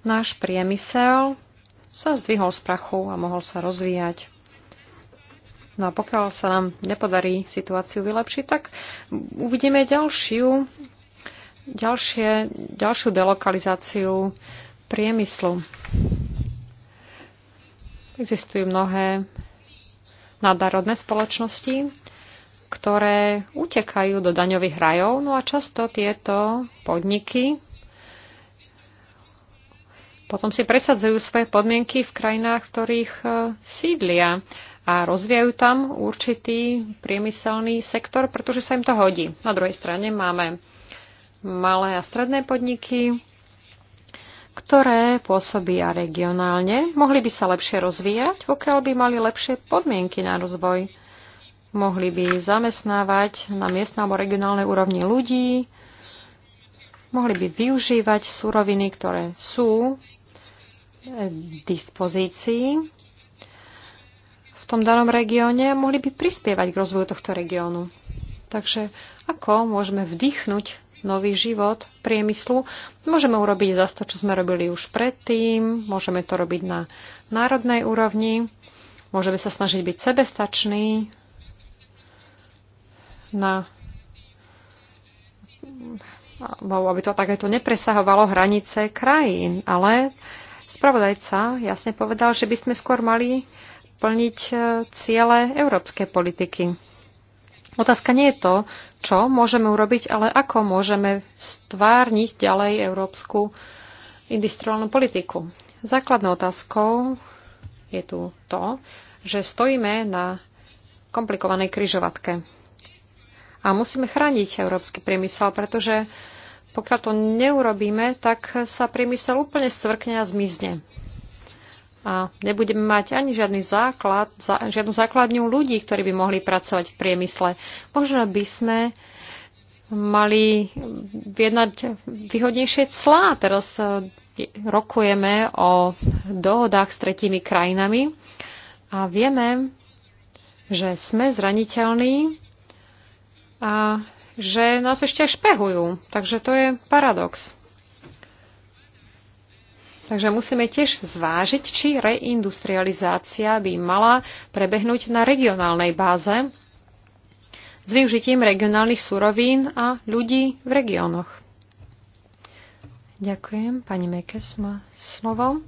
náš priemysel sa zdvihol z prachu a mohol sa rozvíjať. No a pokiaľ sa nám nepodarí situáciu vylepšiť, tak uvidíme ďalšiu, ďalšie, ďalšiu delokalizáciu priemyslu. Existujú mnohé nadárodné spoločnosti, ktoré utekajú do daňových rajov, no a často tieto podniky potom si presadzujú svoje podmienky v krajinách, v ktorých e, sídlia a rozvíjajú tam určitý priemyselný sektor, pretože sa im to hodí. Na druhej strane máme malé a stredné podniky, ktoré pôsobia regionálne, mohli by sa lepšie rozvíjať, pokiaľ by mali lepšie podmienky na rozvoj. Mohli by zamestnávať na miestnej alebo regionálnej úrovni ľudí, mohli by využívať súroviny, ktoré sú v dispozícii v tom danom regióne a mohli by prispievať k rozvoju tohto regiónu. Takže ako môžeme vdýchnuť nový život priemyslu. Môžeme urobiť zase to, čo sme robili už predtým, môžeme to robiť na národnej úrovni, môžeme sa snažiť byť sebestační na aby to takéto nepresahovalo hranice krajín, ale spravodajca jasne povedal, že by sme skôr mali plniť e, ciele európskej politiky. Otázka nie je to, čo môžeme urobiť, ale ako môžeme stvárniť ďalej európsku industriálnu politiku. Základnou otázkou je tu to, že stojíme na komplikovanej kryžovatke. A musíme chrániť európsky priemysel, pretože pokiaľ to neurobíme, tak sa priemysel úplne stvrkne a zmizne a nebudeme mať ani žiadny základ, žiadnu základňu ľudí, ktorí by mohli pracovať v priemysle. Možno by sme mali vyjednať výhodnejšie clá. Teraz e, rokujeme o dohodách s tretími krajinami a vieme, že sme zraniteľní a že nás ešte špehujú. Takže to je paradox. Takže musíme tiež zvážiť, či reindustrializácia by mala prebehnúť na regionálnej báze s využitím regionálnych surovín a ľudí v regiónoch. Ďakujem. Pani Mekes má slovo.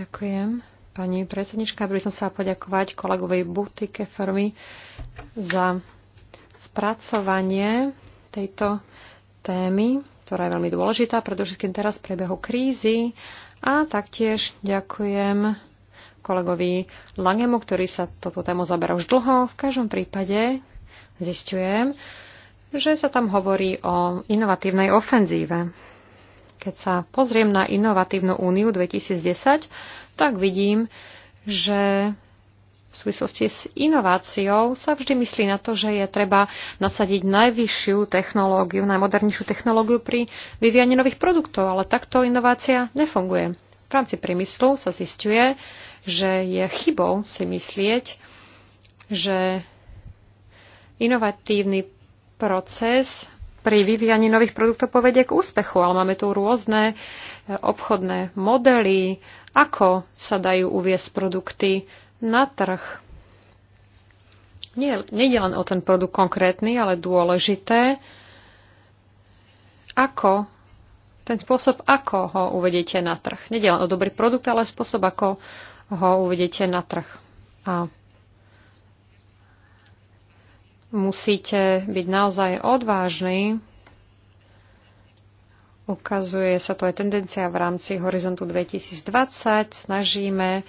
Ďakujem. Pani predsednička, by som sa poďakovať kolegovej Butike Farmy za spracovanie tejto témy ktorá je veľmi dôležitá, pretože keď teraz v krízy. A taktiež ďakujem kolegovi Langemu, ktorý sa toto tému zaberá už dlho. V každom prípade zistujem, že sa tam hovorí o inovatívnej ofenzíve. Keď sa pozriem na Inovatívnu úniu 2010, tak vidím, že v súvislosti s inováciou sa vždy myslí na to, že je treba nasadiť najvyššiu technológiu, najmodernejšiu technológiu pri vyvíjaní nových produktov, ale takto inovácia nefunguje. V rámci priemyslu sa zistuje, že je chybou si myslieť, že inovatívny proces pri vyvíjaní nových produktov povedie k úspechu, ale máme tu rôzne e, obchodné modely, ako sa dajú uviesť produkty na trh. Nie, je len o ten produkt konkrétny, ale dôležité, ako, ten spôsob, ako ho uvediete na trh. Nejde len o dobrý produkt, ale spôsob, ako ho uvediete na trh. A musíte byť naozaj odvážni. Ukazuje sa to aj tendencia v rámci Horizontu 2020. Snažíme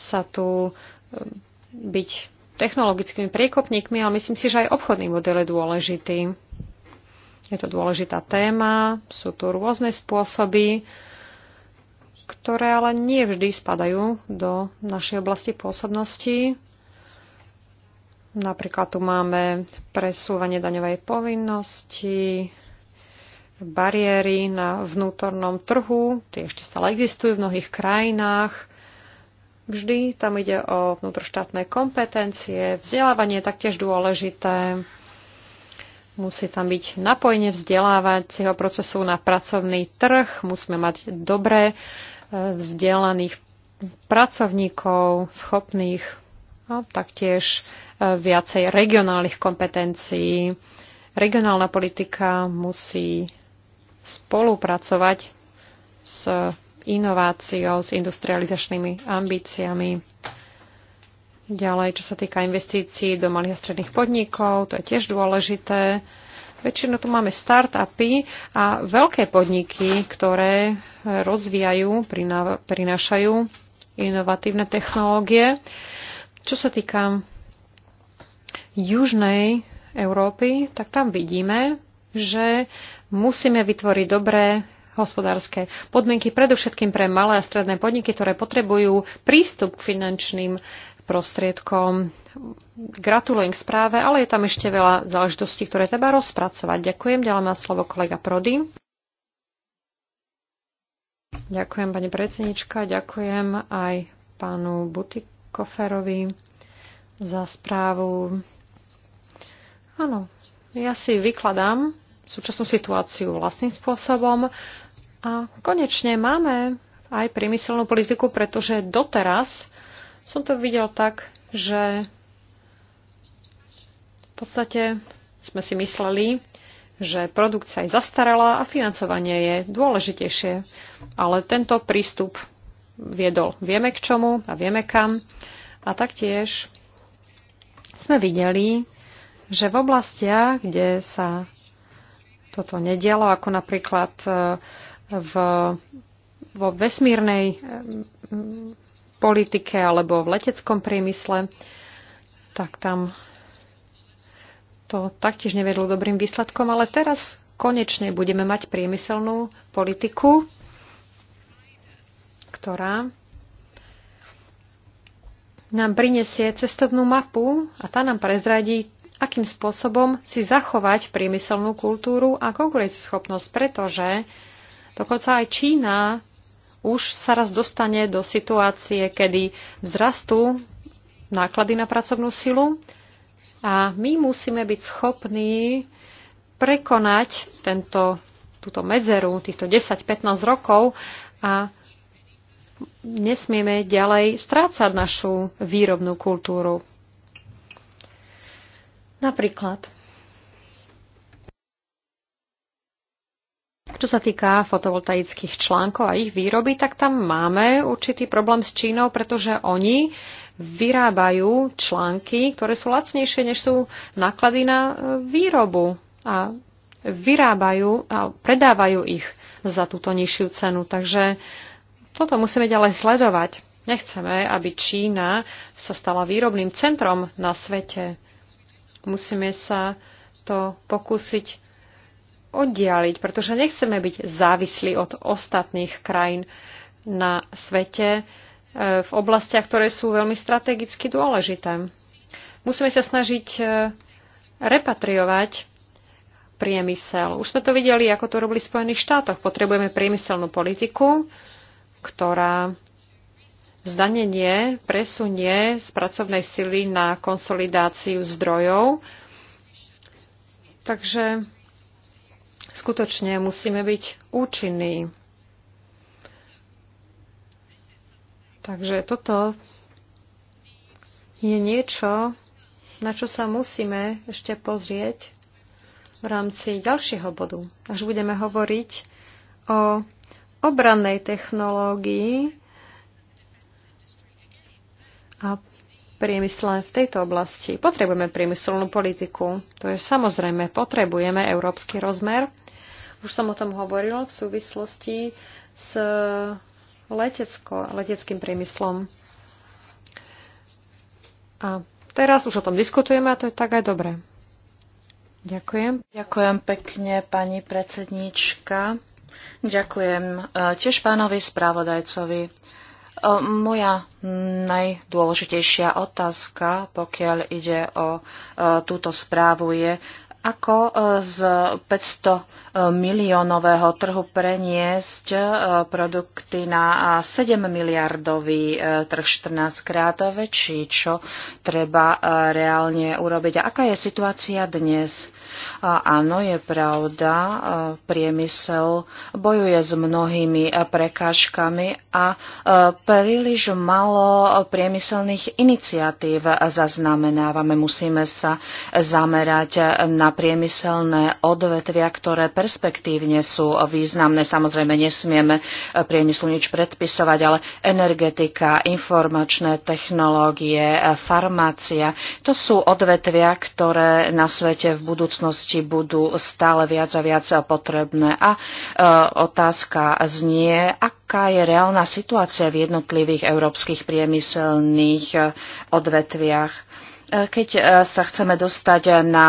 sa tu byť technologickými priekopníkmi, ale myslím si, že aj obchodný model je dôležitý. Je to dôležitá téma, sú tu rôzne spôsoby, ktoré ale nie vždy spadajú do našej oblasti pôsobnosti. Napríklad tu máme presúvanie daňovej povinnosti, bariéry na vnútornom trhu, tie ešte stále existujú v mnohých krajinách. Vždy tam ide o vnútroštátne kompetencie, vzdelávanie je taktiež dôležité. Musí tam byť napojenie vzdelávacieho procesu na pracovný trh, musíme mať dobre e, vzdelaných pracovníkov, schopných a taktiež e, viacej regionálnych kompetencií. Regionálna politika musí spolupracovať s inováciou, s industrializačnými ambíciami. Ďalej, čo sa týka investícií do malých a stredných podnikov, to je tiež dôležité. Väčšinou tu máme start-upy a veľké podniky, ktoré rozvíjajú, prinášajú inovatívne technológie. Čo sa týka južnej Európy, tak tam vidíme, že musíme vytvoriť dobré hospodárske podmienky, predovšetkým pre malé a stredné podniky, ktoré potrebujú prístup k finančným prostriedkom. Gratulujem k správe, ale je tam ešte veľa záležitostí, ktoré treba rozpracovať. Ďakujem. Ďalej má slovo kolega Prody. Ďakujem, pani predsednička. Ďakujem aj pánu Butikoferovi za správu. Áno, ja si vykladám súčasnú situáciu vlastným spôsobom. A konečne máme aj priemyselnú politiku, pretože doteraz som to videl tak, že v podstate sme si mysleli, že produkcia je zastarala a financovanie je dôležitejšie. Ale tento prístup viedol vieme k čomu a vieme kam. A taktiež sme videli, že v oblastiach, kde sa toto nedialo, ako napríklad e, v, vo vesmírnej e, politike alebo v leteckom priemysle, tak tam to taktiež nevedlo dobrým výsledkom, ale teraz konečne budeme mať priemyselnú politiku, ktorá nám prinesie cestovnú mapu a tá nám prezradí, akým spôsobom si zachovať priemyselnú kultúru a konkurencieschopnosť, pretože dokonca aj Čína už sa raz dostane do situácie, kedy vzrastú náklady na pracovnú silu a my musíme byť schopní prekonať tento, túto medzeru, týchto 10-15 rokov a nesmieme ďalej strácať našu výrobnú kultúru. Napríklad, čo sa týka fotovoltaických článkov a ich výroby, tak tam máme určitý problém s Čínou, pretože oni vyrábajú články, ktoré sú lacnejšie, než sú náklady na e, výrobu. A vyrábajú a predávajú ich za túto nižšiu cenu. Takže toto musíme ďalej sledovať. Nechceme, aby Čína sa stala výrobným centrom na svete. Musíme sa to pokúsiť oddialiť, pretože nechceme byť závislí od ostatných krajín na svete e, v oblastiach, ktoré sú veľmi strategicky dôležité. Musíme sa snažiť e, repatriovať priemysel. Už sme to videli, ako to robili v Spojených štátoch. Potrebujeme priemyselnú politiku, ktorá zdanenie presunie z pracovnej sily na konsolidáciu zdrojov. Takže skutočne musíme byť účinní. Takže toto je niečo, na čo sa musíme ešte pozrieť v rámci ďalšieho bodu. Až budeme hovoriť o obrannej technológii, a priemysle v tejto oblasti. Potrebujeme priemyselnú politiku, to je samozrejme, potrebujeme európsky rozmer. Už som o tom hovorila v súvislosti s letecko, leteckým priemyslom. A teraz už o tom diskutujeme a to je tak aj dobre. Ďakujem. Ďakujem pekne, pani predsedníčka. Ďakujem eh, tiež pánovi spravodajcovi. Moja najdôležitejšia otázka, pokiaľ ide o túto správu, je, ako z 500 miliónového trhu preniesť produkty na 7 miliardový e, trh 14 krát väčší, čo treba e, reálne urobiť. A aká je situácia dnes? áno, je pravda, priemysel bojuje s mnohými prekážkami a príliš malo priemyselných iniciatív zaznamenávame. Musíme sa zamerať na priemyselné odvetvia, ktoré perspektívne sú významné. Samozrejme, nesmieme priemyslu nič predpisovať, ale energetika, informačné technológie, farmácia, to sú odvetvia, ktoré na svete v budúcnosti budúcnosti budú stále viac a viac potrebné. A e, otázka znie, aká je reálna situácia v jednotlivých európskych priemyselných e, odvetviach keď e, sa chceme dostať na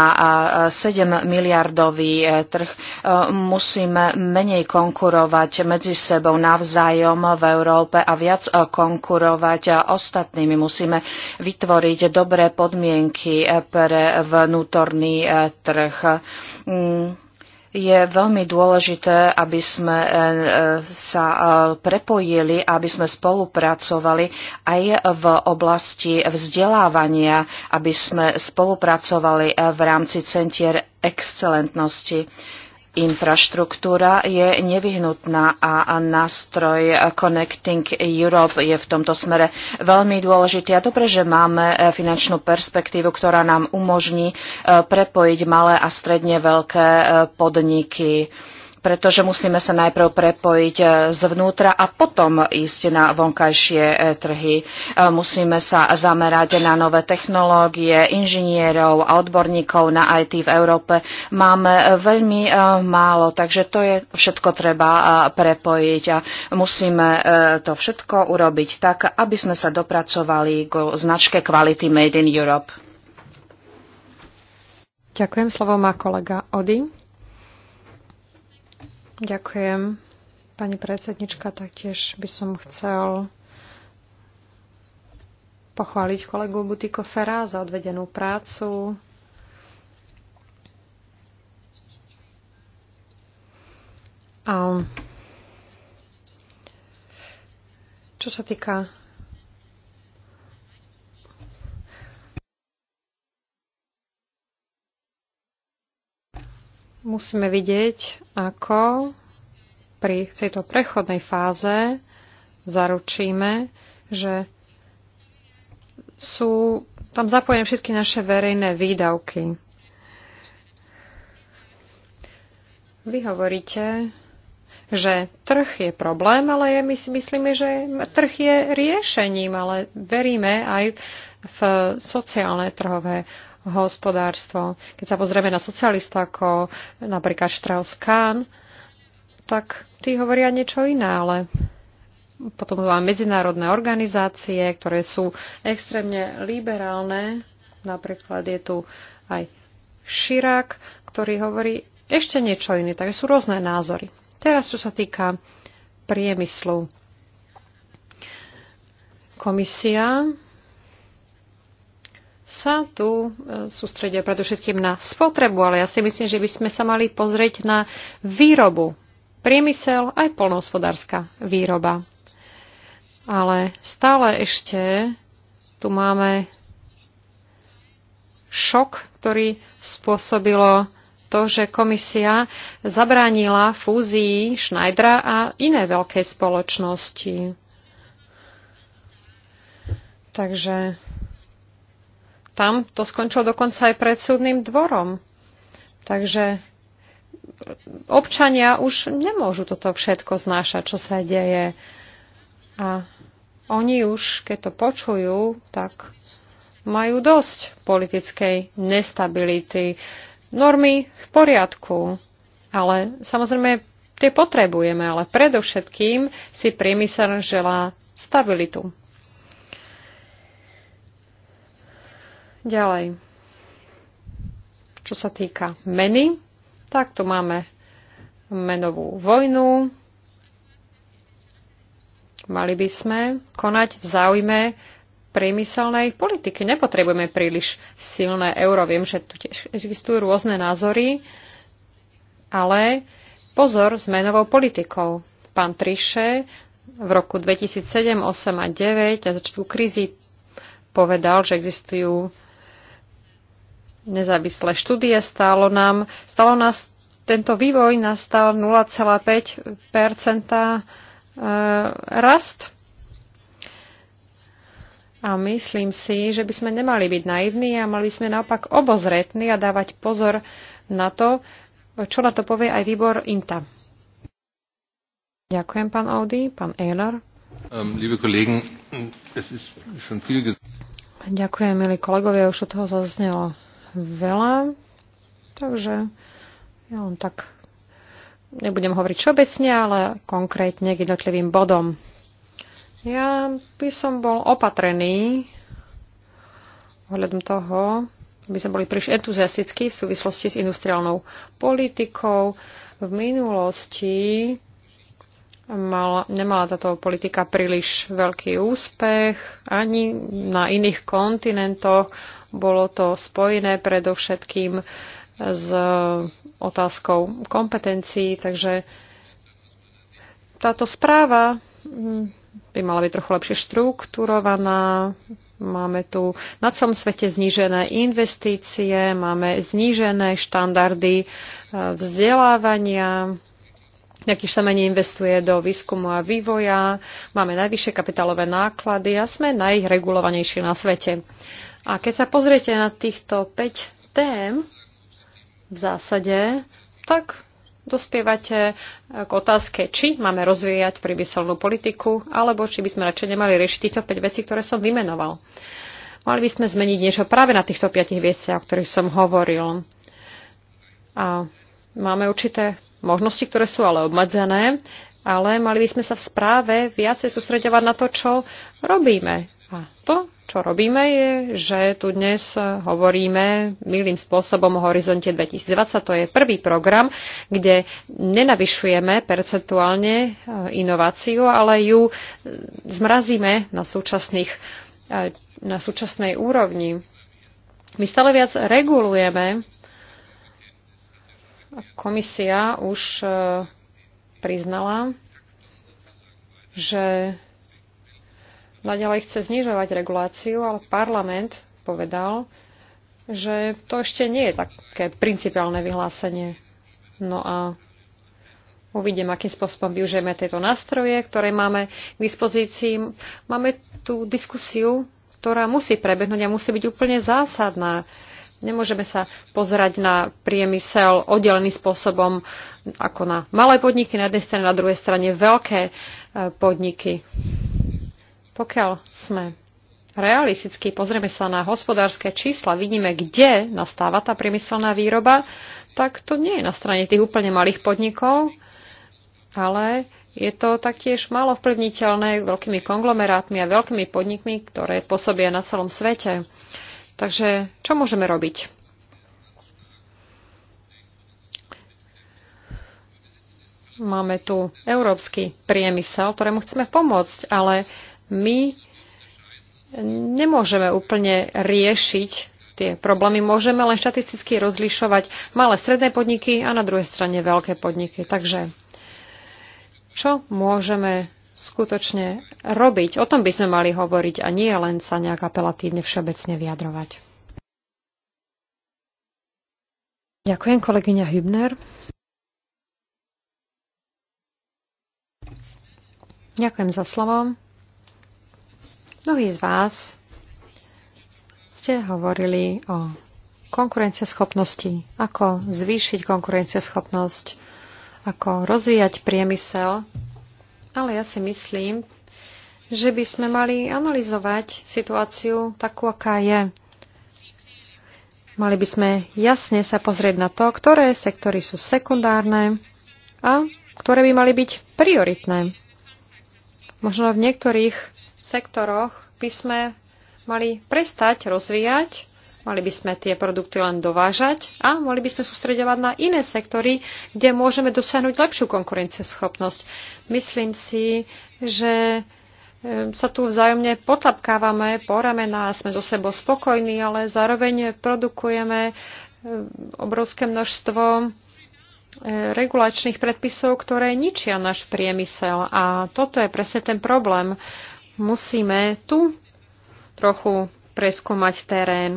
7 e, miliardový e, trh, musíme menej konkurovať medzi sebou navzájom v Európe a viac konkurovať ostatnými. Musíme vytvoriť dobré podmienky pre vnútorný trh mm je veľmi dôležité, aby sme e, e, sa e, prepojili, aby sme spolupracovali aj v oblasti vzdelávania, aby sme spolupracovali v rámci centier excelentnosti. Infraštruktúra je nevyhnutná a nástroj Connecting Europe je v tomto smere veľmi dôležitý. A dobre, že máme eh, finančnú perspektívu, ktorá nám umožní eh, prepojiť malé a stredne veľké eh, podniky pretože musíme sa najprv prepojiť e, zvnútra a potom ísť na vonkajšie e, trhy. E, musíme sa zamerať na nové technológie, inžinierov a odborníkov na IT v Európe. Máme veľmi málo, takže to je všetko treba prepojiť a musíme to všetko urobiť tak, aby sme sa dopracovali k značke kvality Made in Europe. Ďakujem, slovo má kolega Odin. Ďakujem. Pani predsednička, taktiež by som chcel pochváliť kolegu Butikofera za odvedenú prácu. A čo sa týka musíme vidieť, ako pri tejto prechodnej fáze zaručíme, že sú tam zapojené všetky naše verejné výdavky. Vy hovoríte, že trh je problém, ale my si myslíme, že trh je riešením, ale veríme aj v sociálne trhové hospodárstvo. Keď sa pozrieme na socialistov ako napríklad Strauss-Kahn, tak tí hovoria niečo iné, ale potom máme medzinárodné organizácie, ktoré sú extrémne liberálne. Napríklad je tu aj Širák, ktorý hovorí ešte niečo iné. Takže sú rôzne názory. Teraz, čo sa týka priemyslu. Komisia sa tu e, sústredia predovšetkým na spotrebu, ale ja si myslím, že by sme sa mali pozrieť na výrobu. Priemysel aj polnohospodárska výroba. Ale stále ešte tu máme šok, ktorý spôsobilo to, že komisia zabránila fúzii Schneidera a iné veľké spoločnosti. Takže tam to skončilo dokonca aj pred súdnym dvorom. Takže občania už nemôžu toto všetko znášať, čo sa deje. A oni už, keď to počujú, tak majú dosť politickej nestability. Normy v poriadku, ale samozrejme tie potrebujeme, ale predovšetkým si priemysel želá stabilitu. Ďalej, čo sa týka meny, tak tu máme menovú vojnu. Mali by sme konať v záujme priemyselnej politiky. Nepotrebujeme príliš silné euro. Viem, že tu tiež existujú rôzne názory, ale pozor s menovou politikou. Pán Triše v roku 2007, 2008 a 2009 a začiatku krízy povedal, že existujú nezávislé štúdie stálo nám, stalo nás tento vývoj nastal 0,5 e, rast. A myslím si, že by sme nemali byť naivní a mali sme naopak obozretní a dávať pozor na to, čo na to povie aj výbor INTA. Ďakujem, pán Audi. Pán Ehler. Um, Ďakujem, milí kolegovia, už od toho zaznelo veľa, takže ja len tak nebudem hovoriť všeobecne, ale konkrétne k jednotlivým bodom. Ja by som bol opatrený ohľadom toho, aby sme boli príliš entuziastickí v súvislosti s industriálnou politikou. V minulosti mal, nemala táto politika príliš veľký úspech ani na iných kontinentoch. Bolo to spojené predovšetkým s otázkou kompetencií, takže táto správa mm, by mala byť trochu lepšie štruktúrovaná. Máme tu na celom svete znížené investície, máme znížené štandardy e, vzdelávania, nejaký sa menej investuje do výskumu a vývoja, máme najvyššie kapitálové náklady a sme najregulovanejšie na svete. A keď sa pozriete na týchto 5 tém v zásade, tak dospievate k otázke, či máme rozvíjať priemyselnú politiku, alebo či by sme radšej nemali riešiť týchto 5 vecí, ktoré som vymenoval. Mali by sme zmeniť niečo práve na týchto 5 veciach, o ktorých som hovoril. A máme určité možnosti, ktoré sú ale obmedzené, ale mali by sme sa v správe viacej sústredovať na to, čo robíme. A to čo robíme, je, že tu dnes hovoríme milým spôsobom o Horizonte 2020. To je prvý program, kde nenavyšujeme percentuálne e, inováciu, ale ju e, zmrazíme na, súčasných, e, na súčasnej úrovni. My stále viac regulujeme. Komisia už priznala, že naďalej chce znižovať reguláciu, ale parlament povedal, že to ešte nie je také principiálne vyhlásenie. No a uvidím, akým spôsobom využijeme tieto nástroje, ktoré máme k dispozícii. Máme tú diskusiu, ktorá musí prebehnúť a musí byť úplne zásadná. Nemôžeme sa pozerať na priemysel oddeleným spôsobom ako na malé podniky na jednej strane, na druhej strane veľké eh, podniky. Pokiaľ sme realisticky pozrieme sa na hospodárske čísla, vidíme, kde nastáva tá priemyselná výroba, tak to nie je na strane tých úplne malých podnikov, ale je to taktiež málo vplyvniteľné veľkými konglomerátmi a veľkými podnikmi, ktoré pôsobia na celom svete. Takže čo môžeme robiť? Máme tu európsky priemysel, ktorému chceme pomôcť, ale my nemôžeme úplne riešiť tie problémy. Môžeme len štatisticky rozlišovať malé stredné podniky a na druhej strane veľké podniky. Takže čo môžeme skutočne robiť? O tom by sme mali hovoriť a nie len sa nejak apelatívne všeobecne vyjadrovať. Ďakujem, kolegyňa Hübner. Ďakujem za slovo. Mnohí z vás ste hovorili o konkurencieschopnosti, ako zvýšiť konkurencieschopnosť, ako rozvíjať priemysel, ale ja si myslím, že by sme mali analyzovať situáciu takú, aká je. Mali by sme jasne sa pozrieť na to, ktoré sektory sú sekundárne a ktoré by mali byť prioritné. Možno v niektorých sektoroch by sme mali prestať rozvíjať, mali by sme tie produkty len dovážať a mali by sme sústredovať na iné sektory, kde môžeme dosiahnuť lepšiu konkurencieschopnosť. Myslím si, že sa tu vzájomne potlapkávame po ramená, sme so sebou spokojní, ale zároveň produkujeme obrovské množstvo e, regulačných predpisov, ktoré ničia náš priemysel. A toto je presne ten problém musíme tu trochu preskúmať terén.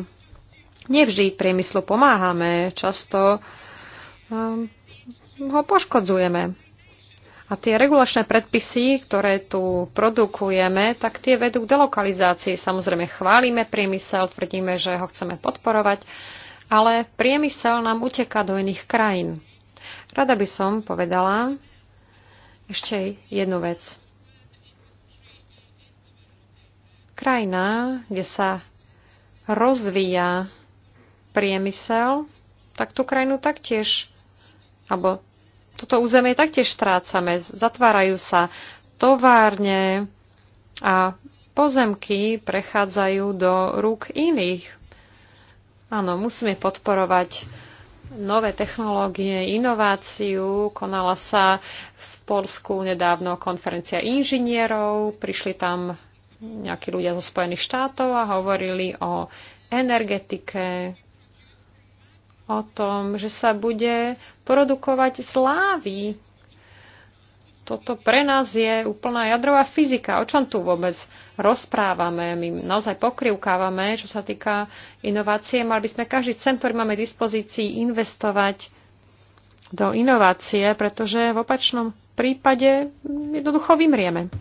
Nevždy priemyslu pomáhame, často um, ho poškodzujeme. A tie regulačné predpisy, ktoré tu produkujeme, tak tie vedú k delokalizácii. Samozrejme chválime priemysel, tvrdíme, že ho chceme podporovať, ale priemysel nám uteká do iných krajín. Rada by som povedala ešte jednu vec. krajina, kde sa rozvíja priemysel, tak tú krajinu taktiež, alebo toto územie taktiež strácame. Zatvárajú sa továrne a pozemky prechádzajú do rúk iných. Áno, musíme podporovať nové technológie, inováciu. Konala sa v Polsku nedávno konferencia inžinierov, prišli tam nejakí ľudia zo Spojených štátov a hovorili o energetike, o tom, že sa bude produkovať slávy. Toto pre nás je úplná jadrová fyzika. O čom tu vôbec rozprávame? My naozaj pokrivkávame, čo sa týka inovácie. Mali by sme každý cent, ktorý máme v dispozícii, investovať do inovácie, pretože v opačnom prípade jednoducho vymrieme.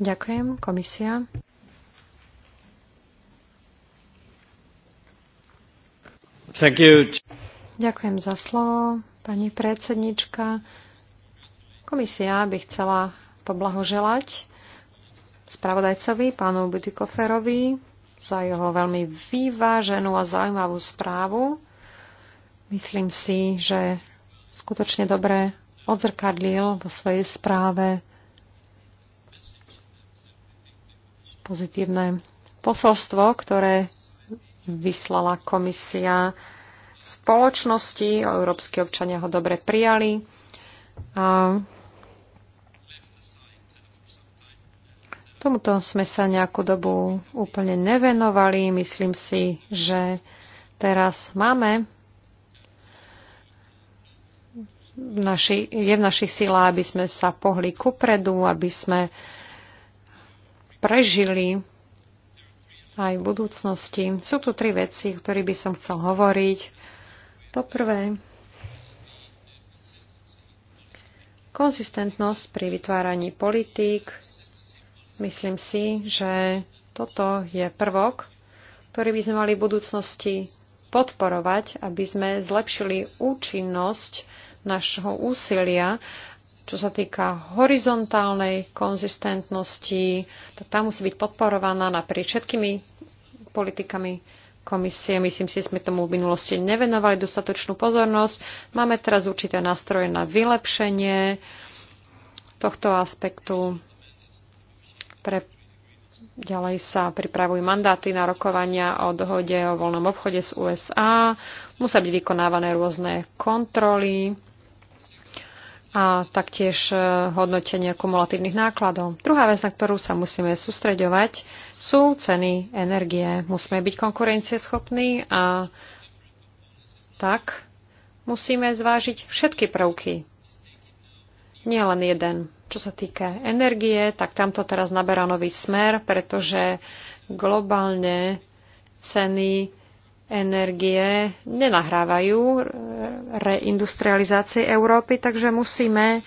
Ďakujem. Komisia. Thank you. Ďakujem za slovo, pani predsednička. Komisia by chcela poblahoželať spravodajcovi, pánu Budikoferovi, za jeho veľmi vyváženú a zaujímavú správu. Myslím si, že skutočne dobre odzrkadlil vo svojej správe pozitívne posolstvo, ktoré vyslala komisia spoločnosti. Európsky občania ho dobre prijali. A tomuto sme sa nejakú dobu úplne nevenovali. Myslím si, že teraz máme naši, je v našich silách, aby sme sa pohli kupredu, aby sme uh, prežili aj v budúcnosti. Sú tu tri veci, o ktorých by som chcel hovoriť. Poprvé, konzistentnosť pri vytváraní politík. Myslím si, že toto je prvok, ktorý by sme mali v budúcnosti podporovať, aby sme zlepšili účinnosť našho úsilia čo sa týka horizontálnej konzistentnosti, tak tá musí byť podporovaná naprieč všetkými politikami komisie. Myslím si, že sme tomu v minulosti nevenovali dostatočnú pozornosť. Máme teraz určité nástroje na vylepšenie tohto aspektu. Pre Ďalej sa pripravujú mandáty na rokovania o dohode o voľnom obchode s USA. Musia byť vykonávané rôzne kontroly a taktiež e, hodnotenie kumulatívnych nákladov. Druhá vec, na ktorú sa musíme sústreďovať, sú ceny energie. Musíme byť konkurencieschopní a tak musíme zvážiť všetky prvky. Nie len jeden. Čo sa týka energie, tak tamto teraz naberá nový smer, pretože globálne ceny energie nenahrávajú reindustrializácii Európy, takže musíme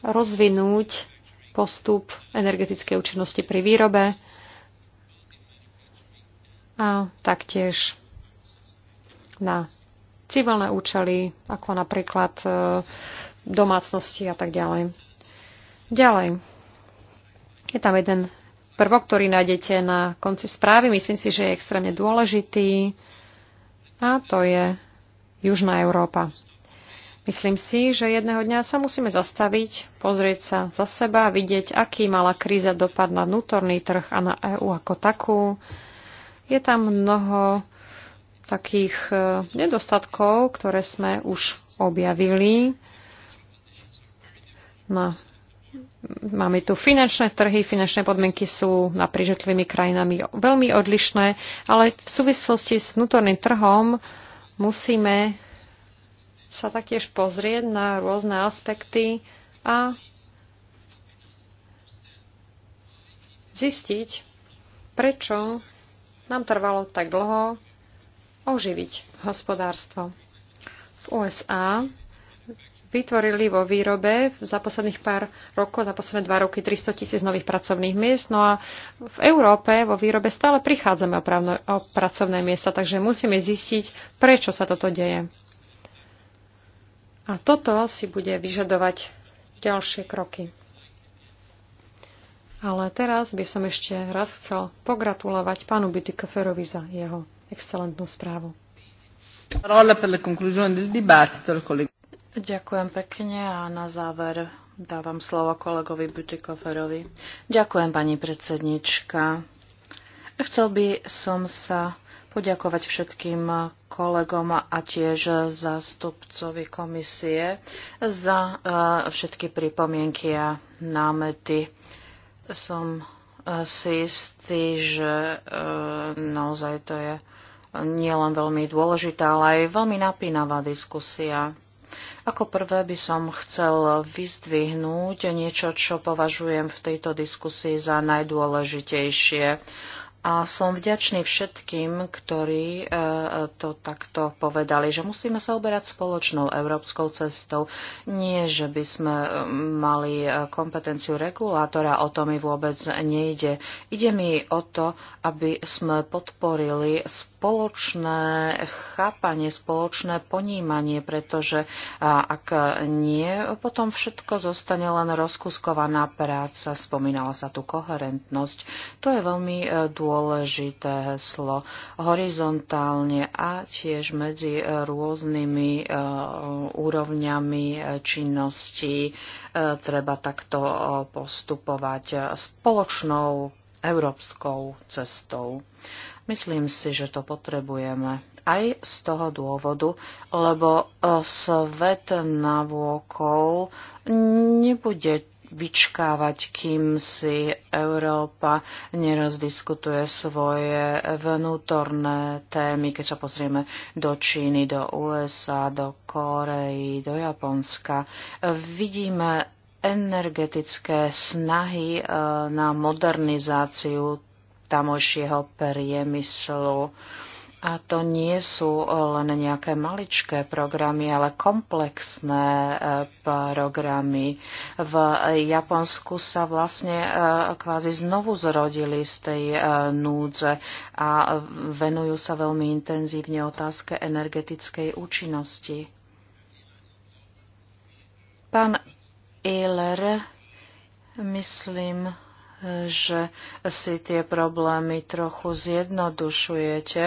rozvinúť postup energetickej účinnosti pri výrobe a taktiež na civilné účely, ako napríklad e, domácnosti a tak ďalej. Ďalej. Je tam jeden prvok, ktorý nájdete na konci správy. Myslím si, že je extrémne dôležitý a to je Južná Európa. Myslím si, že jedného dňa sa musíme zastaviť, pozrieť sa za seba, vidieť, aký mala kríza dopad na vnútorný trh a na EÚ ako takú. Je tam mnoho takých e, nedostatkov, ktoré sme už objavili na Máme tu finančné trhy, finančné podmienky sú naprieč krajinami veľmi odlišné, ale v súvislosti s vnútorným trhom musíme sa taktiež pozrieť na rôzne aspekty a zistiť, prečo nám trvalo tak dlho oživiť hospodárstvo. V USA vytvorili vo výrobe za posledných pár rokov, za posledné dva roky 300 tisíc nových pracovných miest. No a v Európe vo výrobe stále prichádzame o, právno, o pracovné miesta, takže musíme zistiť, prečo sa toto deje. A toto si bude vyžadovať ďalšie kroky. Ale teraz by som ešte raz chcel pogratulovať pánu Koferovi za jeho excelentnú správu. Parola per la conclusione del dibattito il collega. Ďakujem pekne a na záver dávam slovo kolegovi Butikoferovi. Ďakujem, pani predsednička. Chcel by som sa poďakovať všetkým kolegom a tiež zástupcovi komisie za e, všetky pripomienky a námety. Som e, si istý, že e, naozaj to je nielen veľmi dôležitá, ale aj veľmi napínavá diskusia. Ako prvé by som chcel vyzdvihnúť niečo, čo považujem v tejto diskusii za najdôležitejšie. A som vďačný všetkým, ktorí e, e, to takto povedali, že musíme sa uberať spoločnou európskou cestou. Nie, že by sme e, mali kompetenciu regulátora, o to mi vôbec nejde. Ide mi o to, aby sme podporili spoločnosť spoločné chápanie, spoločné ponímanie, pretože ak nie, potom všetko zostane len rozkuskovaná práca. Spomínala sa tu koherentnosť. To je veľmi e, dôležité heslo. Horizontálne a tiež medzi rôznymi e, úrovňami e, činnosti treba takto postupovať spoločnou európskou cestou. Myslím si, že to potrebujeme aj z toho dôvodu, lebo e, svet navôkol nebude vyčkávať, kým si Európa nerozdiskutuje svoje vnútorné témy, keď sa pozrieme do Číny, do USA, do Korei, do Japonska. Vidíme energetické snahy e, na modernizáciu tamojšieho priemyslu. A to nie sú len nejaké maličké programy, ale komplexné e, programy. V Japonsku sa vlastne e, kvázi znovu zrodili z tej e, núdze a venujú sa veľmi intenzívne otázke energetickej účinnosti. Pán Ehler, myslím, že si tie problémy trochu zjednodušujete.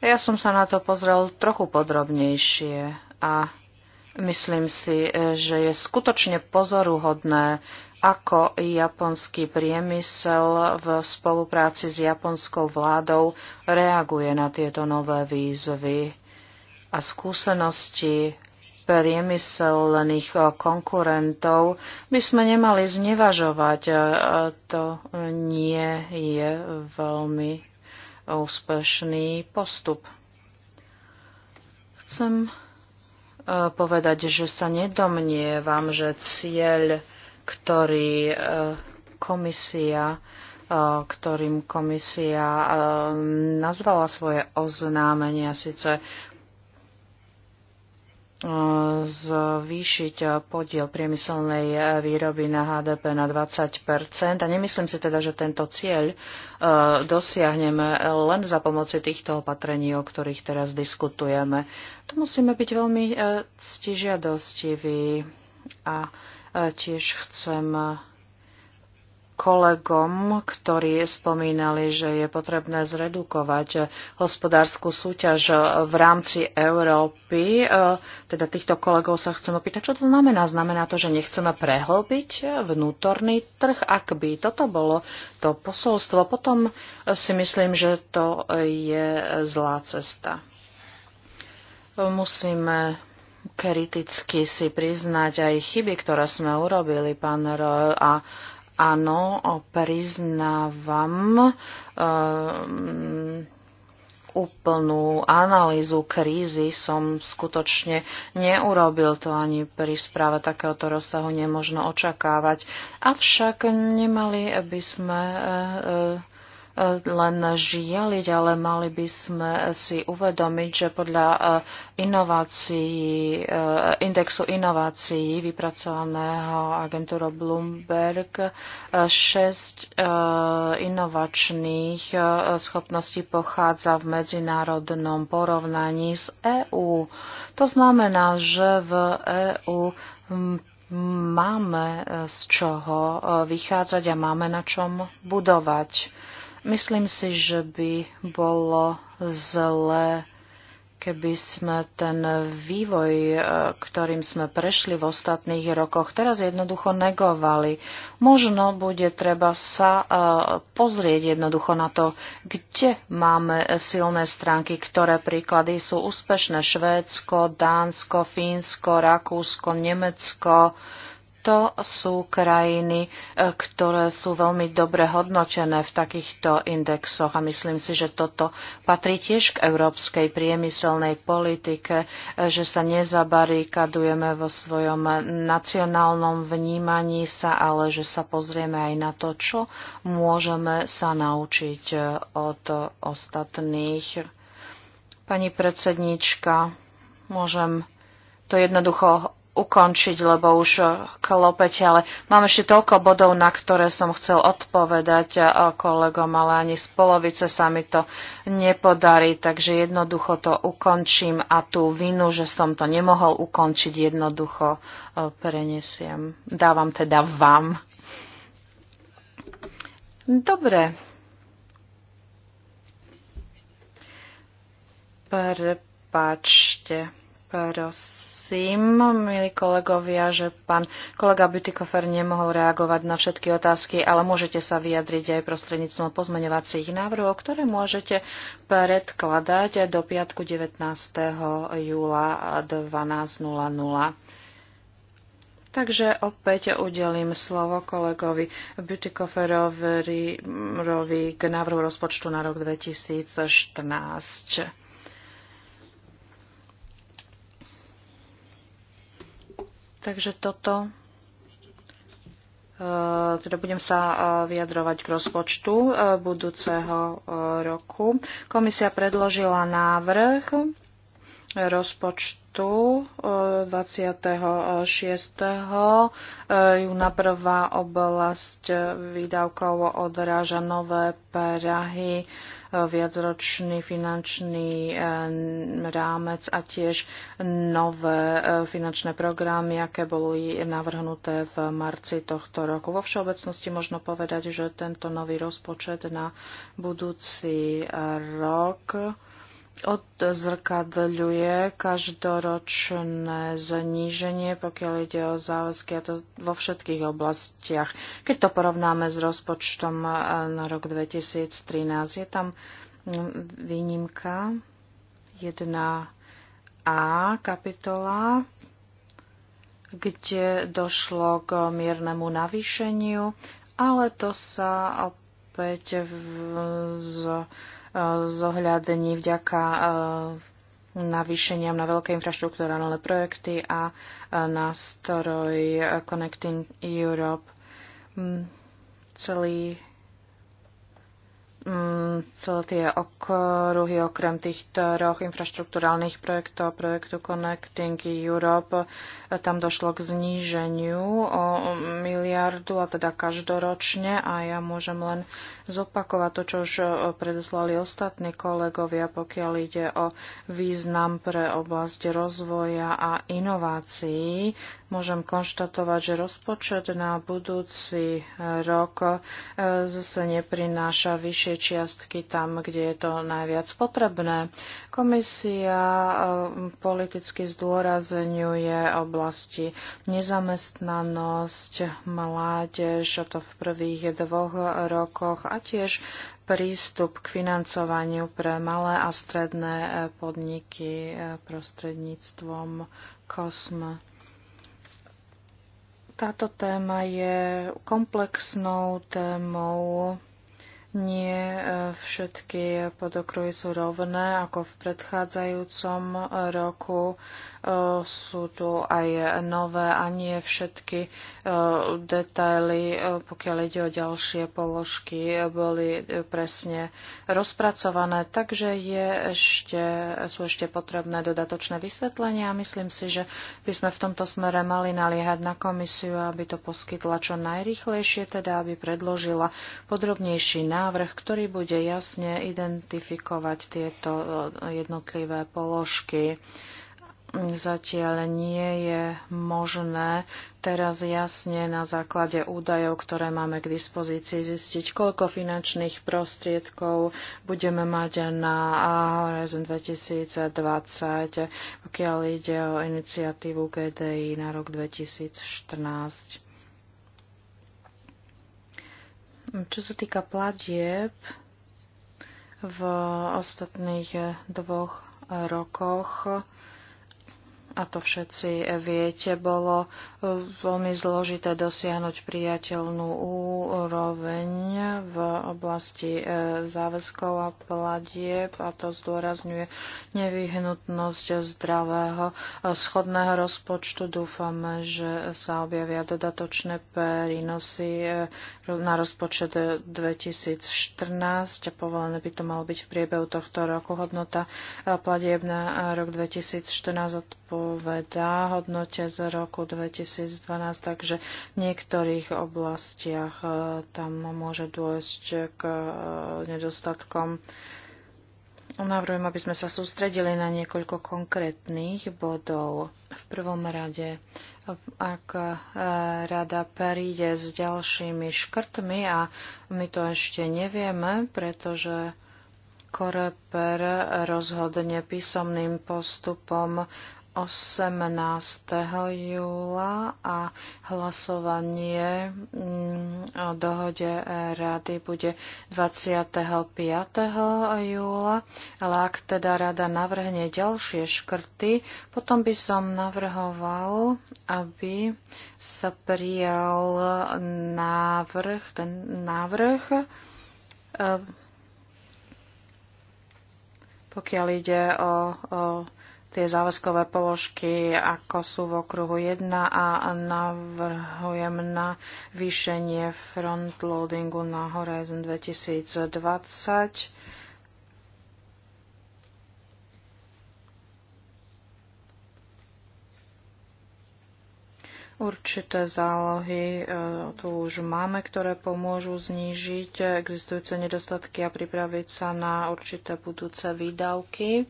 Ja som sa na to pozrel trochu podrobnejšie a myslím si, že je skutočne pozoruhodné, ako japonský priemysel v spolupráci s japonskou vládou reaguje na tieto nové výzvy a skúsenosti priemyselných eh, konkurentov by sme nemali znevažovať. Eh, to nie je veľmi úspešný postup. Chcem eh, povedať, že sa nedomnievam, že cieľ, ktorý komisia ktorým komisia nazvala svoje oznámenia, síce zvýšiť podiel priemyselnej výroby na HDP na 20 A nemyslím si teda, že tento cieľ e, dosiahneme len za pomoci týchto opatrení, o ktorých teraz diskutujeme. Tu musíme byť veľmi stižiadostiví e, a e, tiež chcem kolegom, ktorí spomínali, že je potrebné zredukovať hospodárskú súťaž v rámci Európy. E, teda týchto kolegov sa chcem opýtať, čo to znamená? Znamená to, že nechceme prehlbiť vnútorný trh? Ak by toto bolo to posolstvo, potom si myslím, že to je zlá cesta. Musíme kriticky si priznať aj chyby, ktoré sme urobili, pán Roel, a Áno, priznávam ehm, úplnú analýzu krízy som skutočne neurobil to ani pri správe takéhoto rozsahu nemožno očakávať. Avšak nemali by sme eh, eh, len žialiť, ale mali by sme si uvedomiť, že podľa eh, inovácií, eh, indexu inovácií vypracovaného agentúrou Bloomberg 6 eh, inovačných schopností pochádza v medzinárodnom porovnaní z EÚ. To znamená, že v EÚ hm, máme z čoho vychádzať a máme na čom budovať. Myslím si, že by bolo zlé, keby sme ten vývoj, e, ktorým sme prešli v ostatných rokoch, teraz jednoducho negovali. Možno bude treba sa e, pozrieť jednoducho na to, kde máme silné stránky, ktoré príklady sú úspešné. Švédsko, Dánsko, Fínsko, Rakúsko, Nemecko to sú krajiny, e, ktoré sú veľmi dobre hodnotené v takýchto indexoch a myslím si, že toto patrí tiež k európskej priemyselnej politike, e, že sa nezabarikadujeme vo svojom nacionálnom vnímaní sa, ale že sa pozrieme aj na to, čo môžeme sa naučiť e, od ostatných. Pani predsednička, môžem to jednoducho ukončiť, lebo už eh, klopete, ale mám ešte toľko bodov, na ktoré som chcel odpovedať eh, kolegom, ale ani z polovice sa mi to nepodarí, takže jednoducho to ukončím a tú vinu, že som to nemohol ukončiť, jednoducho eh, prenesiem. Dávam teda vám. Dobre. Prepačte prosím, milí kolegovia, že pán kolega Bütikofer nemohol reagovať na všetky otázky, ale môžete sa vyjadriť aj prostredníctvom pozmeňovacích návrhov, ktoré môžete predkladať do piatku 19. júla 12.00. Takže opäť udelím slovo kolegovi Butikoferovi k návrhu rozpočtu na rok 2014. Takže toto e, teda budem sa e, vyjadrovať k rozpočtu e, budúceho roku. Komisia predložila návrh rozpočtu 26. Eh, eh, júna prvá oblasť eh, výdavkov odráža nové perahy, viacročný finančný rámec a tiež nové finančné programy, aké boli navrhnuté v marci tohto roku. Vo všeobecnosti možno povedať, že tento nový rozpočet na budúci rok odzrkadľuje každoročné zníženie, pokiaľ ide o záväzky, a to vo všetkých oblastiach. Keď to porovnáme s rozpočtom e, na rok 2013, je tam mm, výnimka 1a kapitola, kde došlo k miernemu navýšeniu, ale to sa opäť z, zohľadní vďaka eh, navýšeniam na veľké infraštruktúrálne projekty a eh, nástroj Connecting Europe. Mm, celý Mm, celé tie okruhy, okrem tých troch infraštruktúrálnych projektov a projektu Connecting Europe, tam došlo k zníženiu o miliardu, a teda každoročne. A ja môžem len zopakovať to, čo už predoslali ostatní kolegovia, pokiaľ ide o význam pre oblasť rozvoja a inovácií. Môžem konštatovať, že rozpočet na budúci rok e, zase neprináša vyššie najväčšie čiastky tam, kde je to najviac potrebné. Komisia um, politicky zdôrazňuje oblasti nezamestnanosť, mládež, to v prvých dvoch rokoch a tiež prístup k financovaniu pre malé a stredné e, podniky e, prostredníctvom COSM. Táto téma je komplexnou témou nie e, všetky podokruhy sú rovné ako v predchádzajúcom roku sú tu aj nové a nie všetky e, detaily, e, pokiaľ ide o ďalšie položky, e, boli presne rozpracované, takže je ešte, sú ešte potrebné dodatočné vysvetlenia a myslím si, že by sme v tomto smere mali naliehať na komisiu, aby to poskytla čo najrychlejšie, teda aby predložila podrobnejší návrh, ktorý bude jasne identifikovať tieto jednotlivé položky zatiaľ nie je možné teraz jasne na základe údajov, ktoré máme k dispozícii, zistiť, koľko finančných prostriedkov budeme mať na Horizon 2020, pokiaľ ide o iniciatívu GDI na rok 2014. Čo sa týka platieb, v ostatných dvoch rokoch a to všetci viete, bolo e, veľmi zložité dosiahnuť priateľnú úroveň v oblasti e, záväzkov a platieb a to zdôrazňuje nevyhnutnosť zdravého e, schodného rozpočtu. Dúfame, že sa objavia dodatočné prínosy na rozpočet 2014 a povolené by to malo byť v priebehu tohto roku. Hodnota pladieb na rok 2014 odpo veda hodnote z roku 2012, takže v niektorých oblastiach e, tam môže dôjsť k e, nedostatkom. Navrhujem, aby sme sa sústredili na niekoľko konkrétnych bodov. V prvom rade, ak e, rada príde s ďalšími škrtmi a my to ešte nevieme, pretože Koreper rozhodne písomným postupom 18. júla a hlasovanie mm, o dohode rady bude 25. júla, ale ak teda rada navrhne ďalšie škrty, potom by som navrhoval, aby sa prijal návrh, ten návrh e, pokiaľ ide o, o tie záväzkové položky, ako sú v okruhu 1 a navrhujem na výšenie frontloadingu na Horizon 2020. Určité zálohy e, tu už máme, ktoré pomôžu znížiť existujúce nedostatky a pripraviť sa na určité budúce výdavky.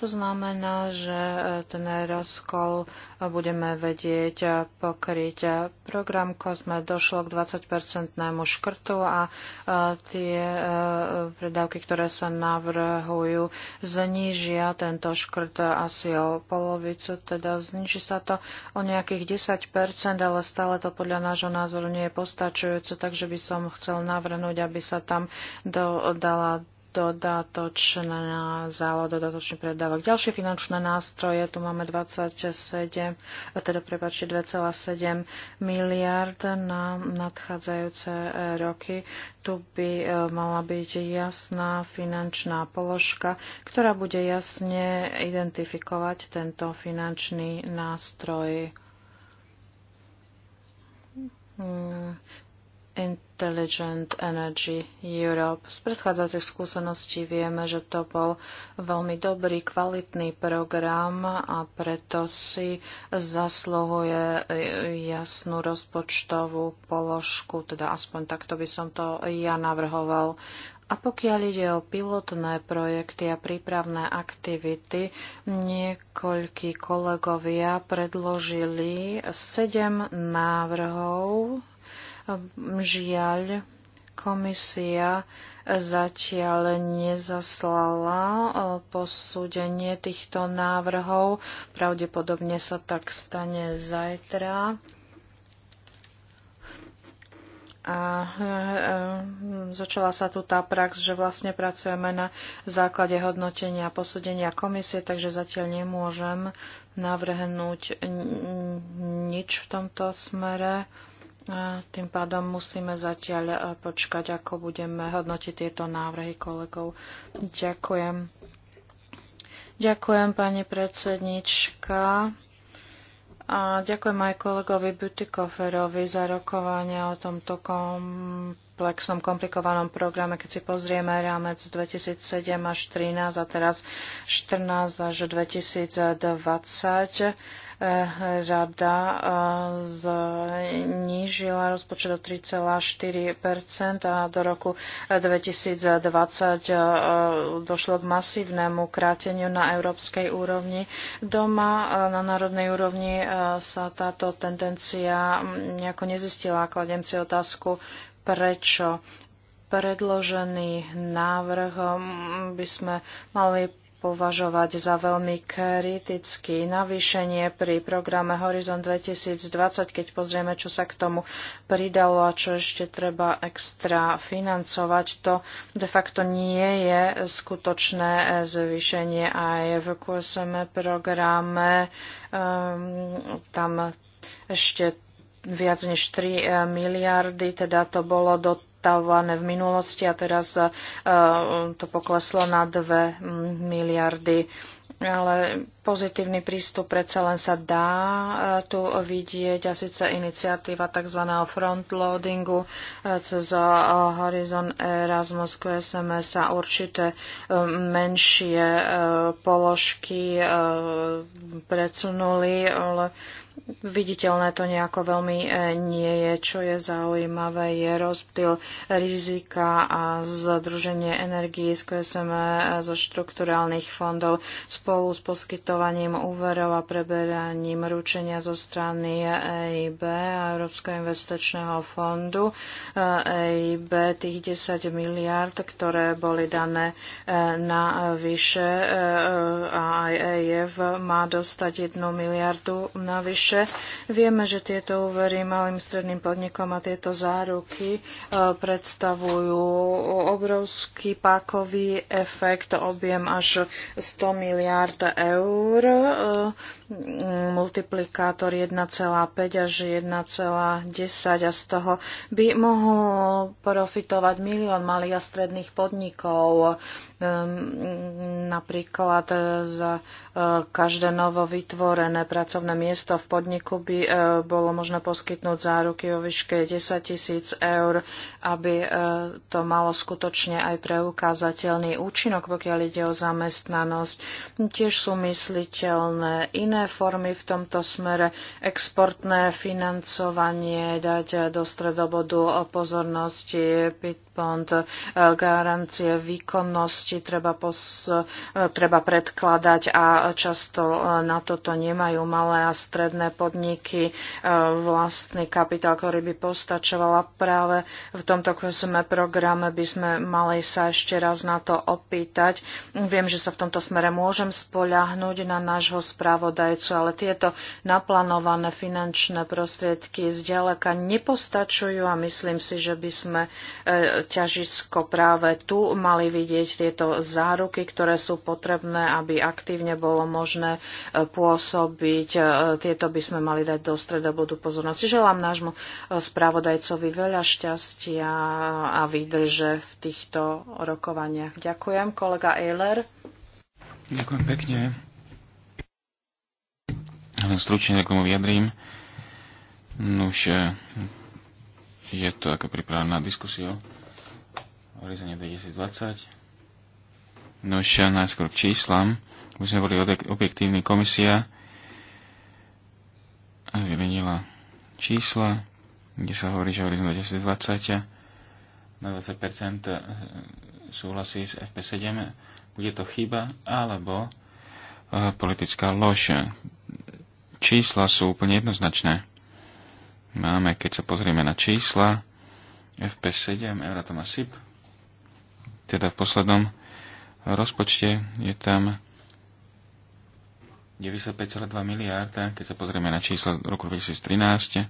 To znamená, že e, ten rozkol e, budeme vedieť e, pokryť. Program COSME došlo k 20-percentnému škrtu a tie predávky, ktoré sa navrhujú, znížia tento škrt asi o polovicu, teda zniží sa to o nejakých 10%, ale stále to podľa nášho názoru nie je postačujúce, takže by som chcel navrhnúť, aby sa tam dodala dodatočná záloha, dodatočný predávok. Ďalšie finančné nástroje, tu máme 27, teda prepačte 2,7 miliard na nadchádzajúce e, roky. Tu by e, mala byť jasná finančná položka, ktorá bude jasne identifikovať tento finančný nástroj mm, Intelligent Energy Europe. Z predchádzajúcich skúseností vieme, že to bol veľmi dobrý, kvalitný program a preto si zasluhuje jasnú rozpočtovú položku, teda aspoň takto by som to ja navrhoval. A pokiaľ ide o pilotné projekty a prípravné aktivity, niekoľkí kolegovia predložili sedem návrhov Žiaľ, komisia zatiaľ nezaslala e, posúdenie týchto návrhov. Pravdepodobne sa tak stane zajtra. A e, e, začala sa tu tá prax, že vlastne pracujeme na základe hodnotenia a posúdenia komisie, takže zatiaľ nemôžem navrhnúť nič v tomto smere. Tým pádom musíme zatiaľ e, počkať, ako budeme hodnotiť tieto návrhy kolegov. Ďakujem. Ďakujem, pani predsednička. A ďakujem aj kolegovi Butikoferovi za rokovanie o tomto komplexnom, komplikovanom programe. Keď si pozrieme rámec 2007 až 2013 a teraz 14 až 2020, Eh, rada eh, znížila rozpočet o 3,4 a do roku 2020 eh, došlo k masívnemu kráteniu na európskej úrovni. Doma na národnej úrovni sa táto tendencia mm, nejako nezistila. Kladiem si otázku, prečo predložený návrh mm, by sme mali považovať za veľmi kritický. Navýšenie pri programe Horizon 2020, keď pozrieme, čo sa k tomu pridalo a čo ešte treba extra financovať, to de facto nie je skutočné zvýšenie aj v QSM programe. Um, tam ešte viac než 3 miliardy, teda to bolo do predávané v minulosti a teraz eh, to pokleslo na 2 miliardy. Ale pozitívny prístup predsa len sa dá eh, tu vidieť a síce iniciatíva tzv. frontloadingu eh, cez Horizon Erasmus QSMS a určité menšie položky predsunuli, ale viditeľné to nejako veľmi e, nie je. Čo je zaujímavé, je rozptyl rizika a zadruženie energii z KSM e, zo štrukturálnych fondov spolu s poskytovaním úverov a preberaním ručenia zo strany EIB a Európskeho investičného fondu. EIB e tých 10 miliard, ktoré boli dané na vyše a aj EIF má dostať 1 miliardu na vyše balíče. Vieme, že tieto úvery malým stredným podnikom a tieto záruky e, predstavujú obrovský pákový efekt, objem až 100 miliárd eur e, multiplikátor 1,5 až 1,10 a z toho by mohol profitovať milión malých a stredných podnikov. Ehm, napríklad e, za e, každé novo vytvorené pracovné miesto v podniku by e, bolo možné poskytnúť záruky o výške 10 tisíc eur, aby to malo skutočne aj preukázateľný účinok, pokiaľ ide o zamestnanosť. Tiež sú mysliteľné iné iné formy v tomto smere, exportné financovanie, dať do stredobodu pozornosti fond, e, garancie výkonnosti treba, pos, e, treba predkladať a často e, na toto nemajú malé a stredné podniky vlastný kapitál, ktorý by postačovala práve v tomto sme programe by sme mali sa ešte raz na to opýtať. Viem, že sa v tomto smere môžem spoľahnúť na nášho správodajcu, ale tieto naplánované finančné prostriedky zďaleka nepostačujú a myslím si, že by sme ťažisko práve tu mali vidieť tieto záruky, ktoré sú potrebné, aby aktívne bolo možné e, pôsobiť. E, tieto by sme mali dať do stredobodu pozornosti. Želám nášmu e, spravodajcovi veľa šťastia a výdrže v týchto rokovaniach. Ďakujem, kolega Eiler. Ďakujem pekne. Len stručne k tomu vyjadrím. už je to ako pripravená diskusia. Horizonte 2020. No ešte najskôr k číslam. Už sme boli objektívni komisia a vymenila čísla, kde sa hovorí, že Horizonte 2020 na 20% eh, súhlasí s FP7. Bude to chyba alebo eh, politická lož. Čísla sú úplne jednoznačné. Máme, keď sa pozrieme na čísla, FP7, Euratom a SIP, teda v poslednom rozpočte je tam 95,2 miliárda, keď sa pozrieme na čísla roku 2013,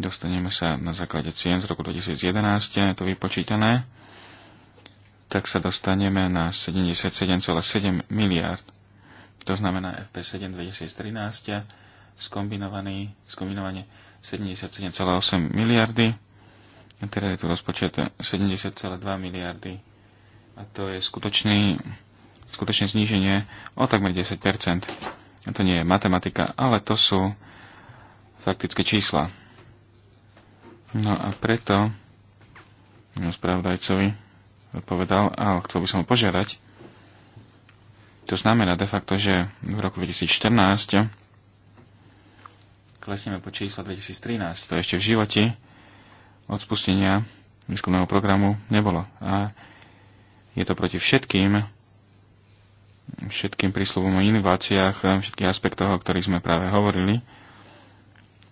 dostaneme sa na základe cien z roku 2011, je to vypočítané, tak sa dostaneme na 77,7 miliárd. To znamená FP7 2013 skombinovaný, 77,8 miliardy a teda je tu rozpočet 70,2 miliardy a to je skutočný, skutočné zníženie o takmer 10 a To nie je matematika, ale to sú faktické čísla. No a preto no, spravodajcovi povedal, a chcel by som ho požiadať, to znamená de facto, že v roku 2014 klesneme po čísla 2013. To ešte v živote od spustenia výskumného programu nebolo. A je to proti všetkým, všetkým prísľubom o inováciách, všetkých aspektoch, o ktorých sme práve hovorili.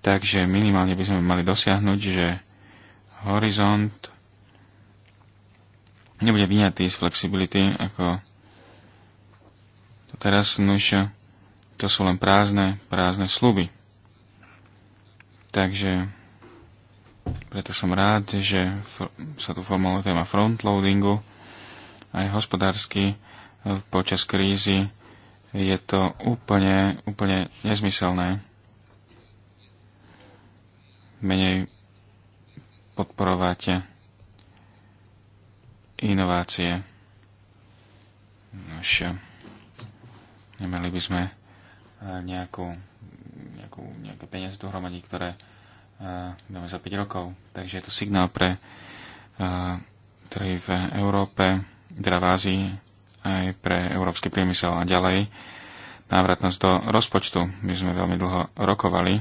Takže minimálne by sme mali dosiahnuť, že horizont nebude vyňatý z flexibility ako to teraz nuž, to sú len prázdne, prázdne sluby. Takže preto som rád, že sa tu formuluje téma frontloadingu, aj hospodársky e, počas krízy. Je to úplne, úplne nezmyselné. Menej podporovať inovácie. Nož, nemali by sme e, nejakú, nejakú, nejaké peniaze dohromadiť, ktoré uh, dáme za 5 rokov. Takže je to signál pre uh, trhy v Európe teda v Ázii, aj pre európsky priemysel a ďalej. Návratnosť do rozpočtu. My sme veľmi dlho rokovali.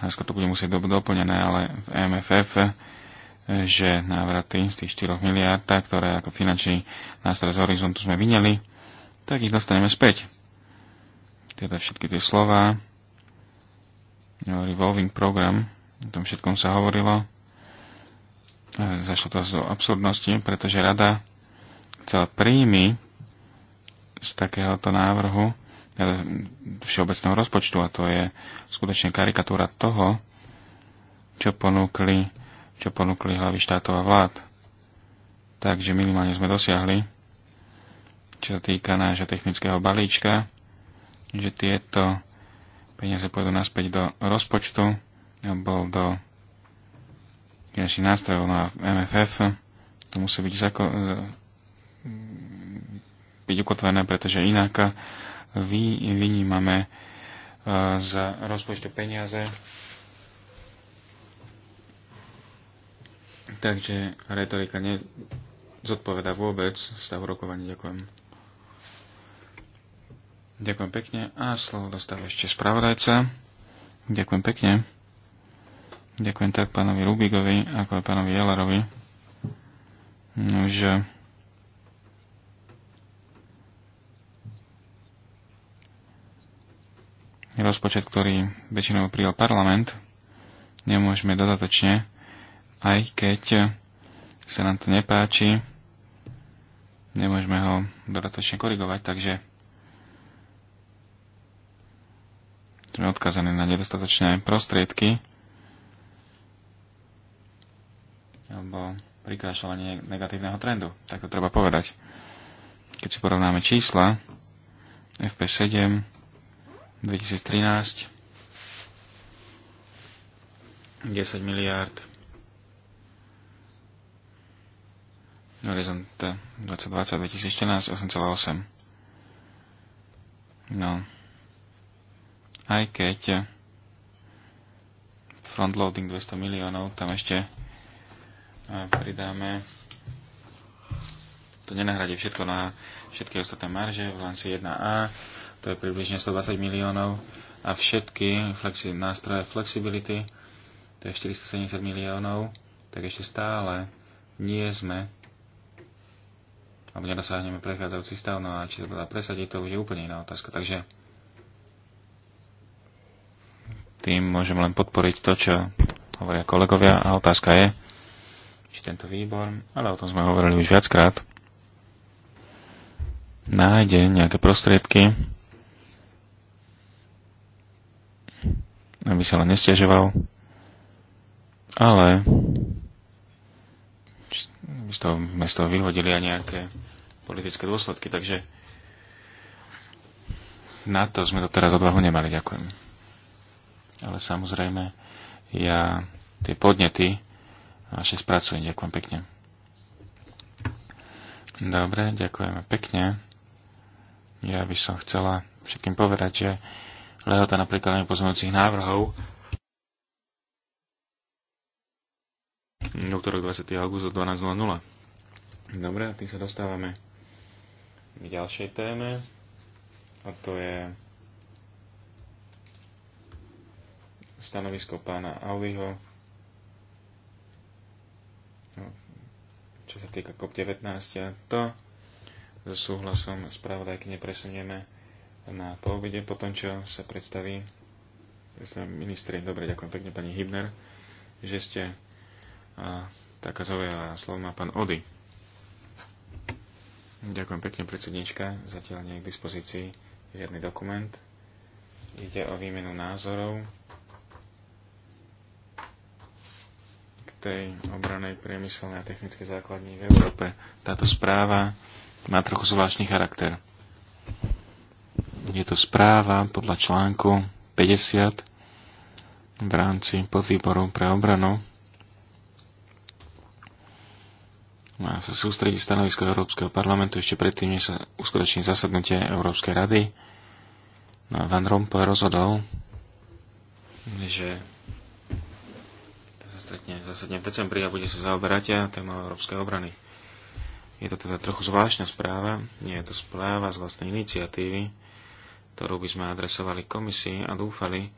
Hársko to bude musieť byť doplnené, ale v MFF že návraty z tých 4 miliárd, ktoré ako finančný nástroj z horizontu sme vyneli, tak ich dostaneme späť. Teda všetky tie slova, revolving program, o tom všetkom sa hovorilo, zašlo to z absurdnosti, pretože rada chcela príjmy z takéhoto návrhu teda všeobecného rozpočtu a to je skutočne karikatúra toho, čo ponúkli, čo ponúkli hlavy štátov a vlád. Takže minimálne sme dosiahli, čo sa týka nášho technického balíčka, že tieto peniaze pôjdu naspäť do rozpočtu alebo do finančných nástrojov na MFF, to musí byť, zako- byť ukotvené, pretože inak eh, vy, vynímame eh, z rozpočtu peniaze. Takže retorika ne zodpoveda vôbec stavu rokovania. Ďakujem. Ďakujem pekne a slovo dostáva ešte spravodajca. Ďakujem pekne. Ďakujem tak pánovi Rubigovi, ako aj pánovi Jelerovi, že rozpočet, ktorý väčšinou prijal parlament, nemôžeme dodatočne, aj keď sa nám to nepáči, nemôžeme ho dodatočne korigovať, takže sme odkazaní na nedostatočné prostriedky, alebo prikrášľovanie negatívneho trendu. Tak to treba povedať. Keď si porovnáme čísla, FP7 2013 10 miliard. Horizont 2020 2014 No aj keď frontloading 200 miliónov tam ešte pridáme, to nenahradí všetko na všetky ostatné marže v lanci 1A, to je približne 120 miliónov a všetky flexi, nástroje flexibility, to je 470 miliónov, tak ešte stále nie sme alebo nedosáhneme prechádzajúci stav, no a či sa dá presadiť, to už je úplne iná otázka. Takže tým môžem len podporiť to, čo hovoria kolegovia a otázka je, tento výbor, ale o tom sme hovorili už viackrát, nájde nejaké prostriedky, aby sa len nestiažoval, ale my z toho, my z toho vyhodili aj nejaké politické dôsledky, takže na to sme to teraz odvahu nemali, ďakujem. Ale samozrejme, ja tie podnety naše spracuje. Ďakujem pekne. Dobre, ďakujeme pekne. Ja by som chcela všetkým povedať, že lehota na prekladanie pozmeňujúcich návrhov útorok 20. augusta o 12.00. Dobre, a tým sa dostávame k ďalšej téme a to je stanovisko pána Auliho čo sa týka COP19, to so súhlasom spravodajky nepresunieme na poobede, po tom, čo sa predstaví ministri, dobre, ďakujem pekne pani Hibner, že ste a, taká zaujala slovo má pán Ody. Ďakujem pekne, predsednička. Zatiaľ nie je k dispozícii žiadny dokument. Ide o výmenu názorov. tej obranej priemyselnej a technickej základní v Európe. Táto správa má trochu zvláštny charakter. Je to správa podľa článku 50 v rámci podvýboru pre obranu. Má sa sústrediť stanovisko Európskeho parlamentu ešte predtým, než sa uskutoční zasadnutie Európskej rady. No Van Rompuy rozhodol, že stretne zasadne v decembri a bude sa zaoberať téma európskej obrany. Je to teda trochu zvláštna správa, nie je to správa z vlastnej iniciatívy, ktorú by sme adresovali komisii a dúfali,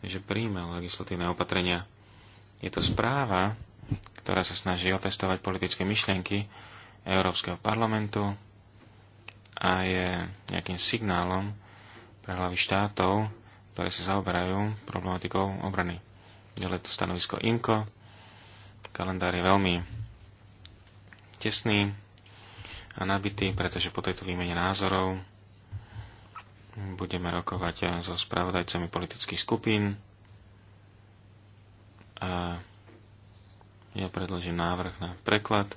že príjme legislatívne opatrenia. Je to správa, ktorá sa snaží otestovať politické myšlienky Európskeho parlamentu a je nejakým signálom pre hlavy štátov, ktoré sa zaoberajú problematikou obrany. Ďalej to stanovisko Inko, Kalendár je veľmi tesný a nabitý, pretože po tejto výmene názorov budeme rokovať so spravodajcami politických skupín. A ja predložím návrh na preklad.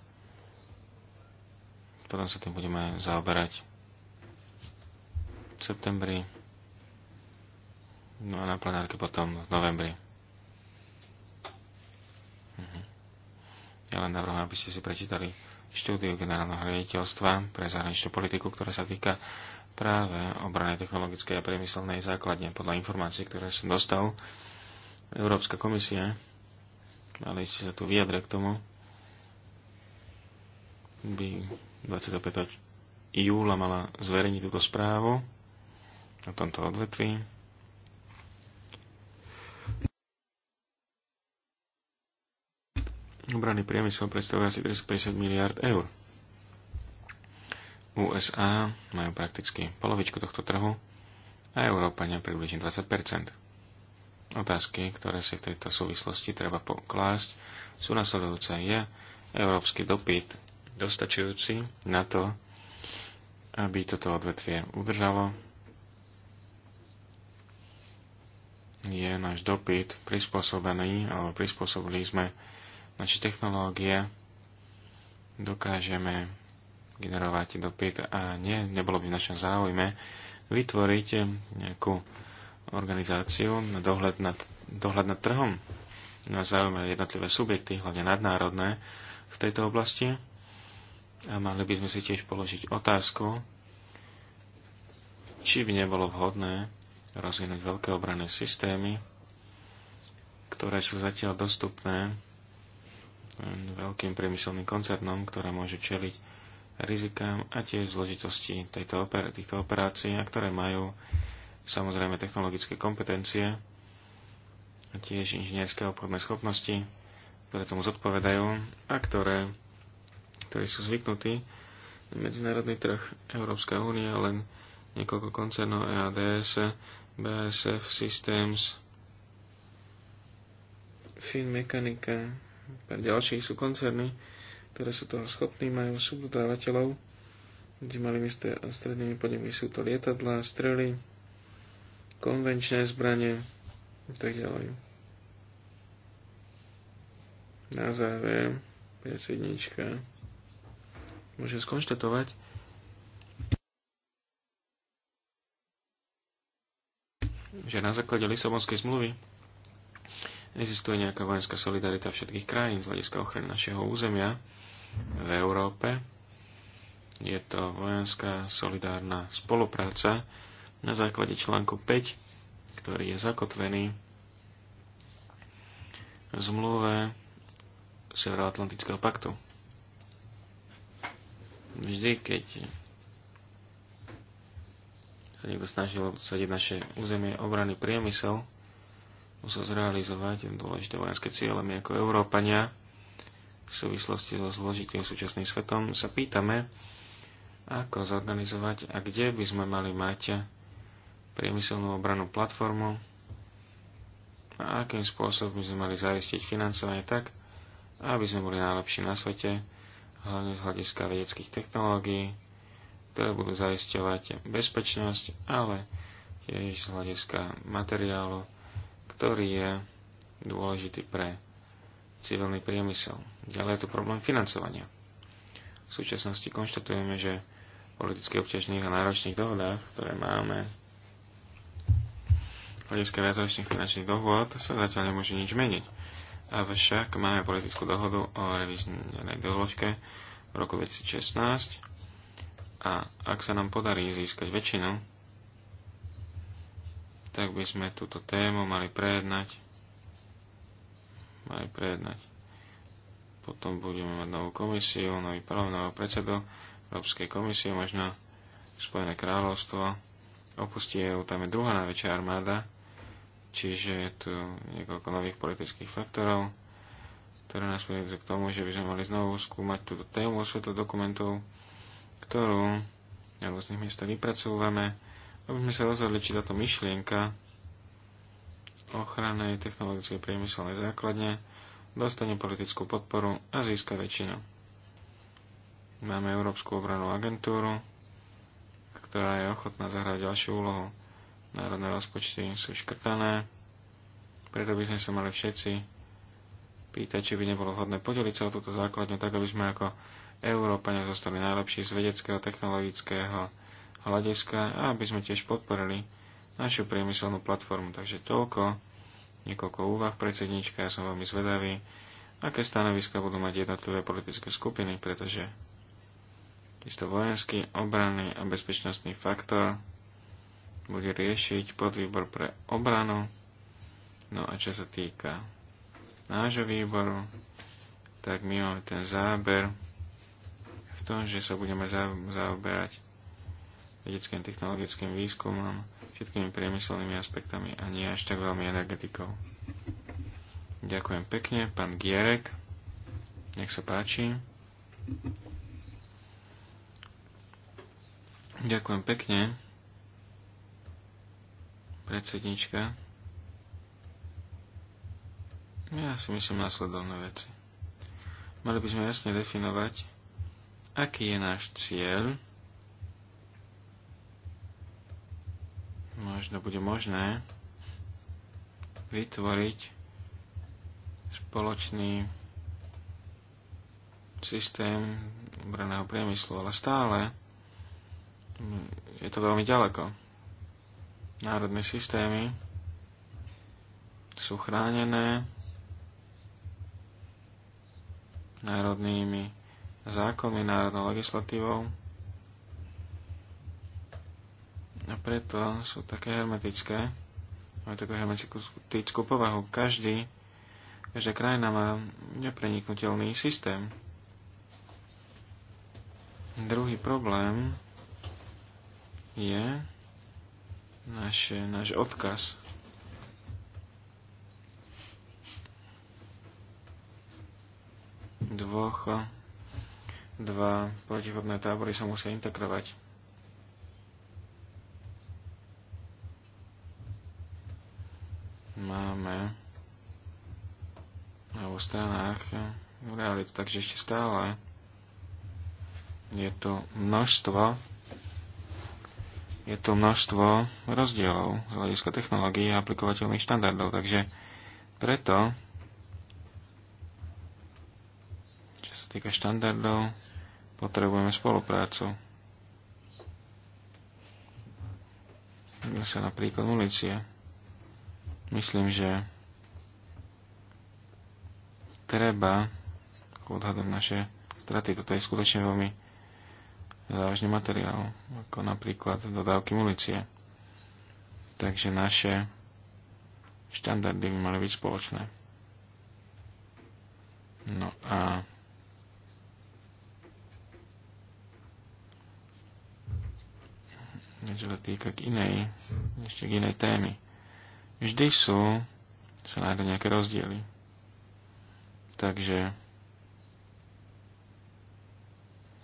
Potom sa tým budeme zaoberať v septembri. No a na plenárke potom v novembri. Ja len navrhujem, aby ste si prečítali štúdiu generálneho riaditeľstva pre zahraničnú politiku, ktorá sa týka práve obrany technologickej a priemyselnej základne. Podľa informácií, ktoré som dostal, Európska komisia, ale ste sa tu vyjadre k tomu, by 25. júla mala zverejniť túto správu o tomto odvetví. Obranný priemysel predstavuje asi 350 miliard eur. USA majú prakticky polovičku tohto trhu a Európania približne 20 Otázky, ktoré si v tejto súvislosti treba poklásť, sú nasledujúce. Je európsky dopyt dostačujúci na to, aby toto odvetvie udržalo? Je náš dopyt prispôsobený, alebo prispôsobili sme naše technológie dokážeme generovať dopyt a nie, nebolo by v našom záujme vytvoriť nejakú organizáciu na dohľad nad, dohľad nad trhom. Na no záujme jednotlivé subjekty, hlavne nadnárodné, v tejto oblasti. A mali by sme si tiež položiť otázku, či by nebolo vhodné rozvinúť veľké obranné systémy, ktoré sú zatiaľ dostupné veľkým priemyselným koncernom, ktorá môže čeliť rizikám a tiež zložitosti tejto oper- týchto operácií, a ktoré majú samozrejme technologické kompetencie a tiež inžinierské obchodné schopnosti, ktoré tomu zodpovedajú a ktoré, ktoré sú zvyknutí. na Medzinárodný trh Európska únia, len niekoľko koncernov EADS, BSF Systems, Fin pre ďalších sú koncerny, ktoré sú toho schopní, majú subdodávateľov. Medzi malými strednými podnikmi sú to lietadlá, strely, konvenčné zbranie a tak ďalej. Na záver, predsednička, môžem skonštatovať, že na základe Lisabonskej zmluvy Existuje nejaká vojenská solidarita všetkých krajín z hľadiska ochrany našeho územia v Európe. Je to vojenská solidárna spolupráca na základe článku 5, ktorý je zakotvený v zmluve Severoatlantického paktu. Vždy, keď sa niekto snažil obsadiť naše územie obrany priemysel, musia zrealizovať dôležité vojenské cieľe My ako Európania v súvislosti so zložitým súčasným svetom sa pýtame, ako zorganizovať a kde by sme mali mať priemyselnú obranú platformu a akým spôsobom by sme mali zaistiť financovanie tak, aby sme boli najlepší na svete, hlavne z hľadiska vedeckých technológií, ktoré budú zaisťovať bezpečnosť, ale tiež z hľadiska materiálu, ktorý je dôležitý pre civilný priemysel. Ďalej je tu problém financovania. V súčasnosti konštatujeme, že v politicky obťažných a náročných dohodách, ktoré máme, hľadiska viacročných finančných dohôd sa zatiaľ nemôže nič meniť. Avšak máme politickú dohodu o revíznej doložke v roku 2016 a ak sa nám podarí získať väčšinu tak by sme túto tému mali prejednať. Mali prejednať. Potom budeme mať novú komisiu, nový palovného predsedu Európskej komisie, možno Spojené kráľovstvo. Opustí EU, tam je druhá najväčšia armáda, čiže je tu niekoľko nových politických faktorov, ktoré nás vedú k tomu, že by sme mali znovu skúmať túto tému o dokumentov, ktorú na rôznych miestach vypracúvame aby sme sa rozhodli, či táto myšlienka ochranej technologickej priemyselnej základne dostane politickú podporu a získa väčšinu. Máme Európsku obranú agentúru, ktorá je ochotná zahrať ďalšiu úlohu. Národné rozpočty sú škrtané, preto by sme sa mali všetci pýtať, či by nebolo vhodné podeliť sa o túto základňu, tak aby sme ako Európania zostali najlepší z vedeckého, technologického, hľadiska a aby sme tiež podporili našu priemyselnú platformu. Takže toľko, niekoľko úvah predsednička, ja som veľmi zvedavý, aké stanoviska budú mať jednotlivé politické skupiny, pretože isto vojenský, obranný a bezpečnostný faktor bude riešiť podvýbor pre obranu. No a čo sa týka nášho výboru, tak my máme ten záber v tom, že sa budeme zaoberať vedeckým technologickým výskumom, všetkými priemyselnými aspektami a nie až tak veľmi energetikou. Ďakujem pekne, pán Gierek. Nech sa páči. Ďakujem pekne, predsednička. Ja si myslím následovné veci. Mali by sme jasne definovať, aký je náš cieľ, možno bude možné vytvoriť spoločný systém obraného priemyslu, ale stále je to veľmi ďaleko. Národné systémy sú chránené národnými zákonmi, národnou legislatívou a preto sú také hermetické, majú takú hermetickú povahu. Každý, každá krajina má nepreniknutelný systém. Druhý problém je náš, náš odkaz. Dvoch, dva protichodné tábory sa musia integrovať máme na oboch stranách v realitu, takže ešte stále je to množstvo je to množstvo rozdielov z hľadiska technológií a aplikovateľných štandardov, takže preto čo sa týka štandardov potrebujeme spoluprácu. Sa napríklad milícia. Myslím, že treba odhadom naše straty. Toto je skutočne veľmi závažný materiál, ako napríklad dodávky munície. Takže naše štandardy by mali byť spoločné. No a niečo sa týka k inej, ešte k inej témy vždy sú, sa nájdú nejaké rozdiely. Takže,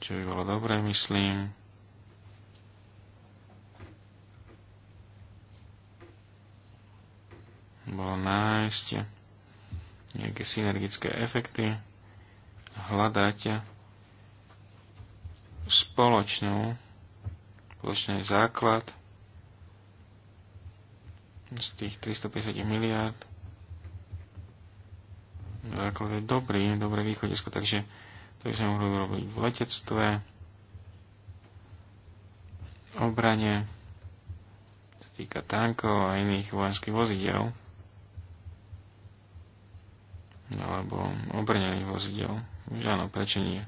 čo by bolo dobré, myslím, bolo nájsť nejaké synergické efekty, hľadať spoločnú, spoločný základ, z tých 350 miliárd to je dobrý, dobré východisko, takže to by sme mohli robiť v letectve, obrane, sa týka tankov a iných vojenských vozidel, alebo obrnených vozidel. Už áno, prečo nie?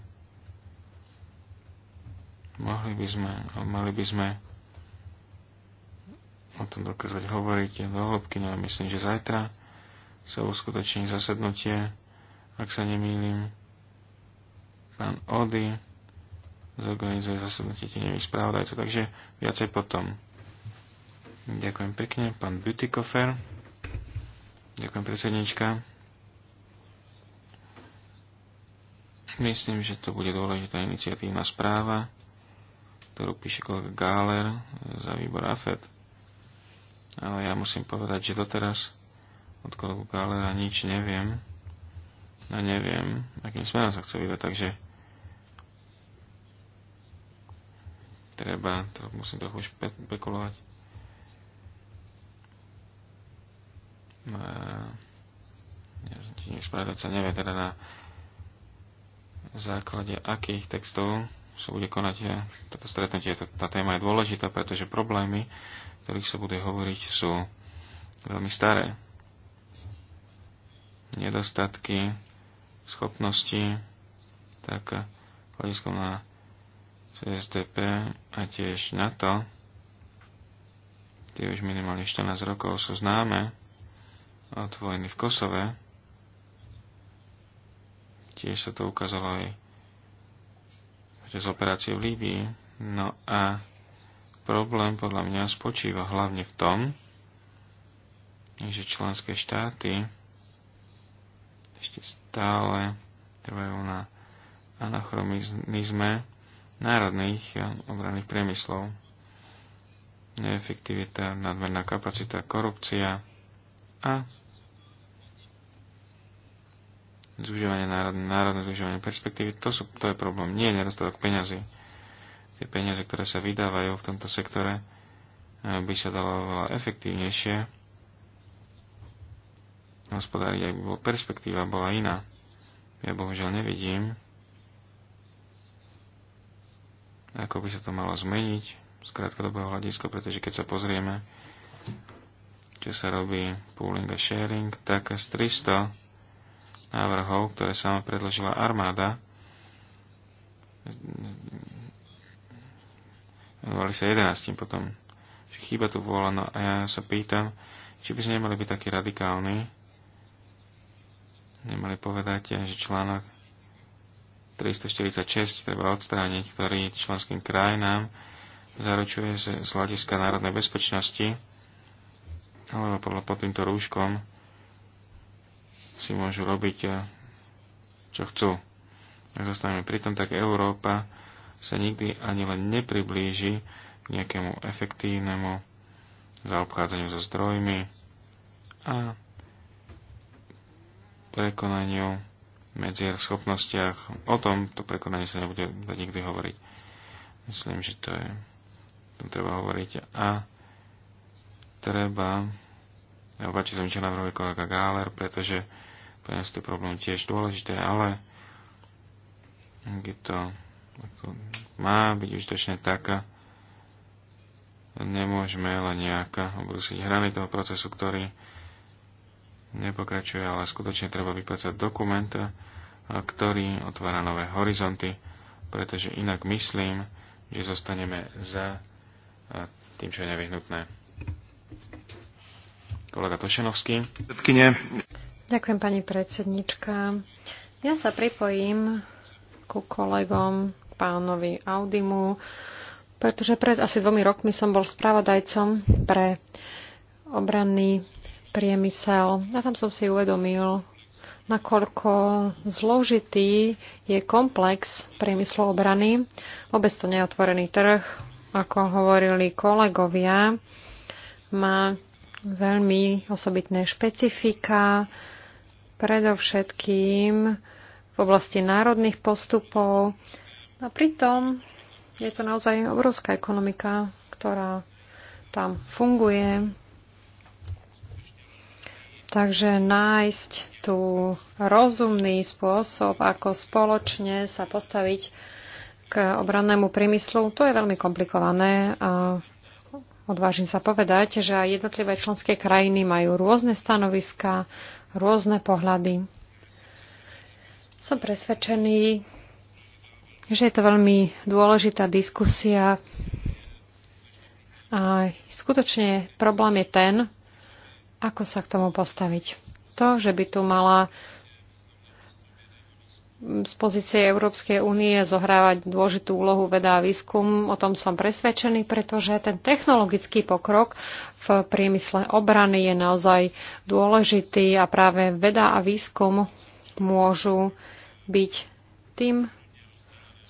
Mohli by sme, mali by sme o tom dokázať hovoriť do hĺbky, no a myslím, že zajtra sa uskutoční zasadnutie, ak sa nemýlim, pán Ody zorganizuje zasadnutie tenevých správodajcov, takže viacej potom. Ďakujem pekne, pán Butikofer. Ďakujem, predsednička. Myslím, že to bude dôležitá iniciatívna správa, ktorú píše kolega Gáler za výbor AFED ale ja musím povedať, že doteraz od kolegu Gallera nič neviem a neviem, akým smerom sa chce vydať, takže treba, to musím trochu špekulovať. No, ja som ti sa nevie teda na základe akých textov sa bude konať ja, toto stretnutie. Tá téma je dôležitá, pretože problémy, ktorých sa bude hovoriť, sú veľmi staré. Nedostatky, schopnosti, tak hľadiskom na CSDP a tiež na to, tie už minimálne 14 rokov sú známe od vojny v Kosove. Tiež sa to ukázalo aj z operácie v Líbii. No a Problém podľa mňa spočíva hlavne v tom, že členské štáty ešte stále trvajú na anachromizme národných obranných priemyslov. Neefektivita, nadmerná kapacita, korupcia a zúžovanie národné, národné zúžovanie perspektívy, to, sú, to je problém, nie je nedostatok peňazí tie peniaze, ktoré sa vydávajú v tomto sektore, eh, by sa dalo veľa efektívnejšie hospodáriť, ak by bola perspektíva bola iná. Ja bohužiaľ nevidím, ako by sa to malo zmeniť z krátkodobého hľadiska, pretože keď sa pozrieme, čo sa robí pooling a sharing, tak z 300 návrhov, ktoré sama predložila armáda, volali sa 11 potom. Chýba tu vôľa, no a ja sa pýtam, či by sme nemali byť takí radikálni, nemali povedať, že článok 346 treba odstrániť, ktorý členským krajinám zaručuje z, z hľadiska národnej bezpečnosti, alebo podľa pod týmto rúškom si môžu robiť, eh, čo chcú. Ak zostaneme pritom, tak Európa sa nikdy ani len nepriblíži k nejakému efektívnemu zaobchádzaniu so zdrojmi a prekonaniu medzier v schopnostiach. O tom to prekonanie sa nebude dať nikdy hovoriť. Myslím, že to je... To treba hovoriť. A treba... Ja som sa mi, čo navrhuje kolega Gáler, pretože pre nás je problém tiež dôležité, ale je to má byť užitočne taká. nemôžeme len nejaká obrúsiť hrany toho procesu, ktorý nepokračuje, ale skutočne treba vypracovať dokument, ktorý otvára nové horizonty, pretože inak myslím, že zostaneme za tým, čo je nevyhnutné. Kolega Tošenovský. Ďakujem, pani predsednička. Ja sa pripojím ku kolegom, pánovi Audimu, pretože pred asi dvomi rokmi som bol spravodajcom pre obranný priemysel a tam som si uvedomil, nakoľko zložitý je komplex priemyslu obrany. Vôbec to neotvorený trh, ako hovorili kolegovia, má veľmi osobitné špecifika, predovšetkým v oblasti národných postupov a pritom je to naozaj obrovská ekonomika, ktorá tam funguje. Takže nájsť tu rozumný spôsob, ako spoločne sa postaviť k obrannému priemyslu, to je veľmi komplikované a odvážim sa povedať, že aj jednotlivé členské krajiny majú rôzne stanoviska, rôzne pohľady. Som presvedčený, Takže je to veľmi dôležitá diskusia. A skutočne problém je ten, ako sa k tomu postaviť. To, že by tu mala z pozície Európskej únie zohrávať dôležitú úlohu veda a výskum. O tom som presvedčený, pretože ten technologický pokrok v priemysle obrany je naozaj dôležitý a práve veda a výskum môžu byť tým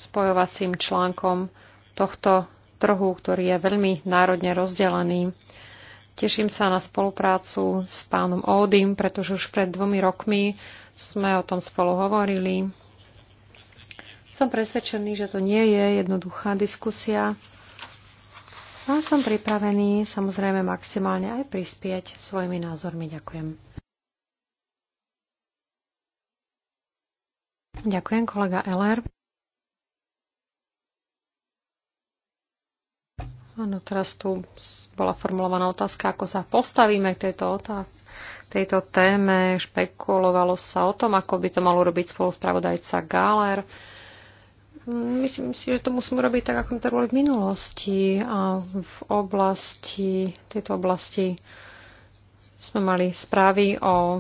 spojovacím článkom tohto trhu, ktorý je veľmi národne rozdelený. Teším sa na spoluprácu s pánom Ódym, pretože už pred dvomi rokmi sme o tom spolu hovorili. Som presvedčený, že to nie je jednoduchá diskusia a som pripravený samozrejme maximálne aj prispieť svojimi názormi. Ďakujem. Ďakujem, kolega Eller. Áno, teraz tu bola formulovaná otázka, ako sa postavíme k tejto otázke tejto téme. Špekulovalo sa o tom, ako by to mal urobiť spoluspravodajca Galer. Myslím si, že to musíme robiť tak, ako to boli v minulosti a v oblasti, tejto oblasti sme mali správy o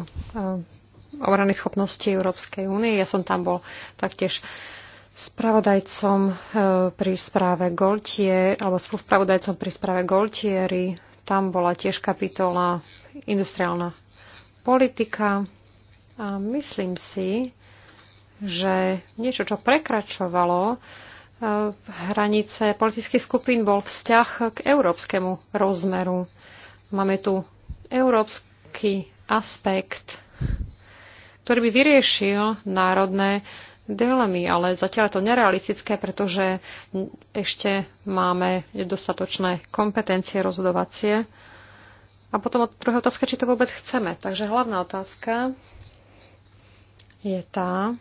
obrany schopnosti Európskej únie. Ja som tam bol taktiež spravodajcom e, pri správe Goltier, alebo spravodajcom pri správe Goltieri. Tam bola tiež kapitola industriálna politika. A myslím si, že niečo, čo prekračovalo v e, hranice politických skupín, bol vzťah k európskemu rozmeru. Máme tu európsky aspekt, ktorý by vyriešil národné dilemy, ale zatiaľ je to nerealistické, pretože ešte máme nedostatočné kompetencie rozhodovacie. A potom druhá otázka, či to vôbec chceme. Takže hlavná otázka je tá,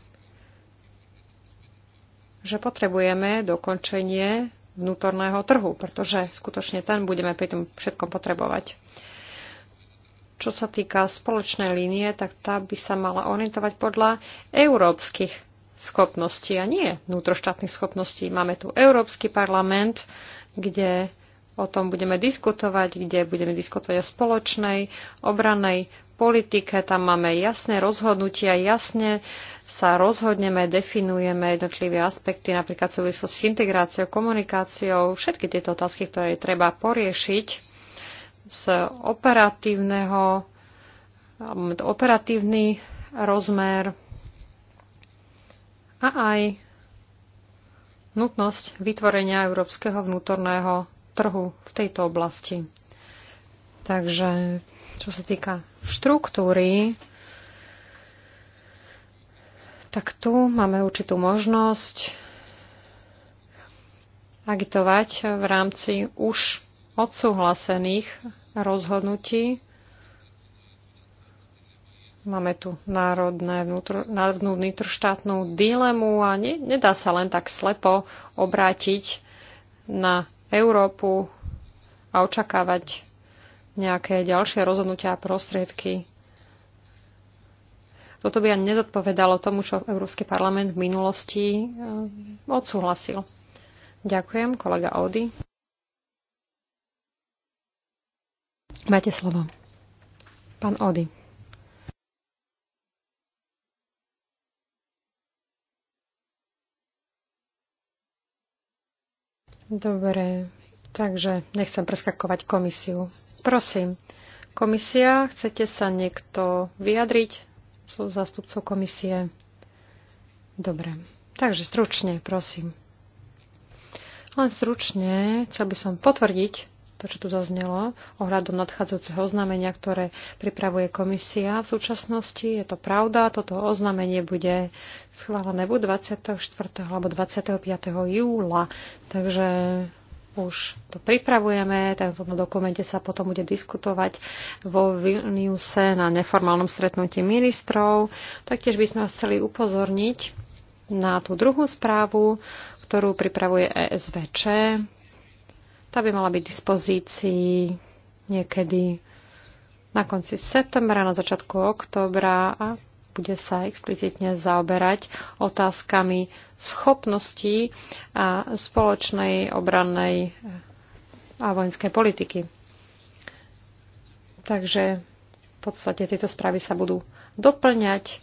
že potrebujeme dokončenie vnútorného trhu, pretože skutočne ten budeme pri tom všetkom potrebovať. Čo sa týka spoločnej línie, tak tá by sa mala orientovať podľa európskych schopnosti a nie vnútroštátnych schopností. Máme tu Európsky parlament, kde o tom budeme diskutovať, kde budeme diskutovať o spoločnej obranej politike. Tam máme jasné rozhodnutia, jasne sa rozhodneme, definujeme jednotlivé aspekty, napríklad súvislosti s integráciou, komunikáciou, všetky tieto otázky, ktoré treba poriešiť z operatívneho, operatívny rozmer a aj nutnosť vytvorenia európskeho vnútorného trhu v tejto oblasti. Takže čo sa týka štruktúry, tak tu máme určitú možnosť agitovať v rámci už odsúhlasených rozhodnutí Máme tu národné, vnútr, národnú vnútroštátnu dilemu a ne, nedá sa len tak slepo obrátiť na Európu a očakávať nejaké ďalšie rozhodnutia a prostriedky. Toto by ani nezodpovedalo tomu, čo Európsky parlament v minulosti e, odsúhlasil. Ďakujem, kolega Audi. Máte slovo. Pán Odi. Dobre, takže nechcem preskakovať komisiu. Prosím, komisia, chcete sa niekto vyjadriť? Sú zástupcov komisie. Dobre, takže stručne, prosím. Len stručne chcel by som potvrdiť to, čo tu zaznelo, ohľadom nadchádzajúceho oznámenia, ktoré pripravuje komisia v súčasnosti. Je to pravda, toto oznámenie bude schválené buď 24. alebo 25. júla, takže už to pripravujeme, tento dokumente sa potom bude diskutovať vo Vilniuse na neformálnom stretnutí ministrov. Taktiež by sme chceli upozorniť na tú druhú správu, ktorú pripravuje ESVČ, tá by mala byť v dispozícii niekedy na konci septembra, na začiatku októbra a bude sa explicitne zaoberať otázkami schopností a spoločnej obrannej a vojenskej politiky. Takže v podstate tieto správy sa budú doplňať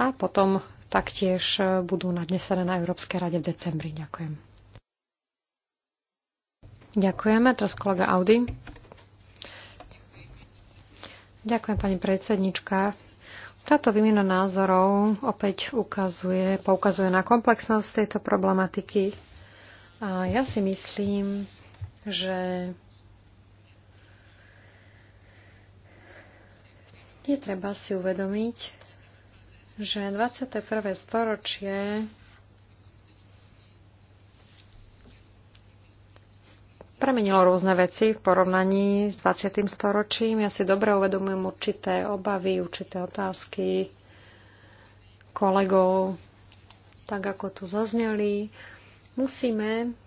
a potom taktiež budú nadnesené na Európskej rade v decembri. Ďakujem. Ďakujeme. Teraz kolega Audi. Ďakujem, pani predsednička. Táto výmena názorov opäť ukazuje, poukazuje na komplexnosť tejto problematiky. A ja si myslím, že je treba si uvedomiť, že 21. storočie premenilo rôzne veci v porovnaní s 20. storočím. Ja si dobre uvedomujem určité obavy, určité otázky kolegov, tak ako tu zazneli. Musíme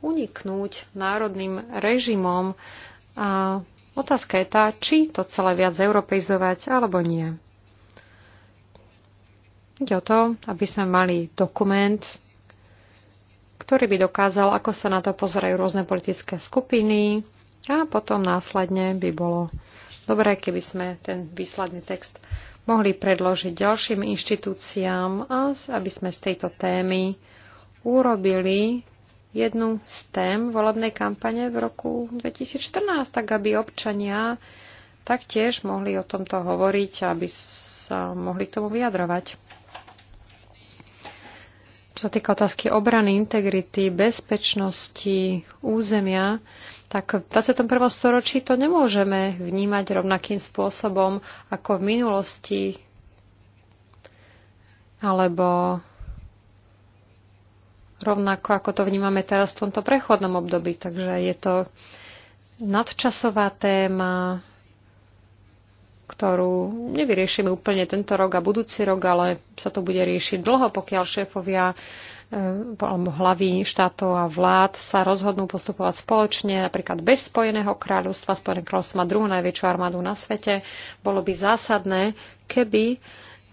uniknúť národným režimom a otázka je tá, či to celé viac europeizovať alebo nie. Ide o to, aby sme mali dokument, ktorý by dokázal, ako sa na to pozerajú rôzne politické skupiny a potom následne by bolo dobré, keby sme ten výsledný text mohli predložiť ďalším inštitúciám a aby sme z tejto témy urobili jednu z tém volebnej kampane v roku 2014, tak aby občania taktiež mohli o tomto hovoriť, aby sa mohli k tomu vyjadrovať. Čo sa týka otázky obrany, integrity, bezpečnosti, územia, tak v 21. storočí to nemôžeme vnímať rovnakým spôsobom ako v minulosti alebo rovnako ako to vnímame teraz v tomto prechodnom období. Takže je to nadčasová téma, ktorú nevyriešime úplne tento rok a budúci rok, ale sa to bude riešiť dlho, pokiaľ šéfovia e, alebo hlavy štátov a vlád sa rozhodnú postupovať spoločne, napríklad bez Spojeného kráľovstva. Spojené kráľovstvo má druhú najväčšiu armádu na svete. Bolo by zásadné, keby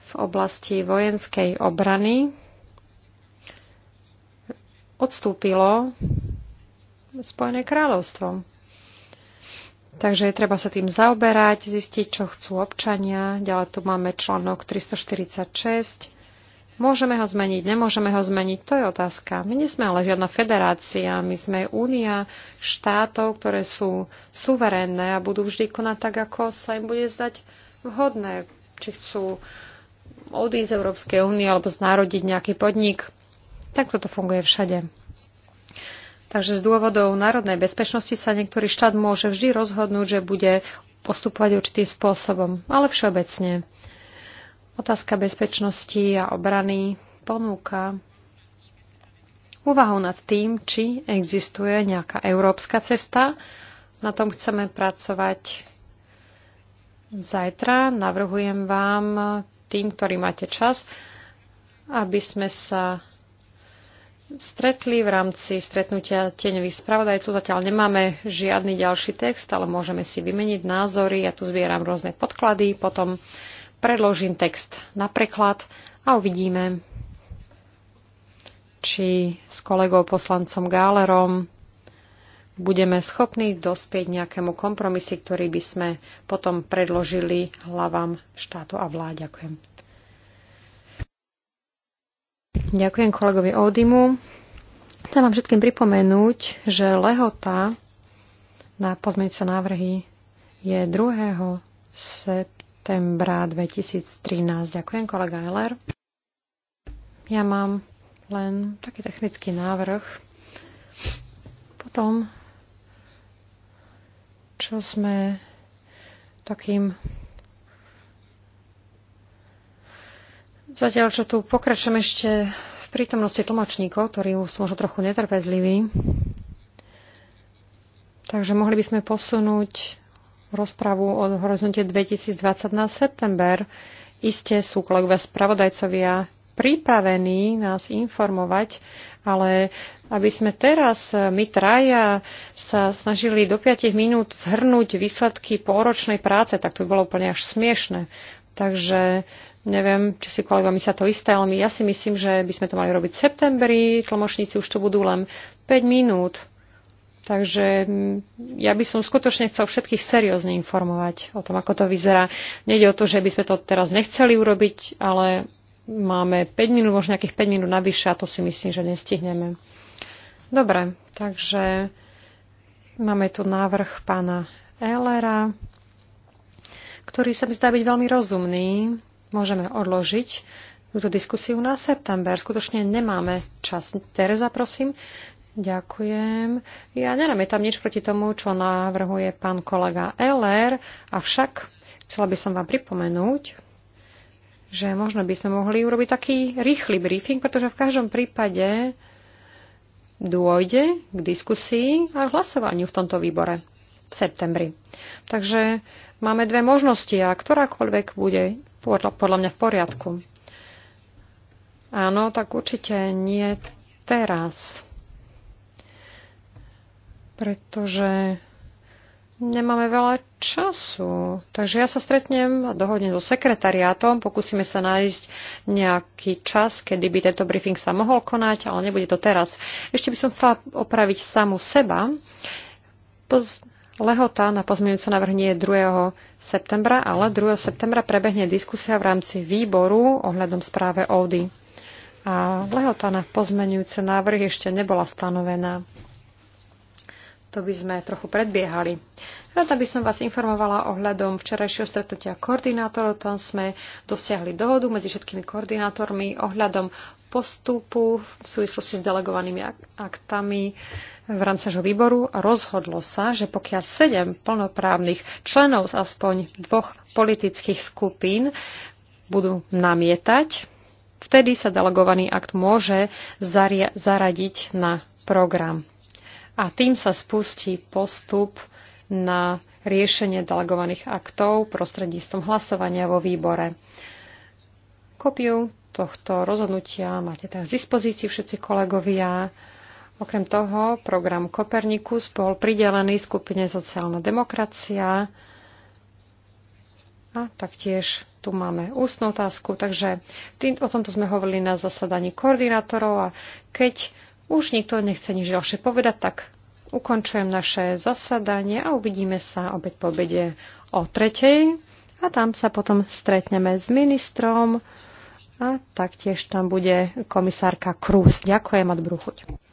v oblasti vojenskej obrany odstúpilo Spojené kráľovstvo Takže je treba sa tým zaoberať, zistiť, čo chcú občania. Ďalej tu máme článok 346. Môžeme ho zmeniť, nemôžeme ho zmeniť, to je otázka. My nie sme ale žiadna federácia, my sme únia štátov, ktoré sú suverénne a budú vždy konať tak, ako sa im bude zdať vhodné. Či chcú odísť z Európskej únie alebo znárodiť nejaký podnik. Tak toto funguje všade. Takže z dôvodov národnej bezpečnosti sa niektorý štát môže vždy rozhodnúť, že bude postupovať určitým spôsobom, ale všeobecne. Otázka bezpečnosti a obrany ponúka úvahu nad tým, či existuje nejaká európska cesta. Na tom chceme pracovať zajtra. Navrhujem vám, tým, ktorí máte čas, aby sme sa stretli v rámci stretnutia tieňových spravodajcov. Zatiaľ nemáme žiadny ďalší text, ale môžeme si vymeniť názory. Ja tu zbieram rôzne podklady, potom predložím text na preklad a uvidíme, či s kolegou poslancom Gálerom budeme schopní dospieť nejakému kompromisu, ktorý by sme potom predložili hlavám štátu a vlád. Ďakujem. Ďakujem kolegovi Odimu. Chcem vám všetkým pripomenúť, že lehota na pozmeňujúce návrhy je 2. septembra 2013. Ďakujem, kolega Eller. Ja mám len taký technický návrh. Potom, čo sme takým Zatiaľ, čo tu pokračujem ešte v prítomnosti tlmočníkov, ktorí sú možno trochu netrpezliví. Takže mohli by sme posunúť rozpravu o horizonte 2020 na september. Isté sú kolegové spravodajcovia pripravení nás informovať, ale aby sme teraz, my traja, sa snažili do 5 minút zhrnúť výsledky pôročnej práce, tak to by bolo úplne až smiešne. Takže Neviem, či si kolegami sa to isté, ale my, ja si myslím, že by sme to mali robiť v septembri. Tlmočníci už tu budú len 5 minút. Takže mm, ja by som skutočne chcel všetkých seriózne informovať o tom, ako to vyzerá. Nejde o to, že by sme to teraz nechceli urobiť, ale máme 5 minút, možno nejakých 5 minút navyše a to si myslím, že nestihneme. Dobre, takže máme tu návrh pána Elera, ktorý sa mi zdá byť veľmi rozumný môžeme odložiť túto diskusiu na september. Skutočne nemáme čas. Tereza, prosím. Ďakujem. Ja nenamietam nič proti tomu, čo navrhuje pán kolega Eller, avšak chcela by som vám pripomenúť, že možno by sme mohli urobiť taký rýchly briefing, pretože v každom prípade dôjde k diskusii a hlasovaniu v tomto výbore v septembri. Takže máme dve možnosti a ktorákoľvek bude podľa, podľa mňa v poriadku. Áno, tak určite nie teraz. Pretože nemáme veľa času. Takže ja sa stretnem a dohodnem so sekretariátom, pokúsime sa nájsť nejaký čas, kedy by tento briefing sa mohol konať, ale nebude to teraz. Ešte by som chcela opraviť samu seba. Poz- Lehota na pozmeňujúce návrh nie je 2. septembra, ale 2. septembra prebehne diskusia v rámci výboru ohľadom správe ODY. A lehota na pozmeňujúce návrhy ešte nebola stanovená to by sme trochu predbiehali. Rada by som vás informovala ohľadom včerajšieho stretnutia koordinátorov. Tam sme dosiahli dohodu medzi všetkými koordinátormi ohľadom postupu v súvislosti s delegovanými aktami v rámcažho výboru a rozhodlo sa, že pokiaľ sedem plnoprávnych členov z aspoň dvoch politických skupín budú namietať, vtedy sa delegovaný akt môže zaradiť na program a tým sa spustí postup na riešenie delegovaných aktov prostredníctvom hlasovania vo výbore. Kopiu tohto rozhodnutia máte teraz v dispozícii všetci kolegovia. Okrem toho, program Kopernikus bol pridelený skupine Sociálna demokracia a taktiež tu máme ústnu otázku. Takže tým, o tomto sme hovorili na zasadaní koordinátorov a keď už nikto nechce nič ďalšie povedať, tak ukončujem naše zasadanie a uvidíme sa opäť po obede o tretej a tam sa potom stretneme s ministrom a taktiež tam bude komisárka Krús. Ďakujem a dobrú chuť.